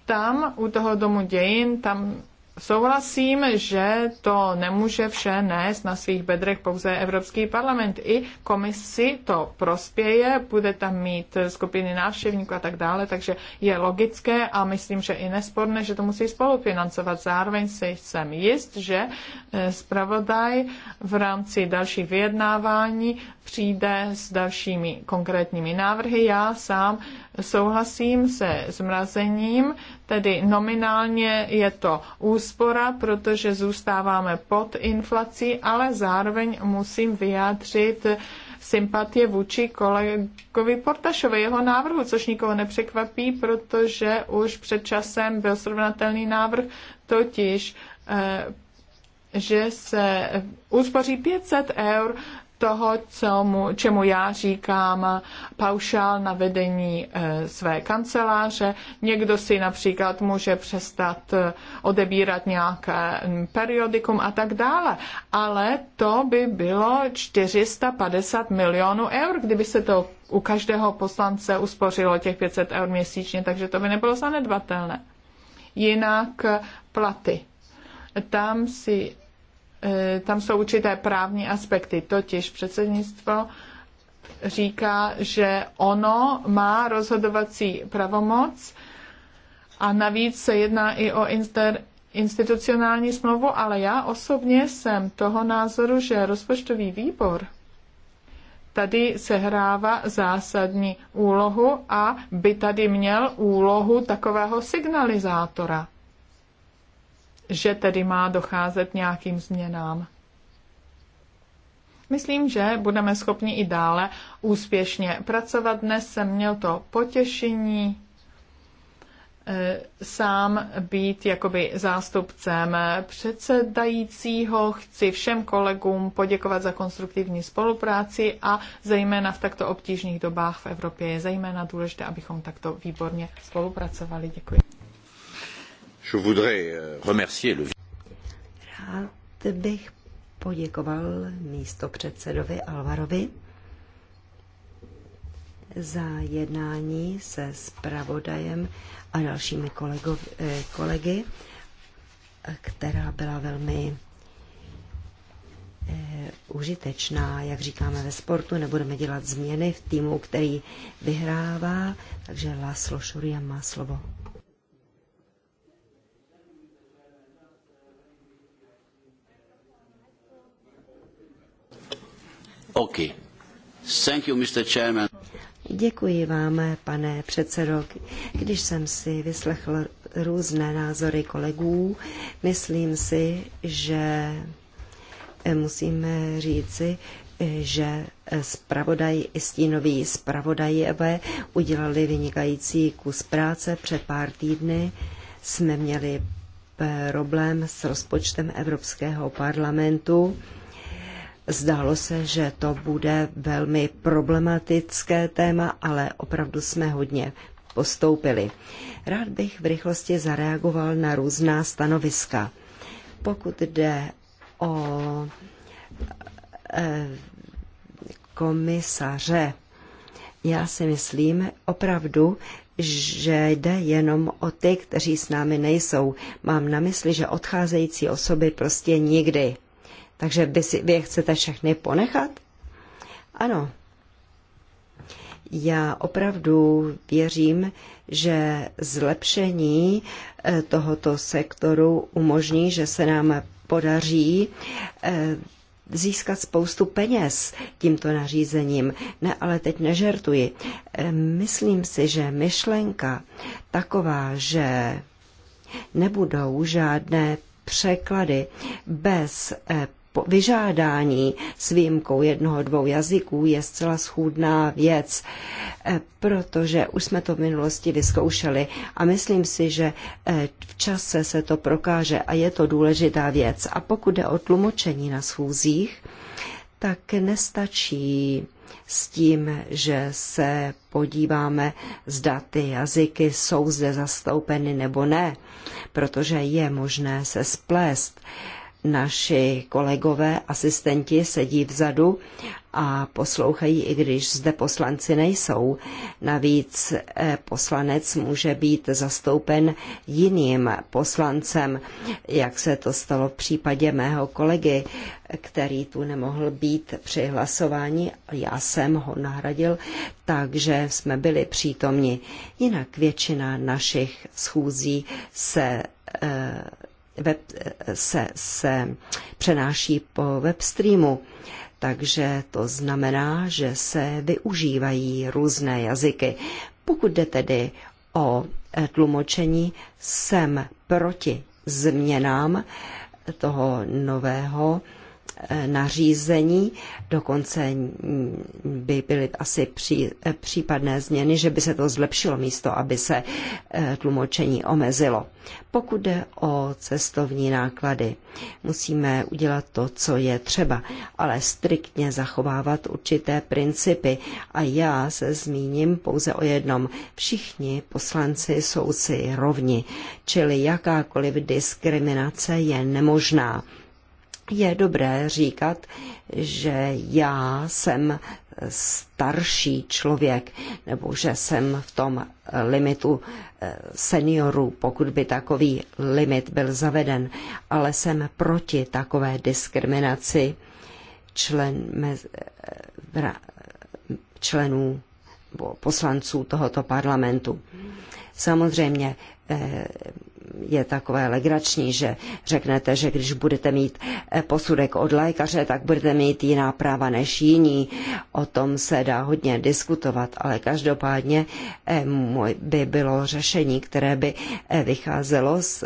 Tam u toho domu dějin, tam Souhlasím, že to nemůže vše nést na svých bedrech pouze Evropský parlament. I komisi to prospěje, bude tam mít skupiny návštěvníků a tak dále, takže je logické a myslím, že i nesporné, že to musí spolufinancovat. Zároveň si jsem jist, že eh, zpravodaj v rámci dalších vyjednávání přijde s dalšími konkrétními návrhy. Já sám souhlasím se zmrazením, tedy nominálně je to úspora, protože zůstáváme pod inflací, ale zároveň musím vyjádřit sympatie vůči kolegovi Portašovi, jeho návrhu, což nikoho nepřekvapí, protože už před časem byl srovnatelný návrh, totiž eh, že se uspoří 500 eur toho, co mu, čemu já říkám paušál na vedení eh, své kanceláře. Někdo si například může přestat eh, odebírat nějaké mm, periodikum a tak dále. Ale to by bylo 450 milionů eur, kdyby se to u každého poslance uspořilo těch 500 eur měsíčně, takže to by nebylo zanedbatelné. Jinak eh, platy. Tam si E, tam jsou určité právní aspekty, totiž předsednictvo říká, že ono má rozhodovací pravomoc a navíc se jedná i o inter, institucionální smlouvu, ale já osobně jsem toho názoru, že rozpočtový výbor tady sehrává zásadní úlohu a by tady měl úlohu takového signalizátora že tedy má docházet nějakým změnám. Myslím, že budeme schopni i dále úspěšně pracovat. Dnes jsem měl to potěšení e, sám být jakoby zástupcem předsedajícího. Chci všem kolegům poděkovat za konstruktivní spolupráci a zejména v takto obtížných dobách v Evropě je zejména důležité, abychom takto výborně spolupracovali. Děkuji. Je voudrais euh, remercier le... Rád bych poděkoval místo předsedovi Alvarovi za jednání se spravodajem a dalšími kolego, eh, kolegy, která byla velmi eh, užitečná, jak říkáme ve sportu, nebudeme dělat změny v týmu, který vyhrává, takže Laslo Šurian má slovo. Thank you, Mr. Chairman. Děkuji vám, pane předsedo. Když jsem si vyslechl různé názory kolegů, myslím si, že eh, musíme říci, eh, že spravodaj i stínoví spravodajové udělali vynikající kus práce před pár týdny. Jsme měli problém s rozpočtem Evropského parlamentu Zdálo se, že to bude velmi problematické téma, ale opravdu jsme hodně postoupili. Rád bych v rychlosti zareagoval na různá stanoviska. Pokud jde o eh, komisaře, já si myslím opravdu, že jde jenom o ty, kteří s námi nejsou. Mám na mysli, že odcházející osoby prostě nikdy takže vy, si, vy je chcete všechny ponechat? Ano. Já opravdu věřím, že zlepšení eh, tohoto sektoru umožní, že se nám podaří eh, získat spoustu peněz tímto nařízením. Ne, ale teď nežertuji. Eh, myslím si, že myšlenka taková, že nebudou žádné překlady bez vyžádání s výjimkou jednoho, dvou jazyků je zcela schůdná věc, eh, protože už jsme to v minulosti vyzkoušeli a myslím si, že eh, v čase se to prokáže a je to důležitá věc. A pokud jde o tlumočení na schůzích, tak nestačí s tím, že se podíváme, zda ty jazyky jsou zde zastoupeny nebo ne, protože je možné se splést. Naši kolegové, asistenti sedí vzadu a poslouchají, i když zde poslanci nejsou. Navíc eh, poslanec může být zastoupen jiným poslancem, jak se to stalo v případě mého kolegy, který tu nemohl být při hlasování. Já jsem ho nahradil, takže jsme byli přítomni. Jinak většina našich schůzí se eh, web, se, se přenáší po webstreamu. Takže to znamená, že se využívají různé jazyky. Pokud jde tedy o e, tlumočení, jsem proti změnám toho nového Eh, nařízení, dokonce by byly asi pří, eh, případné změny, že by se to zlepšilo místo, aby se eh, tlumočení omezilo. Pokud jde o cestovní náklady, musíme udělat to, co je třeba, ale striktně zachovávat určité principy. A já se zmíním pouze o jednom. Všichni poslanci jsou si rovni, čili jakákoliv diskriminace je nemožná je dobré říkat, že já jsem starší člověk, nebo že jsem v tom eh, limitu eh, seniorů, pokud by takový limit byl zaveden, ale jsem proti takové diskriminaci člen, mez, eh, členů poslanců tohoto parlamentu. Samozřejmě je takové legrační, že řeknete, že když budete mít eh, posudek od lékaře, tak budete mít jiná práva než jiní. O tom se dá hodně diskutovat, ale každopádně eh, by bylo řešení, které by eh, vycházelo z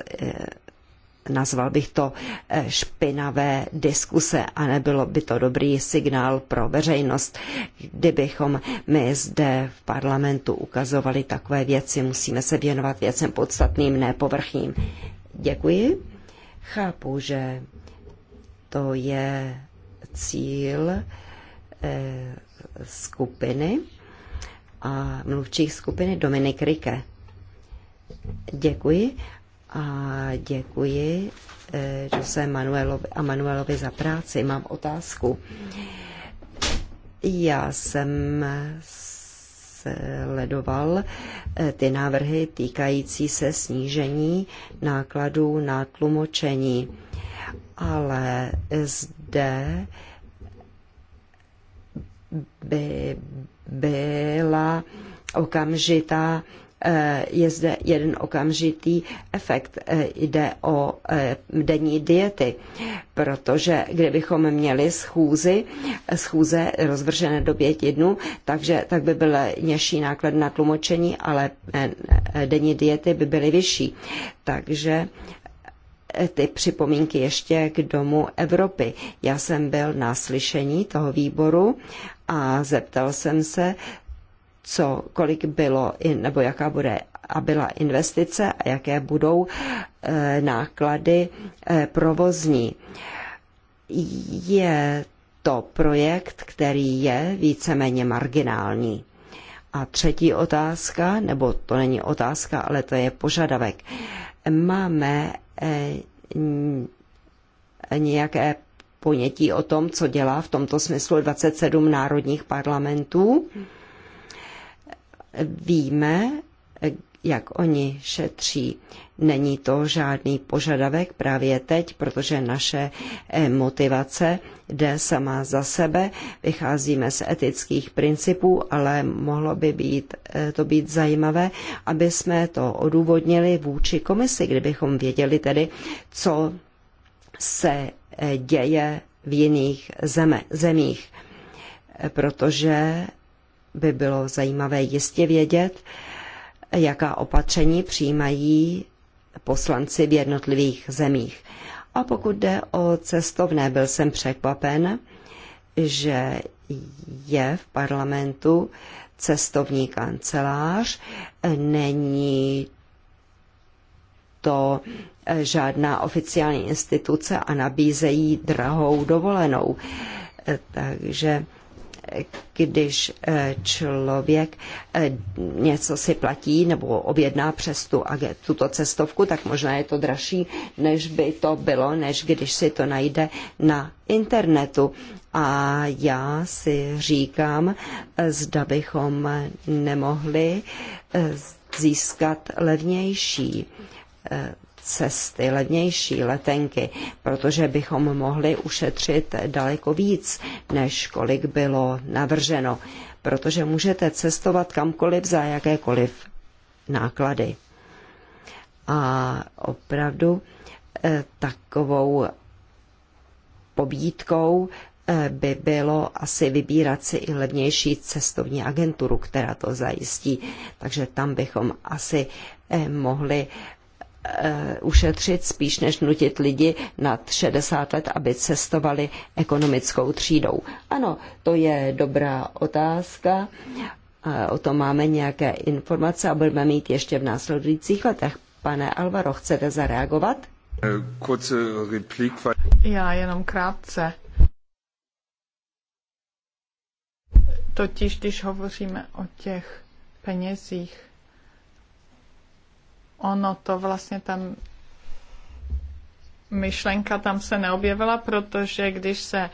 nazval bych to eh, špinavé diskuse a nebylo by to dobrý signál pro veřejnost, kdybychom my zde v parlamentu ukazovali takové věci. Musíme se věnovat věcem podstatným, ne povrchním. Děkuji. Chápu, že to je cíl eh, skupiny a mluvčích skupiny Dominik Rike. Děkuji a děkuji eh, Jose Manuelovi a Manuelovi za práci. Mám otázku. Já jsem sledoval eh, ty návrhy týkající se snížení nákladů na tlumočení, ale zde by byla okamžitá Eh, je zde jeden okamžitý efekt. Eh, jde o eh, denní diety, protože kdybychom měli schůzy, schůze rozvržené do pěti dnů, takže tak by byl nižší náklad na tlumočení, ale denní diety by byly vyšší. Takže ty připomínky ještě k Domu Evropy. Já jsem byl na slyšení toho výboru a zeptal jsem se co, kolik bylo, nebo jaká bude a byla investice a jaké budou eh, náklady eh, provozní. Je to projekt, který je víceméně marginální. A třetí otázka, nebo to není otázka, ale to je požadavek. Máme eh, nějaké ponětí o tom, co dělá v tomto smyslu 27 národních parlamentů. Hmm víme, jak oni šetří. Není to žádný požadavek právě teď, protože naše eh, motivace jde sama za sebe, vycházíme z etických principů, ale mohlo by být, eh, to být zajímavé, aby jsme to odůvodnili vůči komisi, kdybychom věděli tedy, co se eh, děje v jiných zeme, zemích, protože by bylo zajímavé jistě vědět, jaká opatření přijímají poslanci v jednotlivých zemích. A pokud jde o cestovné, byl jsem překvapen, že je v parlamentu cestovní kancelář, není to žádná oficiální instituce a nabízejí drahou dovolenou. Takže když eh, člověk eh, něco si platí nebo objedná přes tu, tuto cestovku, tak možná je to dražší, než by to bylo, než když si to najde na internetu. A já si říkám, eh, zda bychom nemohli získat levnější cesty, levnější letenky, protože bychom mohli ušetřit daleko víc, než kolik bylo navrženo, protože můžete cestovat kamkoliv za jakékoliv náklady. A opravdu eh, takovou pobídkou eh, by bylo asi vybírat si i levnější cestovní agenturu, která to zajistí. Takže tam bychom asi eh, mohli Eh, ušetřit spíš než nutit lidi nad 60 let, aby cestovali ekonomickou třídou? Ano, to je dobrá otázka. Eh, o tom máme nějaké informace a budeme mít ještě v následujících letech. Pane Alvaro, chcete zareagovat? Eh, Já jenom krátce. Totiž, když hovoříme o těch penězích, ono to vlastně tam myšlenka tam se neobjevila, protože když se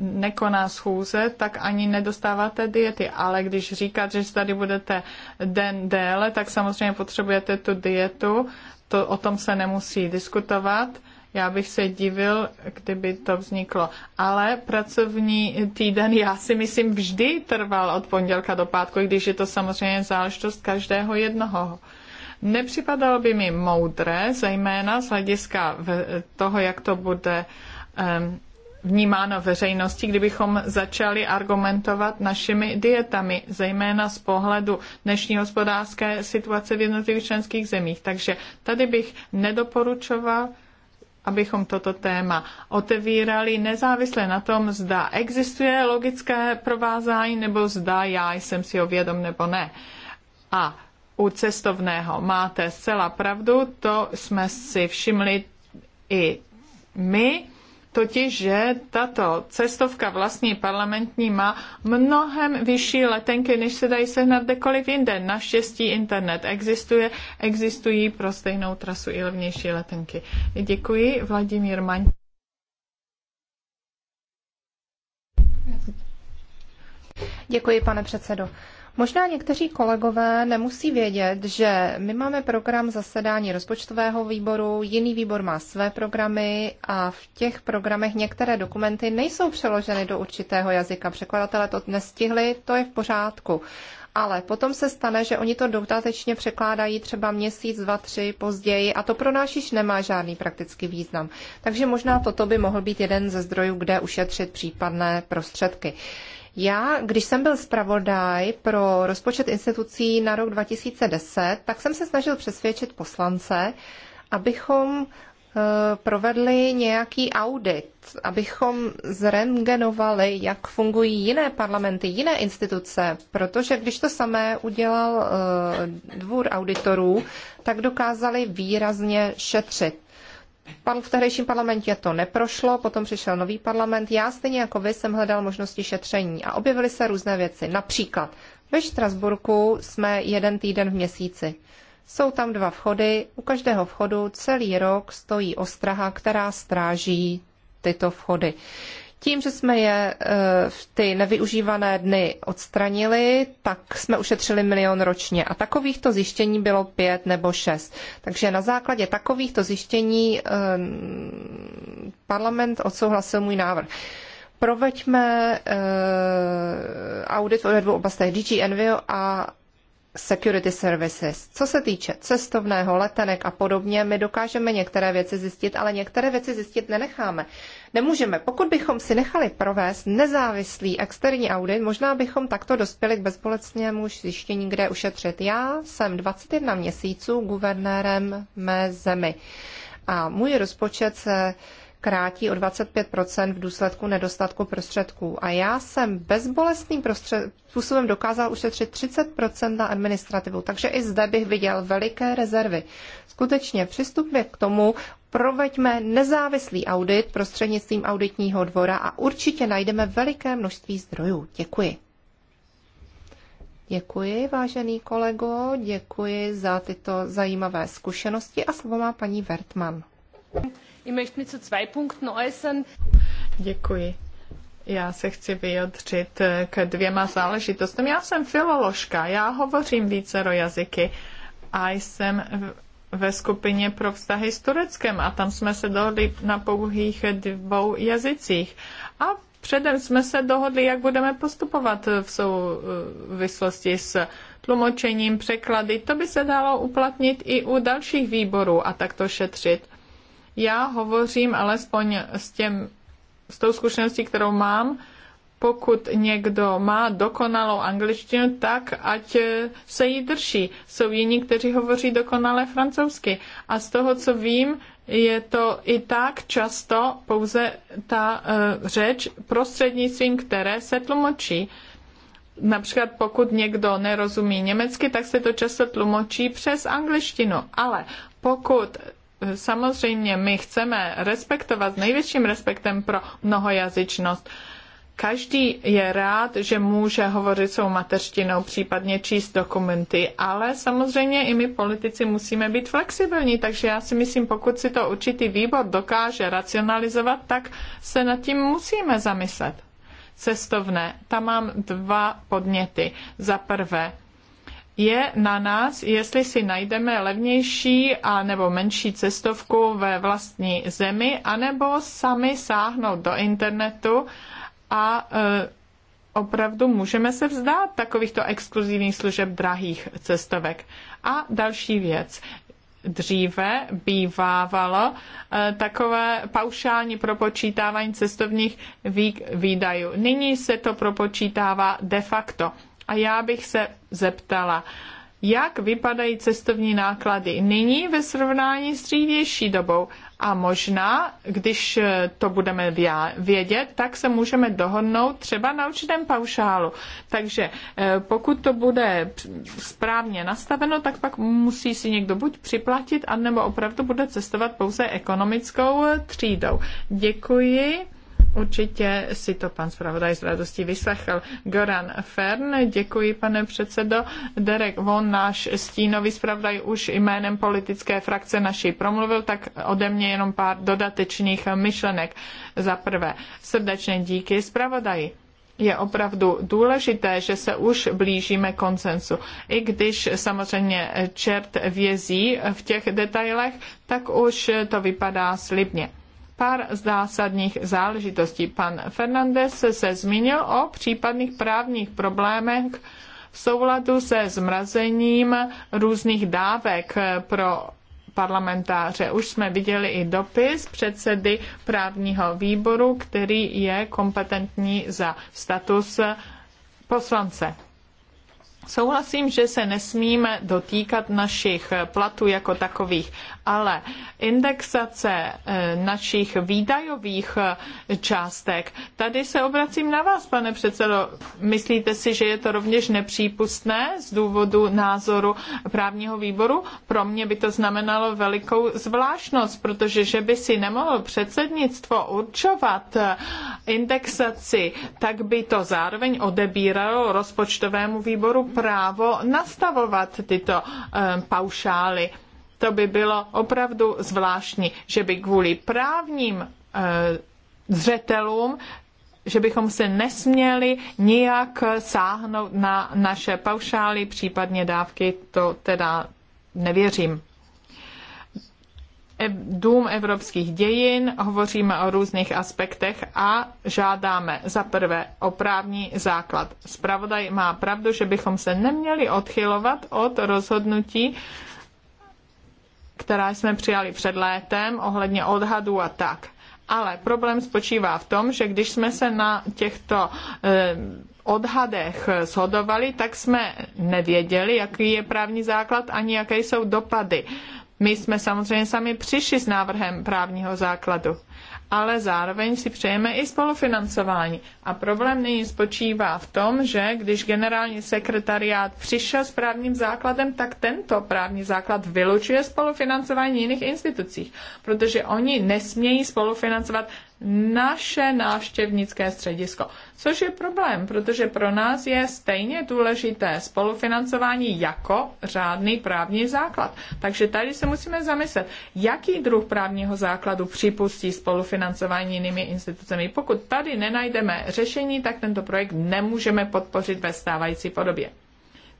nekoná schůze, tak ani nedostáváte diety. Ale když říkáte, že tady budete den déle, tak samozřejmě potřebujete tu dietu. To, o tom se nemusí diskutovat. Já bych se divil, kdyby to vzniklo. Ale pracovní týden, já si myslím, vždy trval od pondělka do pátku, když je to samozřejmě záležitost každého jednoho Nepřipadalo by mi moudré, zejména z hlediska toho, jak to bude vnímáno veřejnosti, kdybychom začali argumentovat našimi dietami, zejména z pohledu dnešní hospodářské situace v jednotlivých členských zemích. Takže tady bych nedoporučoval, abychom toto téma otevírali nezávisle na tom, zda existuje logické provázání, nebo zda já jsem si ho vědom nebo ne. A u cestovného. Máte zcela pravdu, to jsme si všimli i my, totiž, že tato cestovka vlastní parlamentní má mnohem vyšší letenky, než se dají sehnat kdekoliv jinde. Naštěstí internet existuje, existují pro stejnou trasu i levnější letenky. Děkuji, Vladimír Maň. Děkuji, pane předsedo. Možná někteří kolegové nemusí vědět, že my máme program zasedání rozpočtového výboru, jiný výbor má své programy a v těch programech některé dokumenty nejsou přeloženy do určitého jazyka. Překladatelé to nestihli, to je v pořádku. Ale potom se stane, že oni to dodatečně překládají třeba měsíc, dva, tři později a to pro nás již nemá žádný praktický význam. Takže možná toto by mohl být jeden ze zdrojů, kde ušetřit případné prostředky. Já, když jsem byl zpravodaj pro rozpočet institucí na rok 2010, tak jsem se snažil přesvědčit poslance, abychom eh, provedli nějaký audit, abychom zrengenovali, jak fungují jiné parlamenty, jiné instituce, protože když to samé udělal eh, dvůr auditorů, tak dokázali výrazně šetřit v tehdejším parlamentě to neprošlo, potom přišel nový parlament. Já stejně jako vy jsem hledal možnosti šetření a objevily se různé věci. Například ve Štrasburku jsme jeden týden v měsíci. Jsou tam dva vchody, u každého vchodu celý rok stojí ostraha, která stráží tyto vchody. Tím, že jsme je eh, v ty nevyužívané dny odstranili, tak jsme ušetřili milion ročně. A takovýchto zjištění bylo pět nebo šest. Takže na základě takovýchto zjištění eh, parlament odsouhlasil můj návrh proveďme eh, audit ve dvou oblastech DG Envio a security services. Co se týče cestovného, letenek a podobně, my dokážeme některé věci zjistit, ale některé věci zjistit nenecháme. Nemůžeme. Pokud bychom si nechali provést nezávislý externí audit, možná bychom takto dospěli k bezbolestnému zjištění, kde ušetřit. Já jsem 21 měsíců guvernérem mé zemi a můj rozpočet se krátí o 25 v důsledku nedostatku prostředků. A já jsem bezbolestným prostřed... způsobem dokázal ušetřit 30 na administrativu, takže i zde bych viděl veliké rezervy. Skutečně přistupme k tomu, proveďme nezávislý audit prostřednictvím auditního dvora a určitě najdeme veliké množství zdrojů. Děkuji. Děkuji, vážený kolego, děkuji za tyto zajímavé zkušenosti a slovo má paní Vertman. Ich möchte mich zu zwei Punkten äußern. Děkuji. Já se chci vyjadřit eh, k dvěma záležitostem. Já jsem filoložka, já hovořím více jazyky a jsem ve skupině pro vztahy s Tureckem a tam jsme se dohodli na pouhých dvou jazycích. A předem jsme se dohodli, jak budeme postupovat v souvislosti s tlumočením, překlady. To by se dalo uplatnit i u dalších výborů a takto šetřit já hovořím alespoň s, těm, s tou zkušeností, kterou mám, pokud někdo má dokonalou angličtinu, tak ať se jí drží. Jsou jiní, kteří hovoří dokonale francouzsky. A z toho, co vím, je to i tak často pouze ta uh, řeč prostřednictvím, které se tlumočí. Například pokud někdo nerozumí německy, tak se to často tlumočí přes angličtinu. Ale pokud samozřejmě my chceme respektovat s největším respektem pro mnohojazyčnost. Každý je rád, že může hovořit svou mateřštinou, případně číst dokumenty, ale samozřejmě i my politici musíme být flexibilní, takže já si myslím, pokud si to určitý výbor dokáže racionalizovat, tak se nad tím musíme zamyslet. Cestovné. Tam mám dva podněty. Za prvé, je na nás, jestli si najdeme levnější a nebo menší cestovku ve vlastní zemi, anebo sami sáhnout do internetu a e, opravdu můžeme se vzdát takovýchto exkluzivních služeb drahých cestovek. A další věc. Dříve bývávalo e, takové paušální propočítávání cestovních výdajů. Nyní se to propočítává de facto a já bych se zeptala, jak vypadají cestovní náklady nyní ve srovnání s dřívější dobou. A možná, když to budeme vědět, tak se můžeme dohodnout třeba na určitém paušálu. Takže eh, pokud to bude správně nastaveno, tak pak musí si někdo buď připlatit, anebo opravdu bude cestovat pouze ekonomickou eh, třídou. Děkuji. Určitě si to pan zpravodaj s radostí vyslechl. Goran Fern, děkuji pane předsedo. Derek Von, náš stínový zpravodaj, už jménem politické frakce naší promluvil, tak ode mě jenom pár dodatečných myšlenek. Za prvé, srdečně díky zpravodaji je opravdu důležité, že se už blížíme koncensu. I když samozřejmě čert vězí v těch detailech, tak už to vypadá slibně pár zásadních záležitostí. Pan Fernandez se zmínil o případných právních problémech v souladu se zmrazením různých dávek pro parlamentáře. Už jsme viděli i dopis předsedy právního výboru, který je kompetentní za status poslance. Souhlasím, že se nesmíme dotýkat našich platů jako takových, ale indexace eh, našich výdajových eh, částek, tady se obracím na vás, pane předsedo. Myslíte si, že je to rovněž nepřípustné z důvodu názoru právního výboru? Pro mě by to znamenalo velikou zvláštnost, protože že by si nemohlo předsednictvo určovat eh, indexaci, tak by to zároveň odebíralo rozpočtovému výboru právo nastavovat tyto paušály to by bylo opravdu zvláštní, že by kvůli právním eh, zřetelům že bychom se nesměli nijak sáhnout na naše paušály, případně dávky, to teda nevěřím. E, dům evropských dějin, hovoříme o různých aspektech a žádáme za prvé o právní základ. Spravodaj má pravdu, že bychom se neměli odchylovat od rozhodnutí která jsme přijali před létem ohledně odhadů a tak. Ale problém spočívá v tom, že když jsme se na těchto eh, odhadech shodovali, tak jsme nevěděli, jaký je právní základ ani jaké jsou dopady. My jsme samozřejmě sami přišli s návrhem právního základu ale zároveň si přejeme i spolufinancování. A problém nyní spočívá v tom, že když generální sekretariát přišel s právním základem, tak tento právní základ vylučuje spolufinancování jiných institucí, protože oni nesmějí spolufinancovat naše návštěvnické středisko což je problém, protože pro nás je stejně důležité spolufinancování jako řádný právní základ. Takže tady se musíme zamyslet, jaký druh právního základu připustí spolufinancování jinými institucemi. Pokud tady nenajdeme řešení, tak tento projekt nemůžeme podpořit ve stávající podobě.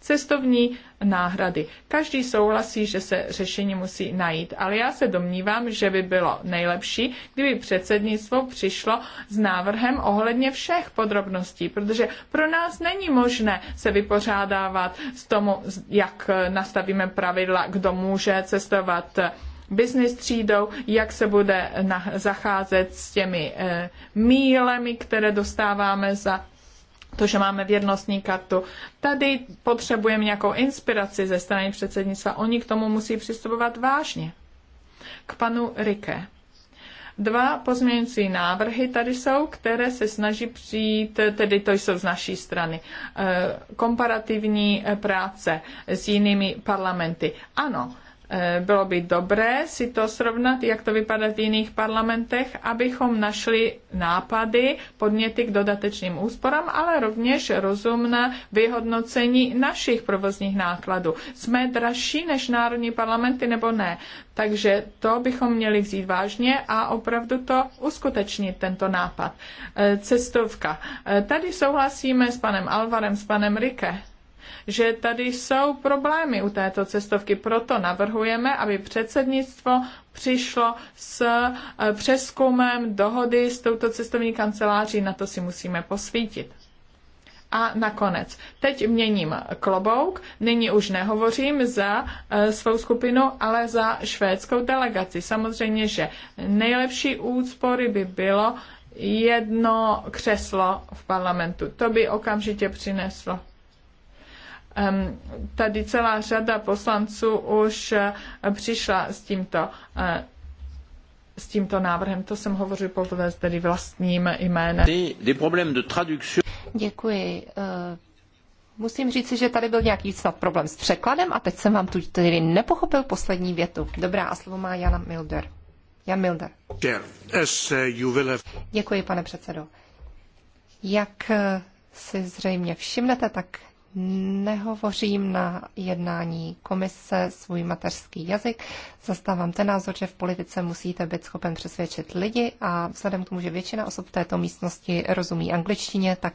Cestovní náhrady. Každý souhlasí, že se řešení musí najít, ale já se domnívám, že by bylo nejlepší, kdyby předsednictvo přišlo s návrhem ohledně všech podrobností, protože pro nás není možné se vypořádávat s tomu, jak nastavíme pravidla, kdo může cestovat business třídou, jak se bude na, zacházet s těmi e, mílemi, které dostáváme za to, že máme věrnostní kartu. Tady potřebujeme nějakou inspiraci ze strany předsednictva. Oni k tomu musí přistupovat vážně. K panu Rike. Dva pozměňující návrhy tady jsou, které se snaží přijít, tedy to jsou z naší strany, eh, komparativní eh, práce s jinými parlamenty. Ano, Eh, bylo by dobré si to srovnat, jak to vypadá v jiných parlamentech, abychom našli nápady, podněty k dodatečným úsporám, ale rovněž rozumné vyhodnocení našich provozních nákladů. Jsme dražší než národní parlamenty nebo ne? Takže to bychom měli vzít vážně a opravdu to uskutečnit, tento nápad. Eh, cestovka. Eh, tady souhlasíme s panem Alvarem, s panem Rike že tady jsou problémy u této cestovky. Proto navrhujeme, aby předsednictvo přišlo s e, přeskumem dohody s touto cestovní kanceláří. Na to si musíme posvítit. A nakonec, teď měním klobouk, nyní už nehovořím za e, svou skupinu, ale za švédskou delegaci. Samozřejmě, že nejlepší úspory by bylo jedno křeslo v parlamentu. To by okamžitě přineslo Tady celá řada poslanců už eh, přišla s tímto eh, s tímto návrhem. To jsem hovořil poprvé tedy vlastním jménem. Děkuji. Eh, musím říct, že tady byl nějaký snad problém s překladem a teď jsem vám tu tedy nepochopil poslední větu. Dobrá, a slovo má Jana Milder. Jan Milder. Děkuji, pane předsedo. Jak si zřejmě všimnete, tak nehovořím na jednání komise svůj mateřský jazyk. Zastávám ten názor, že v politice musíte být schopen přesvědčit lidi a vzhledem k tomu, že většina osob v této místnosti rozumí angličtině, tak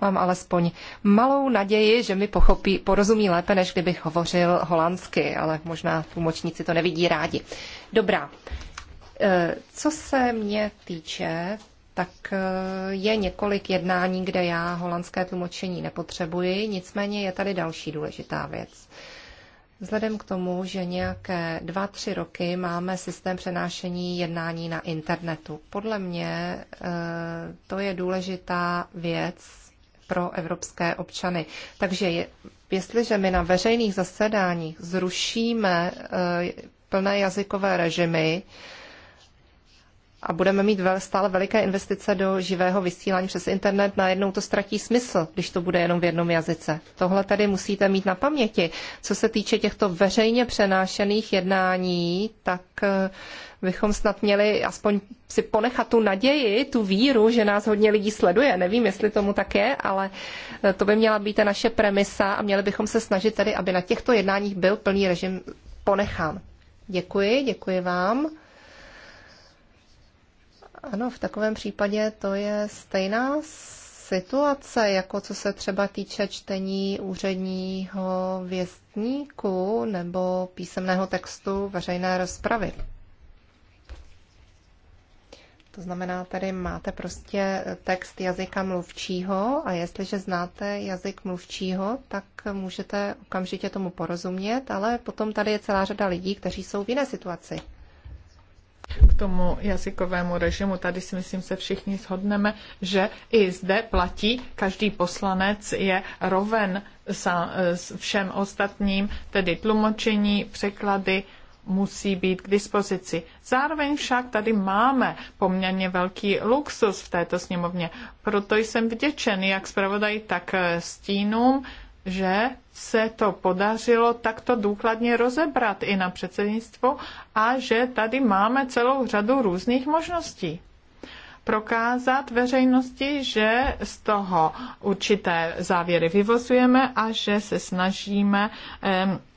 mám alespoň malou naději, že mi pochopí, porozumí lépe, než kdybych hovořil holandsky, ale možná tlumočníci to nevidí rádi. Dobrá. E, co se mě týče, tak eh, je několik jednání, kde já holandské tlumočení nepotřebuji, nicméně je tady další důležitá věc. Vzhledem k tomu, že nějaké dva tři roky máme systém přenášení jednání na internetu. Podle mě eh, to je důležitá věc pro evropské občany. Takže je, jestliže my na veřejných zasedáních zrušíme eh, plné jazykové režimy, a budeme mít stále veliké investice do živého vysílání přes internet, najednou to ztratí smysl, když to bude jenom v jednom jazyce. Tohle tady musíte mít na paměti. Co se týče těchto veřejně přenášených jednání, tak eh, bychom snad měli aspoň si ponechat tu naději, tu víru, že nás hodně lidí sleduje. Nevím, jestli tomu tak je, ale eh, to by měla být ta naše premisa a měli bychom se snažit tedy, aby na těchto jednáních byl plný režim ponechán. Děkuji, děkuji vám. Ano, v takovém případě to je stejná situace, jako co se třeba týče čtení úředního věstníku nebo písemného textu veřejné rozpravy. To znamená, tady máte prostě text jazyka mluvčího a jestliže znáte jazyk mluvčího, tak můžete okamžitě tomu porozumět, ale potom tady je celá řada lidí, kteří jsou v jiné situaci. K tomu jazykovému režimu, tady si myslím, se všichni shodneme, že i zde platí, každý poslanec je roven s všem ostatním, tedy tlumočení, překlady, musí být k dispozici. Zároveň však tady máme poměrně velký luxus v této sněmovně. Proto jsem vděčen jak zpravodaj, tak stínům že se to podařilo takto důkladně rozebrat i na předsednictvu a že tady máme celou řadu různých možností prokázat veřejnosti, že z toho určité závěry vyvozujeme a že se snažíme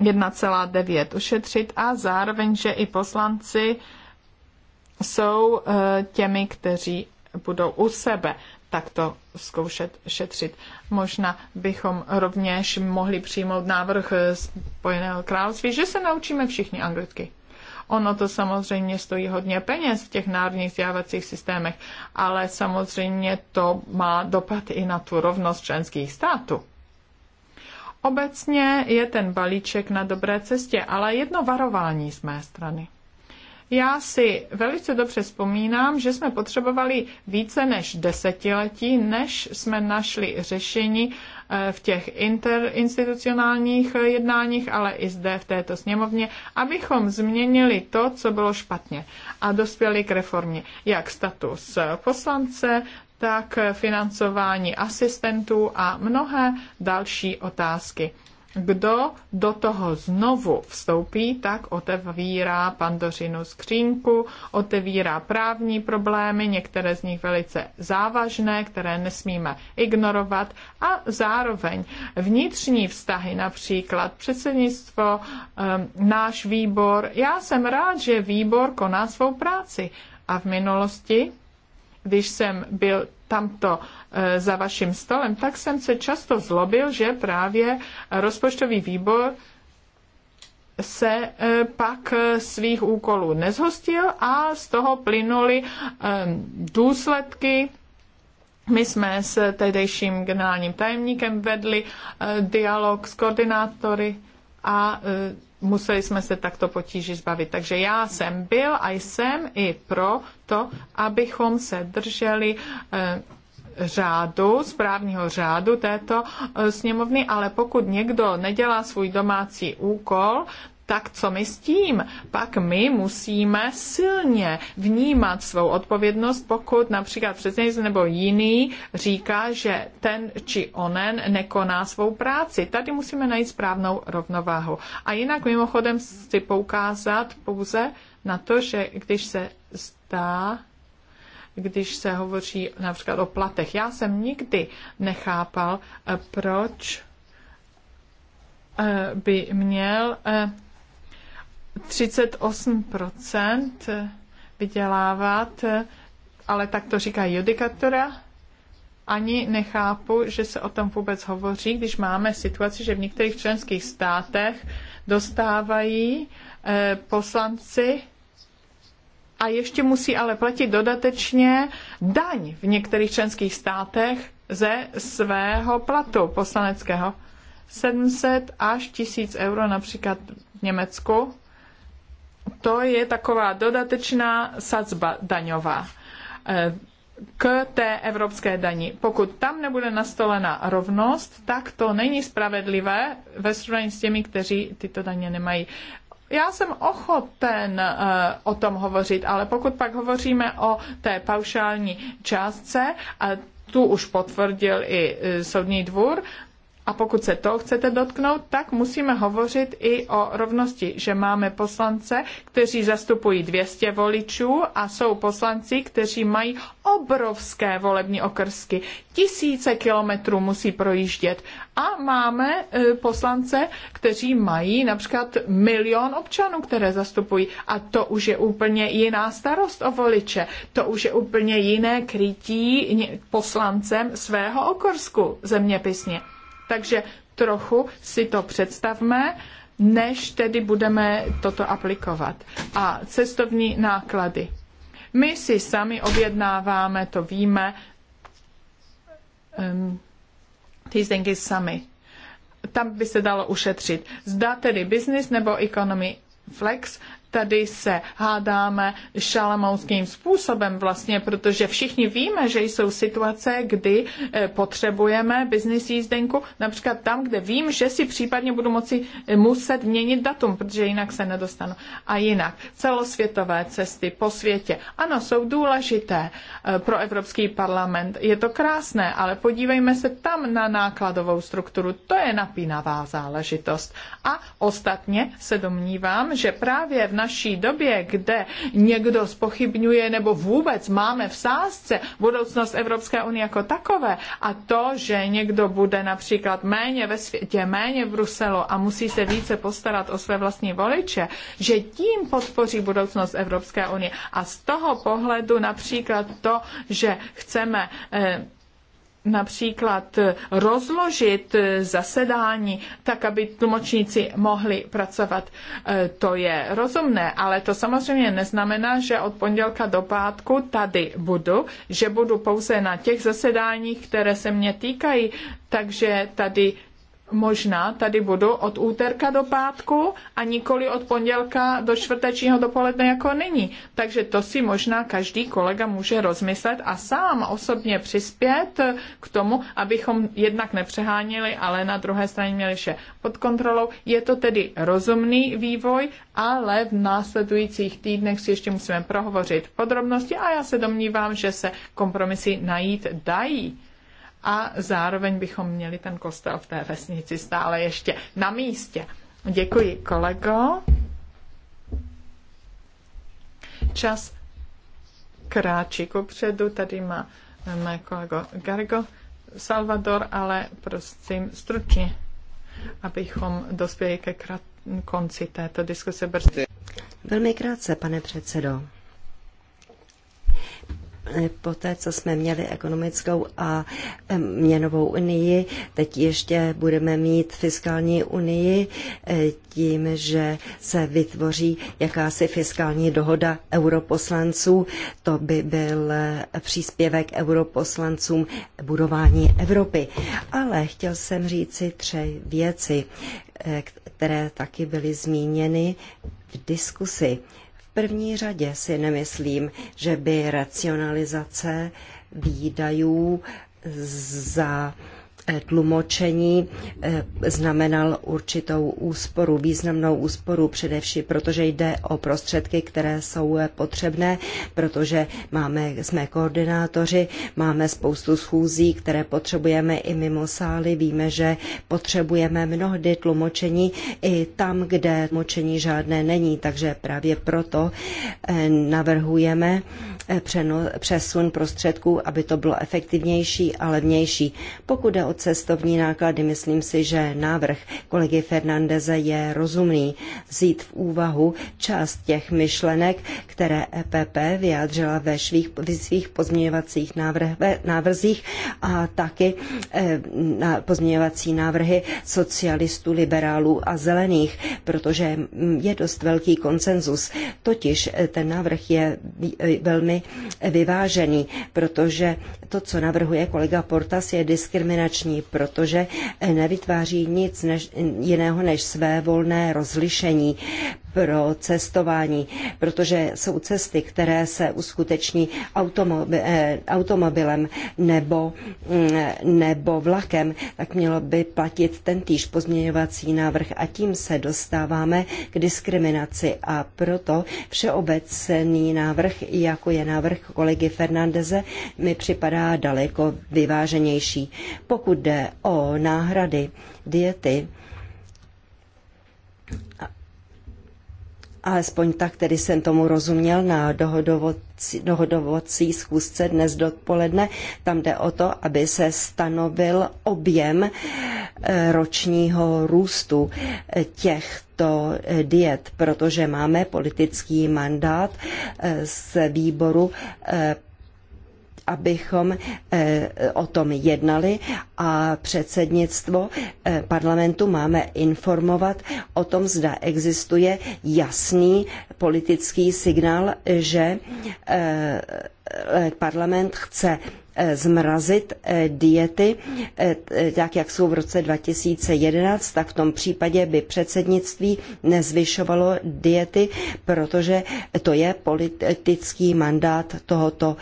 1,9 ušetřit a zároveň, že i poslanci jsou eh, těmi, kteří budou u sebe takto zkoušet šetřit. Možná bychom rovněž mohli přijmout návrh Spojeného království, že se naučíme všichni anglicky. Ono to samozřejmě stojí hodně peněz v těch národních vzdělávacích systémech, ale samozřejmě to má dopad i na tu rovnost členských států. Obecně je ten balíček na dobré cestě, ale jedno varování z mé strany. Já si velice dobře vzpomínám, že jsme potřebovali více než desetiletí, než jsme našli řešení eh, v těch interinstitucionálních eh, jednáních, ale i zde v této sněmovně, abychom změnili to, co bylo špatně a dospěli k reformě, jak status poslance, tak financování asistentů a mnohé další otázky kdo do toho znovu vstoupí, tak otevírá pandořinu skřínku, otevírá právní problémy, některé z nich velice závažné, které nesmíme ignorovat a zároveň vnitřní vztahy, například předsednictvo, náš výbor. Já jsem rád, že výbor koná svou práci a v minulosti když jsem byl tamto e, za vaším stolem, tak jsem se často zlobil, že právě rozpočtový výbor se e, pak svých úkolů nezhostil a z toho plynuly e, důsledky. My jsme s tehdejším generálním tajemníkem vedli dialog s koordinátory a museli jsme se takto potíži zbavit. Takže já jsem byl a jsem i pro to, abychom se drželi eh, řádu, správního řádu této eh, sněmovny, ale pokud někdo nedělá svůj domácí úkol, tak co my s tím? Pak my musíme silně vnímat svou odpovědnost, pokud například předsednictví nebo jiný říká, že ten či onen nekoná svou práci. Tady musíme najít správnou rovnováhu. A jinak mimochodem si poukázat pouze na to, že když se zdá, když se hovoří například o platech. Já jsem nikdy nechápal, eh, proč eh, by měl eh, 38% vydělávat, ale tak to říká judikatura. Ani nechápu, že se o tom vůbec hovoří, když máme situaci, že v některých členských státech dostávají eh, poslanci a ještě musí ale platit dodatečně daň v některých členských státech ze svého platu poslaneckého. 700 až 1000 euro například v Německu to je taková dodatečná sazba daňová eh, k té evropské dani. Pokud tam nebude nastolena rovnost, tak to není spravedlivé ve srovnání s těmi, kteří tyto daně nemají. Já jsem ochoten uh, o tom hovořit, ale pokud pak hovoříme o té paušální částce, a tu už potvrdil i eh, soudní dvůr, a pokud se toho chcete dotknout, tak musíme hovořit i o rovnosti, že máme poslance, kteří zastupují 200 voličů a jsou poslanci, kteří mají obrovské volební okrsky. Tisíce kilometrů musí projíždět. A máme e, poslance, kteří mají například milion občanů, které zastupují. A to už je úplně jiná starost o voliče. To už je úplně jiné krytí poslancem svého okrsku zeměpisně. Takže trochu si to představme, než tedy budeme toto aplikovat. A cestovní náklady. My si sami objednáváme, to víme, um, ehm, zdenky sami. Tam by se dalo ušetřit. Zda tedy business nebo economy flex, tady se hádáme šalamounským způsobem vlastně, protože všichni víme, že jsou situace, kdy e, potřebujeme business jízdenku, například tam, kde vím, že si případně budu moci e, muset měnit datum, protože jinak se nedostanu. A jinak, celosvětové cesty po světě, ano, jsou důležité e, pro Evropský parlament. Je to krásné, ale podívejme se tam na nákladovou strukturu. To je napínavá záležitost. A ostatně se domnívám, že právě v naší naší době, kde někdo spochybňuje nebo vůbec máme v sázce budoucnost Evropské unie jako takové a to, že někdo bude například méně ve světě, méně v Bruselu a musí se více postarat o své vlastní voliče, že tím podpoří budoucnost Evropské unie. A z toho pohledu například to, že chceme eh, například rozložit zasedání tak, aby tlumočníci mohli pracovat, e, to je rozumné, ale to samozřejmě neznamená, že od pondělka do pátku tady budu, že budu pouze na těch zasedáních, které se mě týkají, takže tady možná tady budu od úterka do pátku a nikoli od pondělka do čtvrtečního dopoledne jako nyní. Takže to si možná každý kolega může rozmyslet a sám osobně přispět k tomu, abychom jednak nepřeháněli, ale na druhé straně měli vše pod kontrolou. Je to tedy rozumný vývoj, ale v následujících týdnech si ještě musíme prohovořit podrobnosti a já se domnívám, že se kompromisy najít dají a zároveň bychom měli ten kostel v té vesnici stále ještě na místě. Děkuji, kolego. Čas kráčí kupředu, tady má eh, mé kolego Gargo Salvador, ale prosím stručně, abychom dospěli ke konci této diskuse brzy. Velmi krátce, pane předsedo po té, co jsme měli ekonomickou a měnovou unii, teď ještě budeme mít fiskální unii e, tím, že se vytvoří jakási fiskální dohoda europoslanců. To by byl e, příspěvek europoslancům budování Evropy. Ale chtěl jsem říci tři věci, e, které taky byly zmíněny v diskusi první řadě si nemyslím, že by racionalizace výdajů za Eh, tlumočení eh, znamenal určitou úsporu, významnou úsporu především, protože jde o prostředky, které jsou eh, potřebné, protože máme, jsme koordinátoři, máme spoustu schůzí, které potřebujeme i mimo sály, víme, že potřebujeme mnohdy tlumočení i tam, kde tlumočení žádné není, takže právě proto navrhujeme přesun prostředků, aby to bylo efektivnější a levnější. Pokud jde o cestovní náklady. Myslím si, že návrh kolegy Fernandeze je rozumný vzít v úvahu část těch myšlenek, které EPP vyjádřila ve svých, ve svých pozměňovacích návrh, návrzích a taky eh, na pozměňovací návrhy socialistů, liberálů a zelených, protože je dost velký konsenzus. Totiž eh, ten návrh je eh, velmi eh, vyvážený, protože to, co navrhuje kolega Portas, je diskriminační nebezpečný, protože nevytváří nic než, jiného než své volné rozlišení pro cestování, protože jsou cesty, které se uskuteční eh, automobilem nebo, mm, nebo vlakem, tak mělo by platit tentýž pozměňovací návrh a tím se dostáváme k diskriminaci a proto všeobecný návrh, jako je návrh kolegy Fernandeze, mi připadá daleko vyváženější. Pokud jde o náhrady, diety, alespoň tak tedy jsem tomu rozuměl na dohodovací, dohodovací schůzce dnes dopoledne. Tam jde o to, aby se stanovil objem eh, ročního růstu eh, těchto eh, diet, protože máme politický mandát z výboru abychom eh, o tom jednali a předsednictvo eh, parlamentu máme informovat o tom, zda existuje jasný politický signál, že eh, parlament chce zmrazit diety, tak jak jsou v roce 2011, tak v tom případě by předsednictví nezvyšovalo diety, protože to je politický mandát tohoto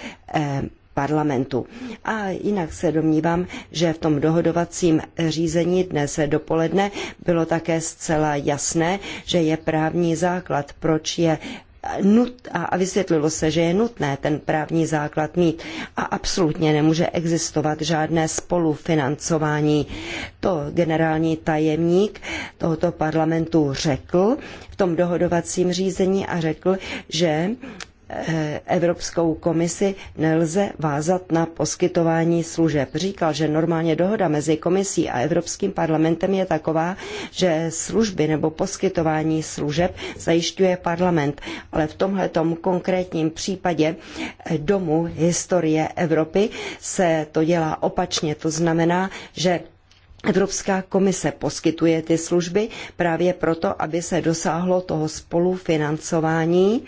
parlamentu. A jinak se domnívám, že v tom dohodovacím řízení dnes dopoledne bylo také zcela jasné, že je právní základ, proč je nut, a vysvětlilo se, že je nutné ten právní základ mít a absolutně nemůže existovat žádné spolufinancování. To generální tajemník tohoto parlamentu řekl v tom dohodovacím řízení a řekl, že Eh, Evropskou komisi nelze vázat na poskytování služeb. Říkal, že normálně dohoda mezi komisí a Evropským parlamentem je taková, že služby nebo poskytování služeb zajišťuje parlament. Ale v tomhletom konkrétním případě eh, domu historie Evropy se to dělá opačně. To znamená, že Evropská komise poskytuje ty služby právě proto, aby se dosáhlo toho spolufinancování,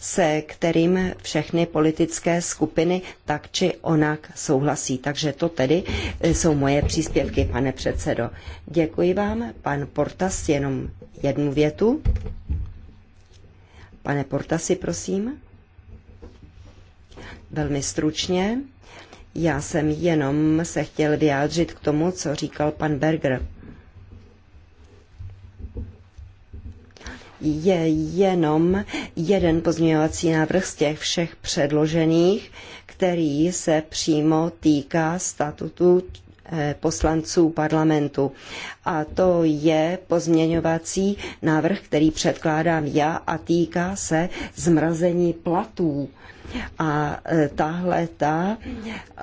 se kterým všechny politické skupiny tak či onak souhlasí. Takže to tedy eh, jsou moje příspěvky, pane předsedo. Děkuji vám, pan Portas, jenom jednu větu. Pane Portasi, prosím. Velmi stručně. Já jsem jenom se chtěl vyjádřit k tomu, co říkal pan Berger. Je jenom jeden pozměňovací návrh z těch všech předložených, který se přímo týká statutu Eh, poslanců parlamentu. A to je pozměňovací návrh, který předkládám já a týká se zmrazení platů. A eh, tahle ta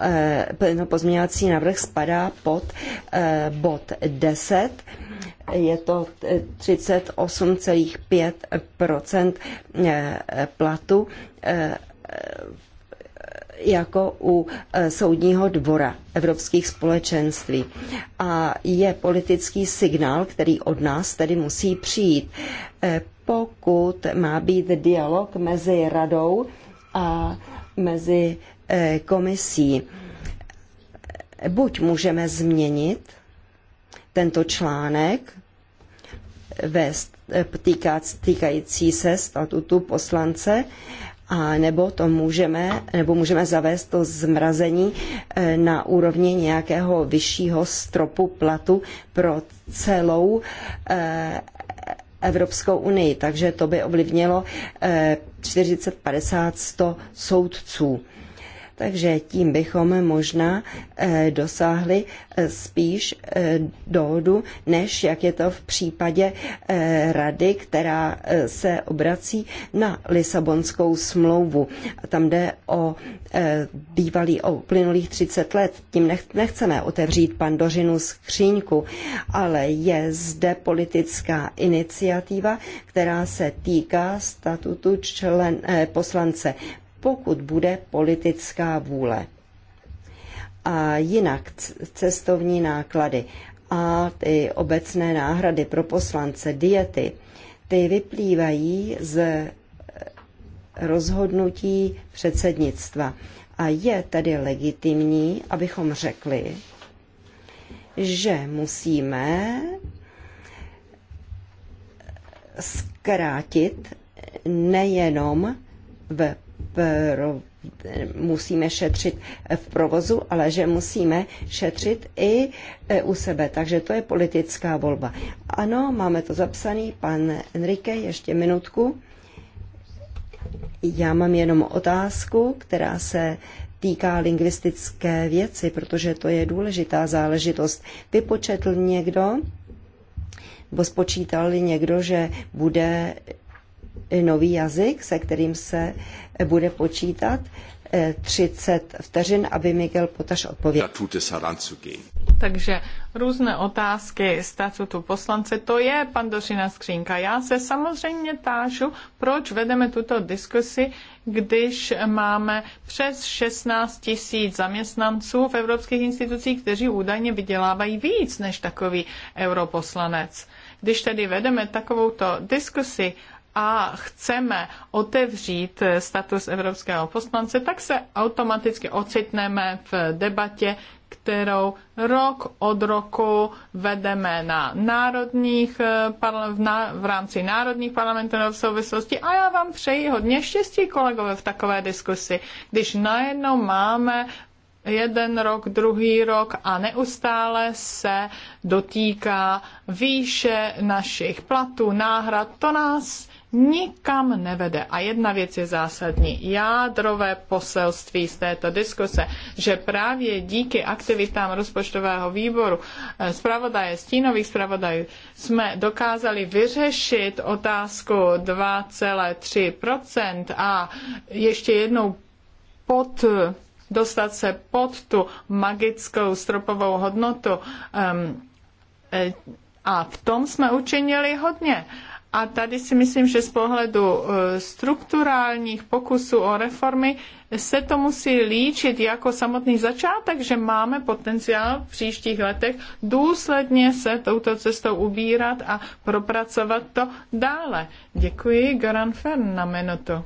eh, no, pozměňovací návrh spadá pod bod 10. Je to 38,5 platu jako u e, soudního dvora evropských společenství. A je politický signál, který od nás tedy musí přijít. E, pokud má být dialog mezi radou a mezi e, komisí, buď můžeme změnit tento článek ve týkající se statutu poslance, a nebo to můžeme, nebo můžeme zavést to zmrazení e, na úrovni nějakého vyššího stropu platu pro celou e, Evropskou unii, takže to by ovlivnilo 40, 50, 100 soudců. Takže tím bychom možná eh, dosáhli eh, spíš eh, dohodu, než jak je to v případě rady, která se obrací na Lisabonskou smlouvu. Tam jde o bývalý, o plynulých 30 let. Tím nechceme otevřít pandořinu skříňku, ale je zde politická iniciativa, která se týká statutu člen, poslance pokud bude politická vůle. A jinak cestovní náklady a ty obecné náhrady pro poslance, diety, ty vyplývají z eh, rozhodnutí předsednictva. A je tedy legitimní, abychom řekli, že musíme zkrátit nejenom v pro, musíme šetřit v provozu, ale že musíme šetřit i e, u sebe. Takže to je politická volba. Ano, máme to zapsaný. Pan Enrique, ještě minutku. Já mám jenom otázku, která se týká lingvistické věci, protože to je důležitá záležitost. Vypočetl někdo, nebo spočítal někdo, že bude Eh, nový jazyk, se kterým se eh, bude počítat 30 eh, vteřin, aby Miguel Potaš odpověděl. Takže různé otázky statutu poslance, to je pandořina skřínka. Já se samozřejmě tážu, proč vedeme tuto diskusi, když máme přes 16 tisíc zaměstnanců v evropských institucích, kteří údajně vydělávají víc než takový europoslanec. Když tedy vedeme takovouto diskusi a chceme otevřít status evropského poslance, tak se automaticky ocitneme v debatě, kterou rok od roku vedeme na národních, eh, v, na, v rámci národních parlamentů v souvislosti. A já vám přeji hodně štěstí, kolegové, v takové diskusi, když najednou máme jeden rok, druhý rok a neustále se dotýká výše našich platů, náhrad. To nás nikam nevede. A jedna věc je zásadní. Jádrové poselství z této diskuse, že právě díky aktivitám rozpočtového výboru eh, zpravodaje stínových zpravodajů jsme dokázali vyřešit otázku 2,3% a ještě jednou pod dostat se pod tu magickou stropovou hodnotu. Um, a v tom jsme učinili hodně. A tady si myslím, že z pohledu e, strukturálních pokusů o reformy se to musí líčit jako samotný začátek, že máme potenciál v příštích letech důsledně se touto cestou ubírat a propracovat to dále. Děkuji, Garan Fern, na minutu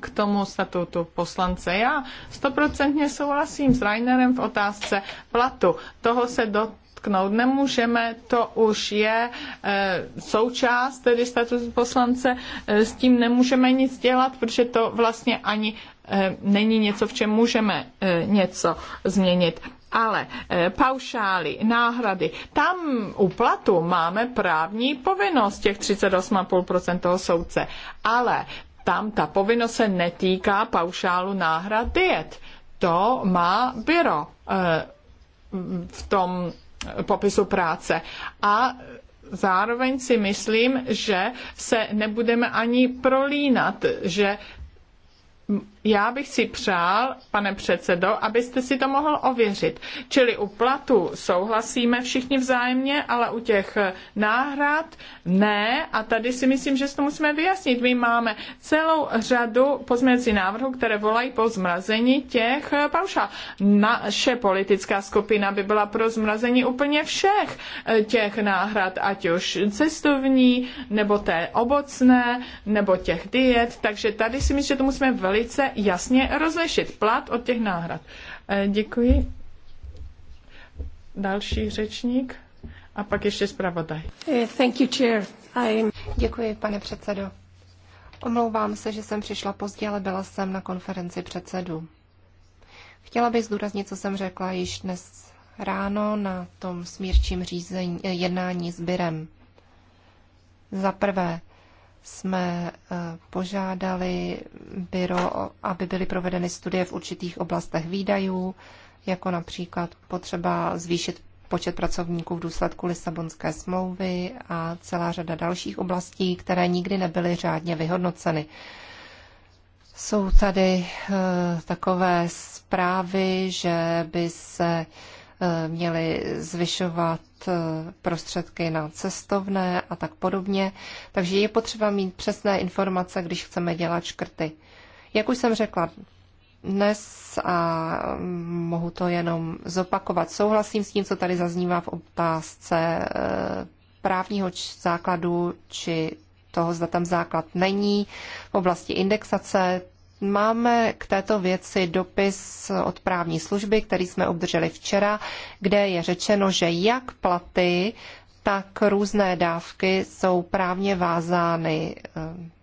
k tomu statutu poslance. Já stoprocentně souhlasím s Rainerem v otázce platu. Toho se do dotknout. Nemůžeme, to už je eh, součást, tedy status poslance, eh, s tím nemůžeme nic dělat, protože to vlastně ani eh, není něco, v čem můžeme něco změnit. Ale paušály, náhrady, tam u platu máme právní povinnost těch 38,5% toho soudce, ale tam ta povinnost se netýká paušálu náhrad diet. To má byro v tom popisu práce. A zároveň si myslím, že se nebudeme ani prolínat, že já bych si přál, pane předsedo, abyste si to mohl ověřit. Čili u platu souhlasíme všichni vzájemně, ale u těch náhrad ne. A tady si myslím, že to musíme vyjasnit. My máme celou řadu pozměňovací návrhů, které volají po zmrazení těch paušál. Naše politická skupina by byla pro zmrazení úplně všech eh, těch náhrad, ať už cestovní, nebo té obocné, nebo těch diet. Takže tady si myslím, že to musíme velice jasně rozlišit plat od těch náhrad. E, děkuji. Další řečník a pak ještě zpravodaj. Eh, thank you, chair. I'm... Děkuji, pane předsedo. Omlouvám se, že jsem přišla pozdě, ale byla jsem na konferenci předsedu. Chtěla bych zdůraznit, co jsem řekla již dnes ráno na tom smírčím řízení, eh, jednání s Birem. Za prvé, jsme eh, požádali byro, aby byly provedeny studie v určitých oblastech výdajů, jako například potřeba zvýšit počet pracovníků v důsledku Lisabonské smlouvy a celá řada dalších oblastí, které nikdy nebyly řádně vyhodnoceny. Jsou tady eh, takové zprávy, že by se eh, měly zvyšovat Eh, prostředky na cestovné a tak podobně. Takže je potřeba mít přesné informace, když chceme dělat škrty. Jak už jsem řekla, dnes a mohu to jenom zopakovat. Souhlasím s tím, co tady zaznívá v otázce eh, právního základu či toho, zda tam základ není. V oblasti indexace Máme k této věci dopis od právní služby, který jsme obdrželi včera, kde je řečeno, že jak platy, tak různé dávky jsou právně vázány. Eh,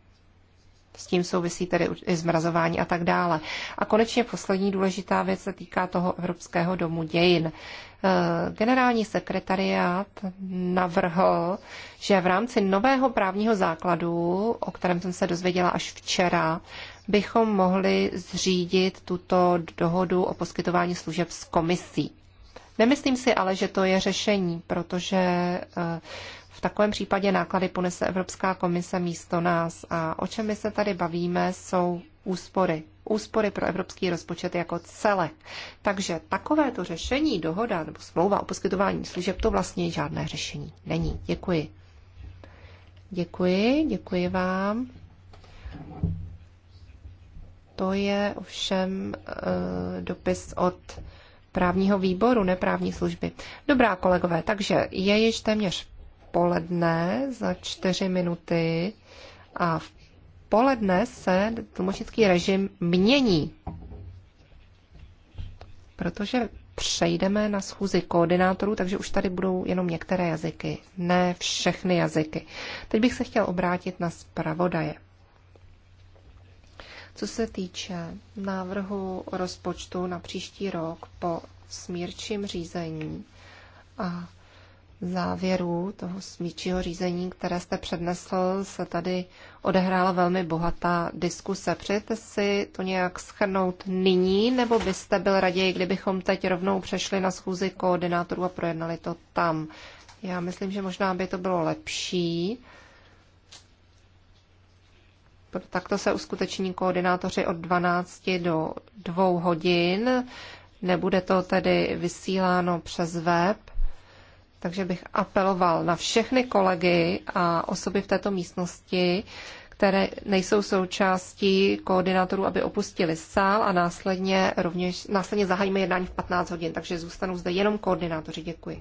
s tím souvisí tedy i zmrazování a tak dále. A konečně poslední důležitá věc se týká toho Evropského domu dějin. Eh, generální sekretariát navrhl, že v rámci nového právního základu, o kterém jsem se dozvěděla až včera, bychom mohli zřídit tuto dohodu o poskytování služeb s komisí. Nemyslím si ale, že to je řešení, protože eh, v takovém případě náklady ponese Evropská komise místo nás. A o čem my se tady bavíme, jsou úspory. Úspory pro evropský rozpočet jako celek. Takže takovéto řešení, dohoda nebo smlouva o poskytování služeb, to vlastně žádné řešení není. Děkuji. Děkuji, děkuji vám. To je ovšem eh, dopis od právního výboru, neprávní služby. Dobrá, kolegové, takže je již téměř poledne za čtyři minuty a v poledne se tlumočnický režim mění, protože přejdeme na schůzi koordinátorů, takže už tady budou jenom některé jazyky, ne všechny jazyky. Teď bych se chtěl obrátit na zpravodaje. Co se týče návrhu rozpočtu na příští rok po smírčím řízení a závěru toho smírčího řízení, které jste přednesl, se tady odehrála velmi bohatá diskuse. Přejete si to nějak schrnout nyní, nebo byste byl raději, kdybychom teď rovnou přešli na schůzi koordinátorů a projednali to tam? Já myslím, že možná by to bylo lepší, Takto se uskuteční koordinátoři od 12 do 2 hodin. Nebude to tedy vysíláno přes web, takže bych apeloval na všechny kolegy a osoby v této místnosti, které nejsou součástí koordinátorů, aby opustili sál a následně, rovněž, následně zahájíme jednání v 15 hodin, takže zůstanou zde jenom koordinátoři. Děkuji.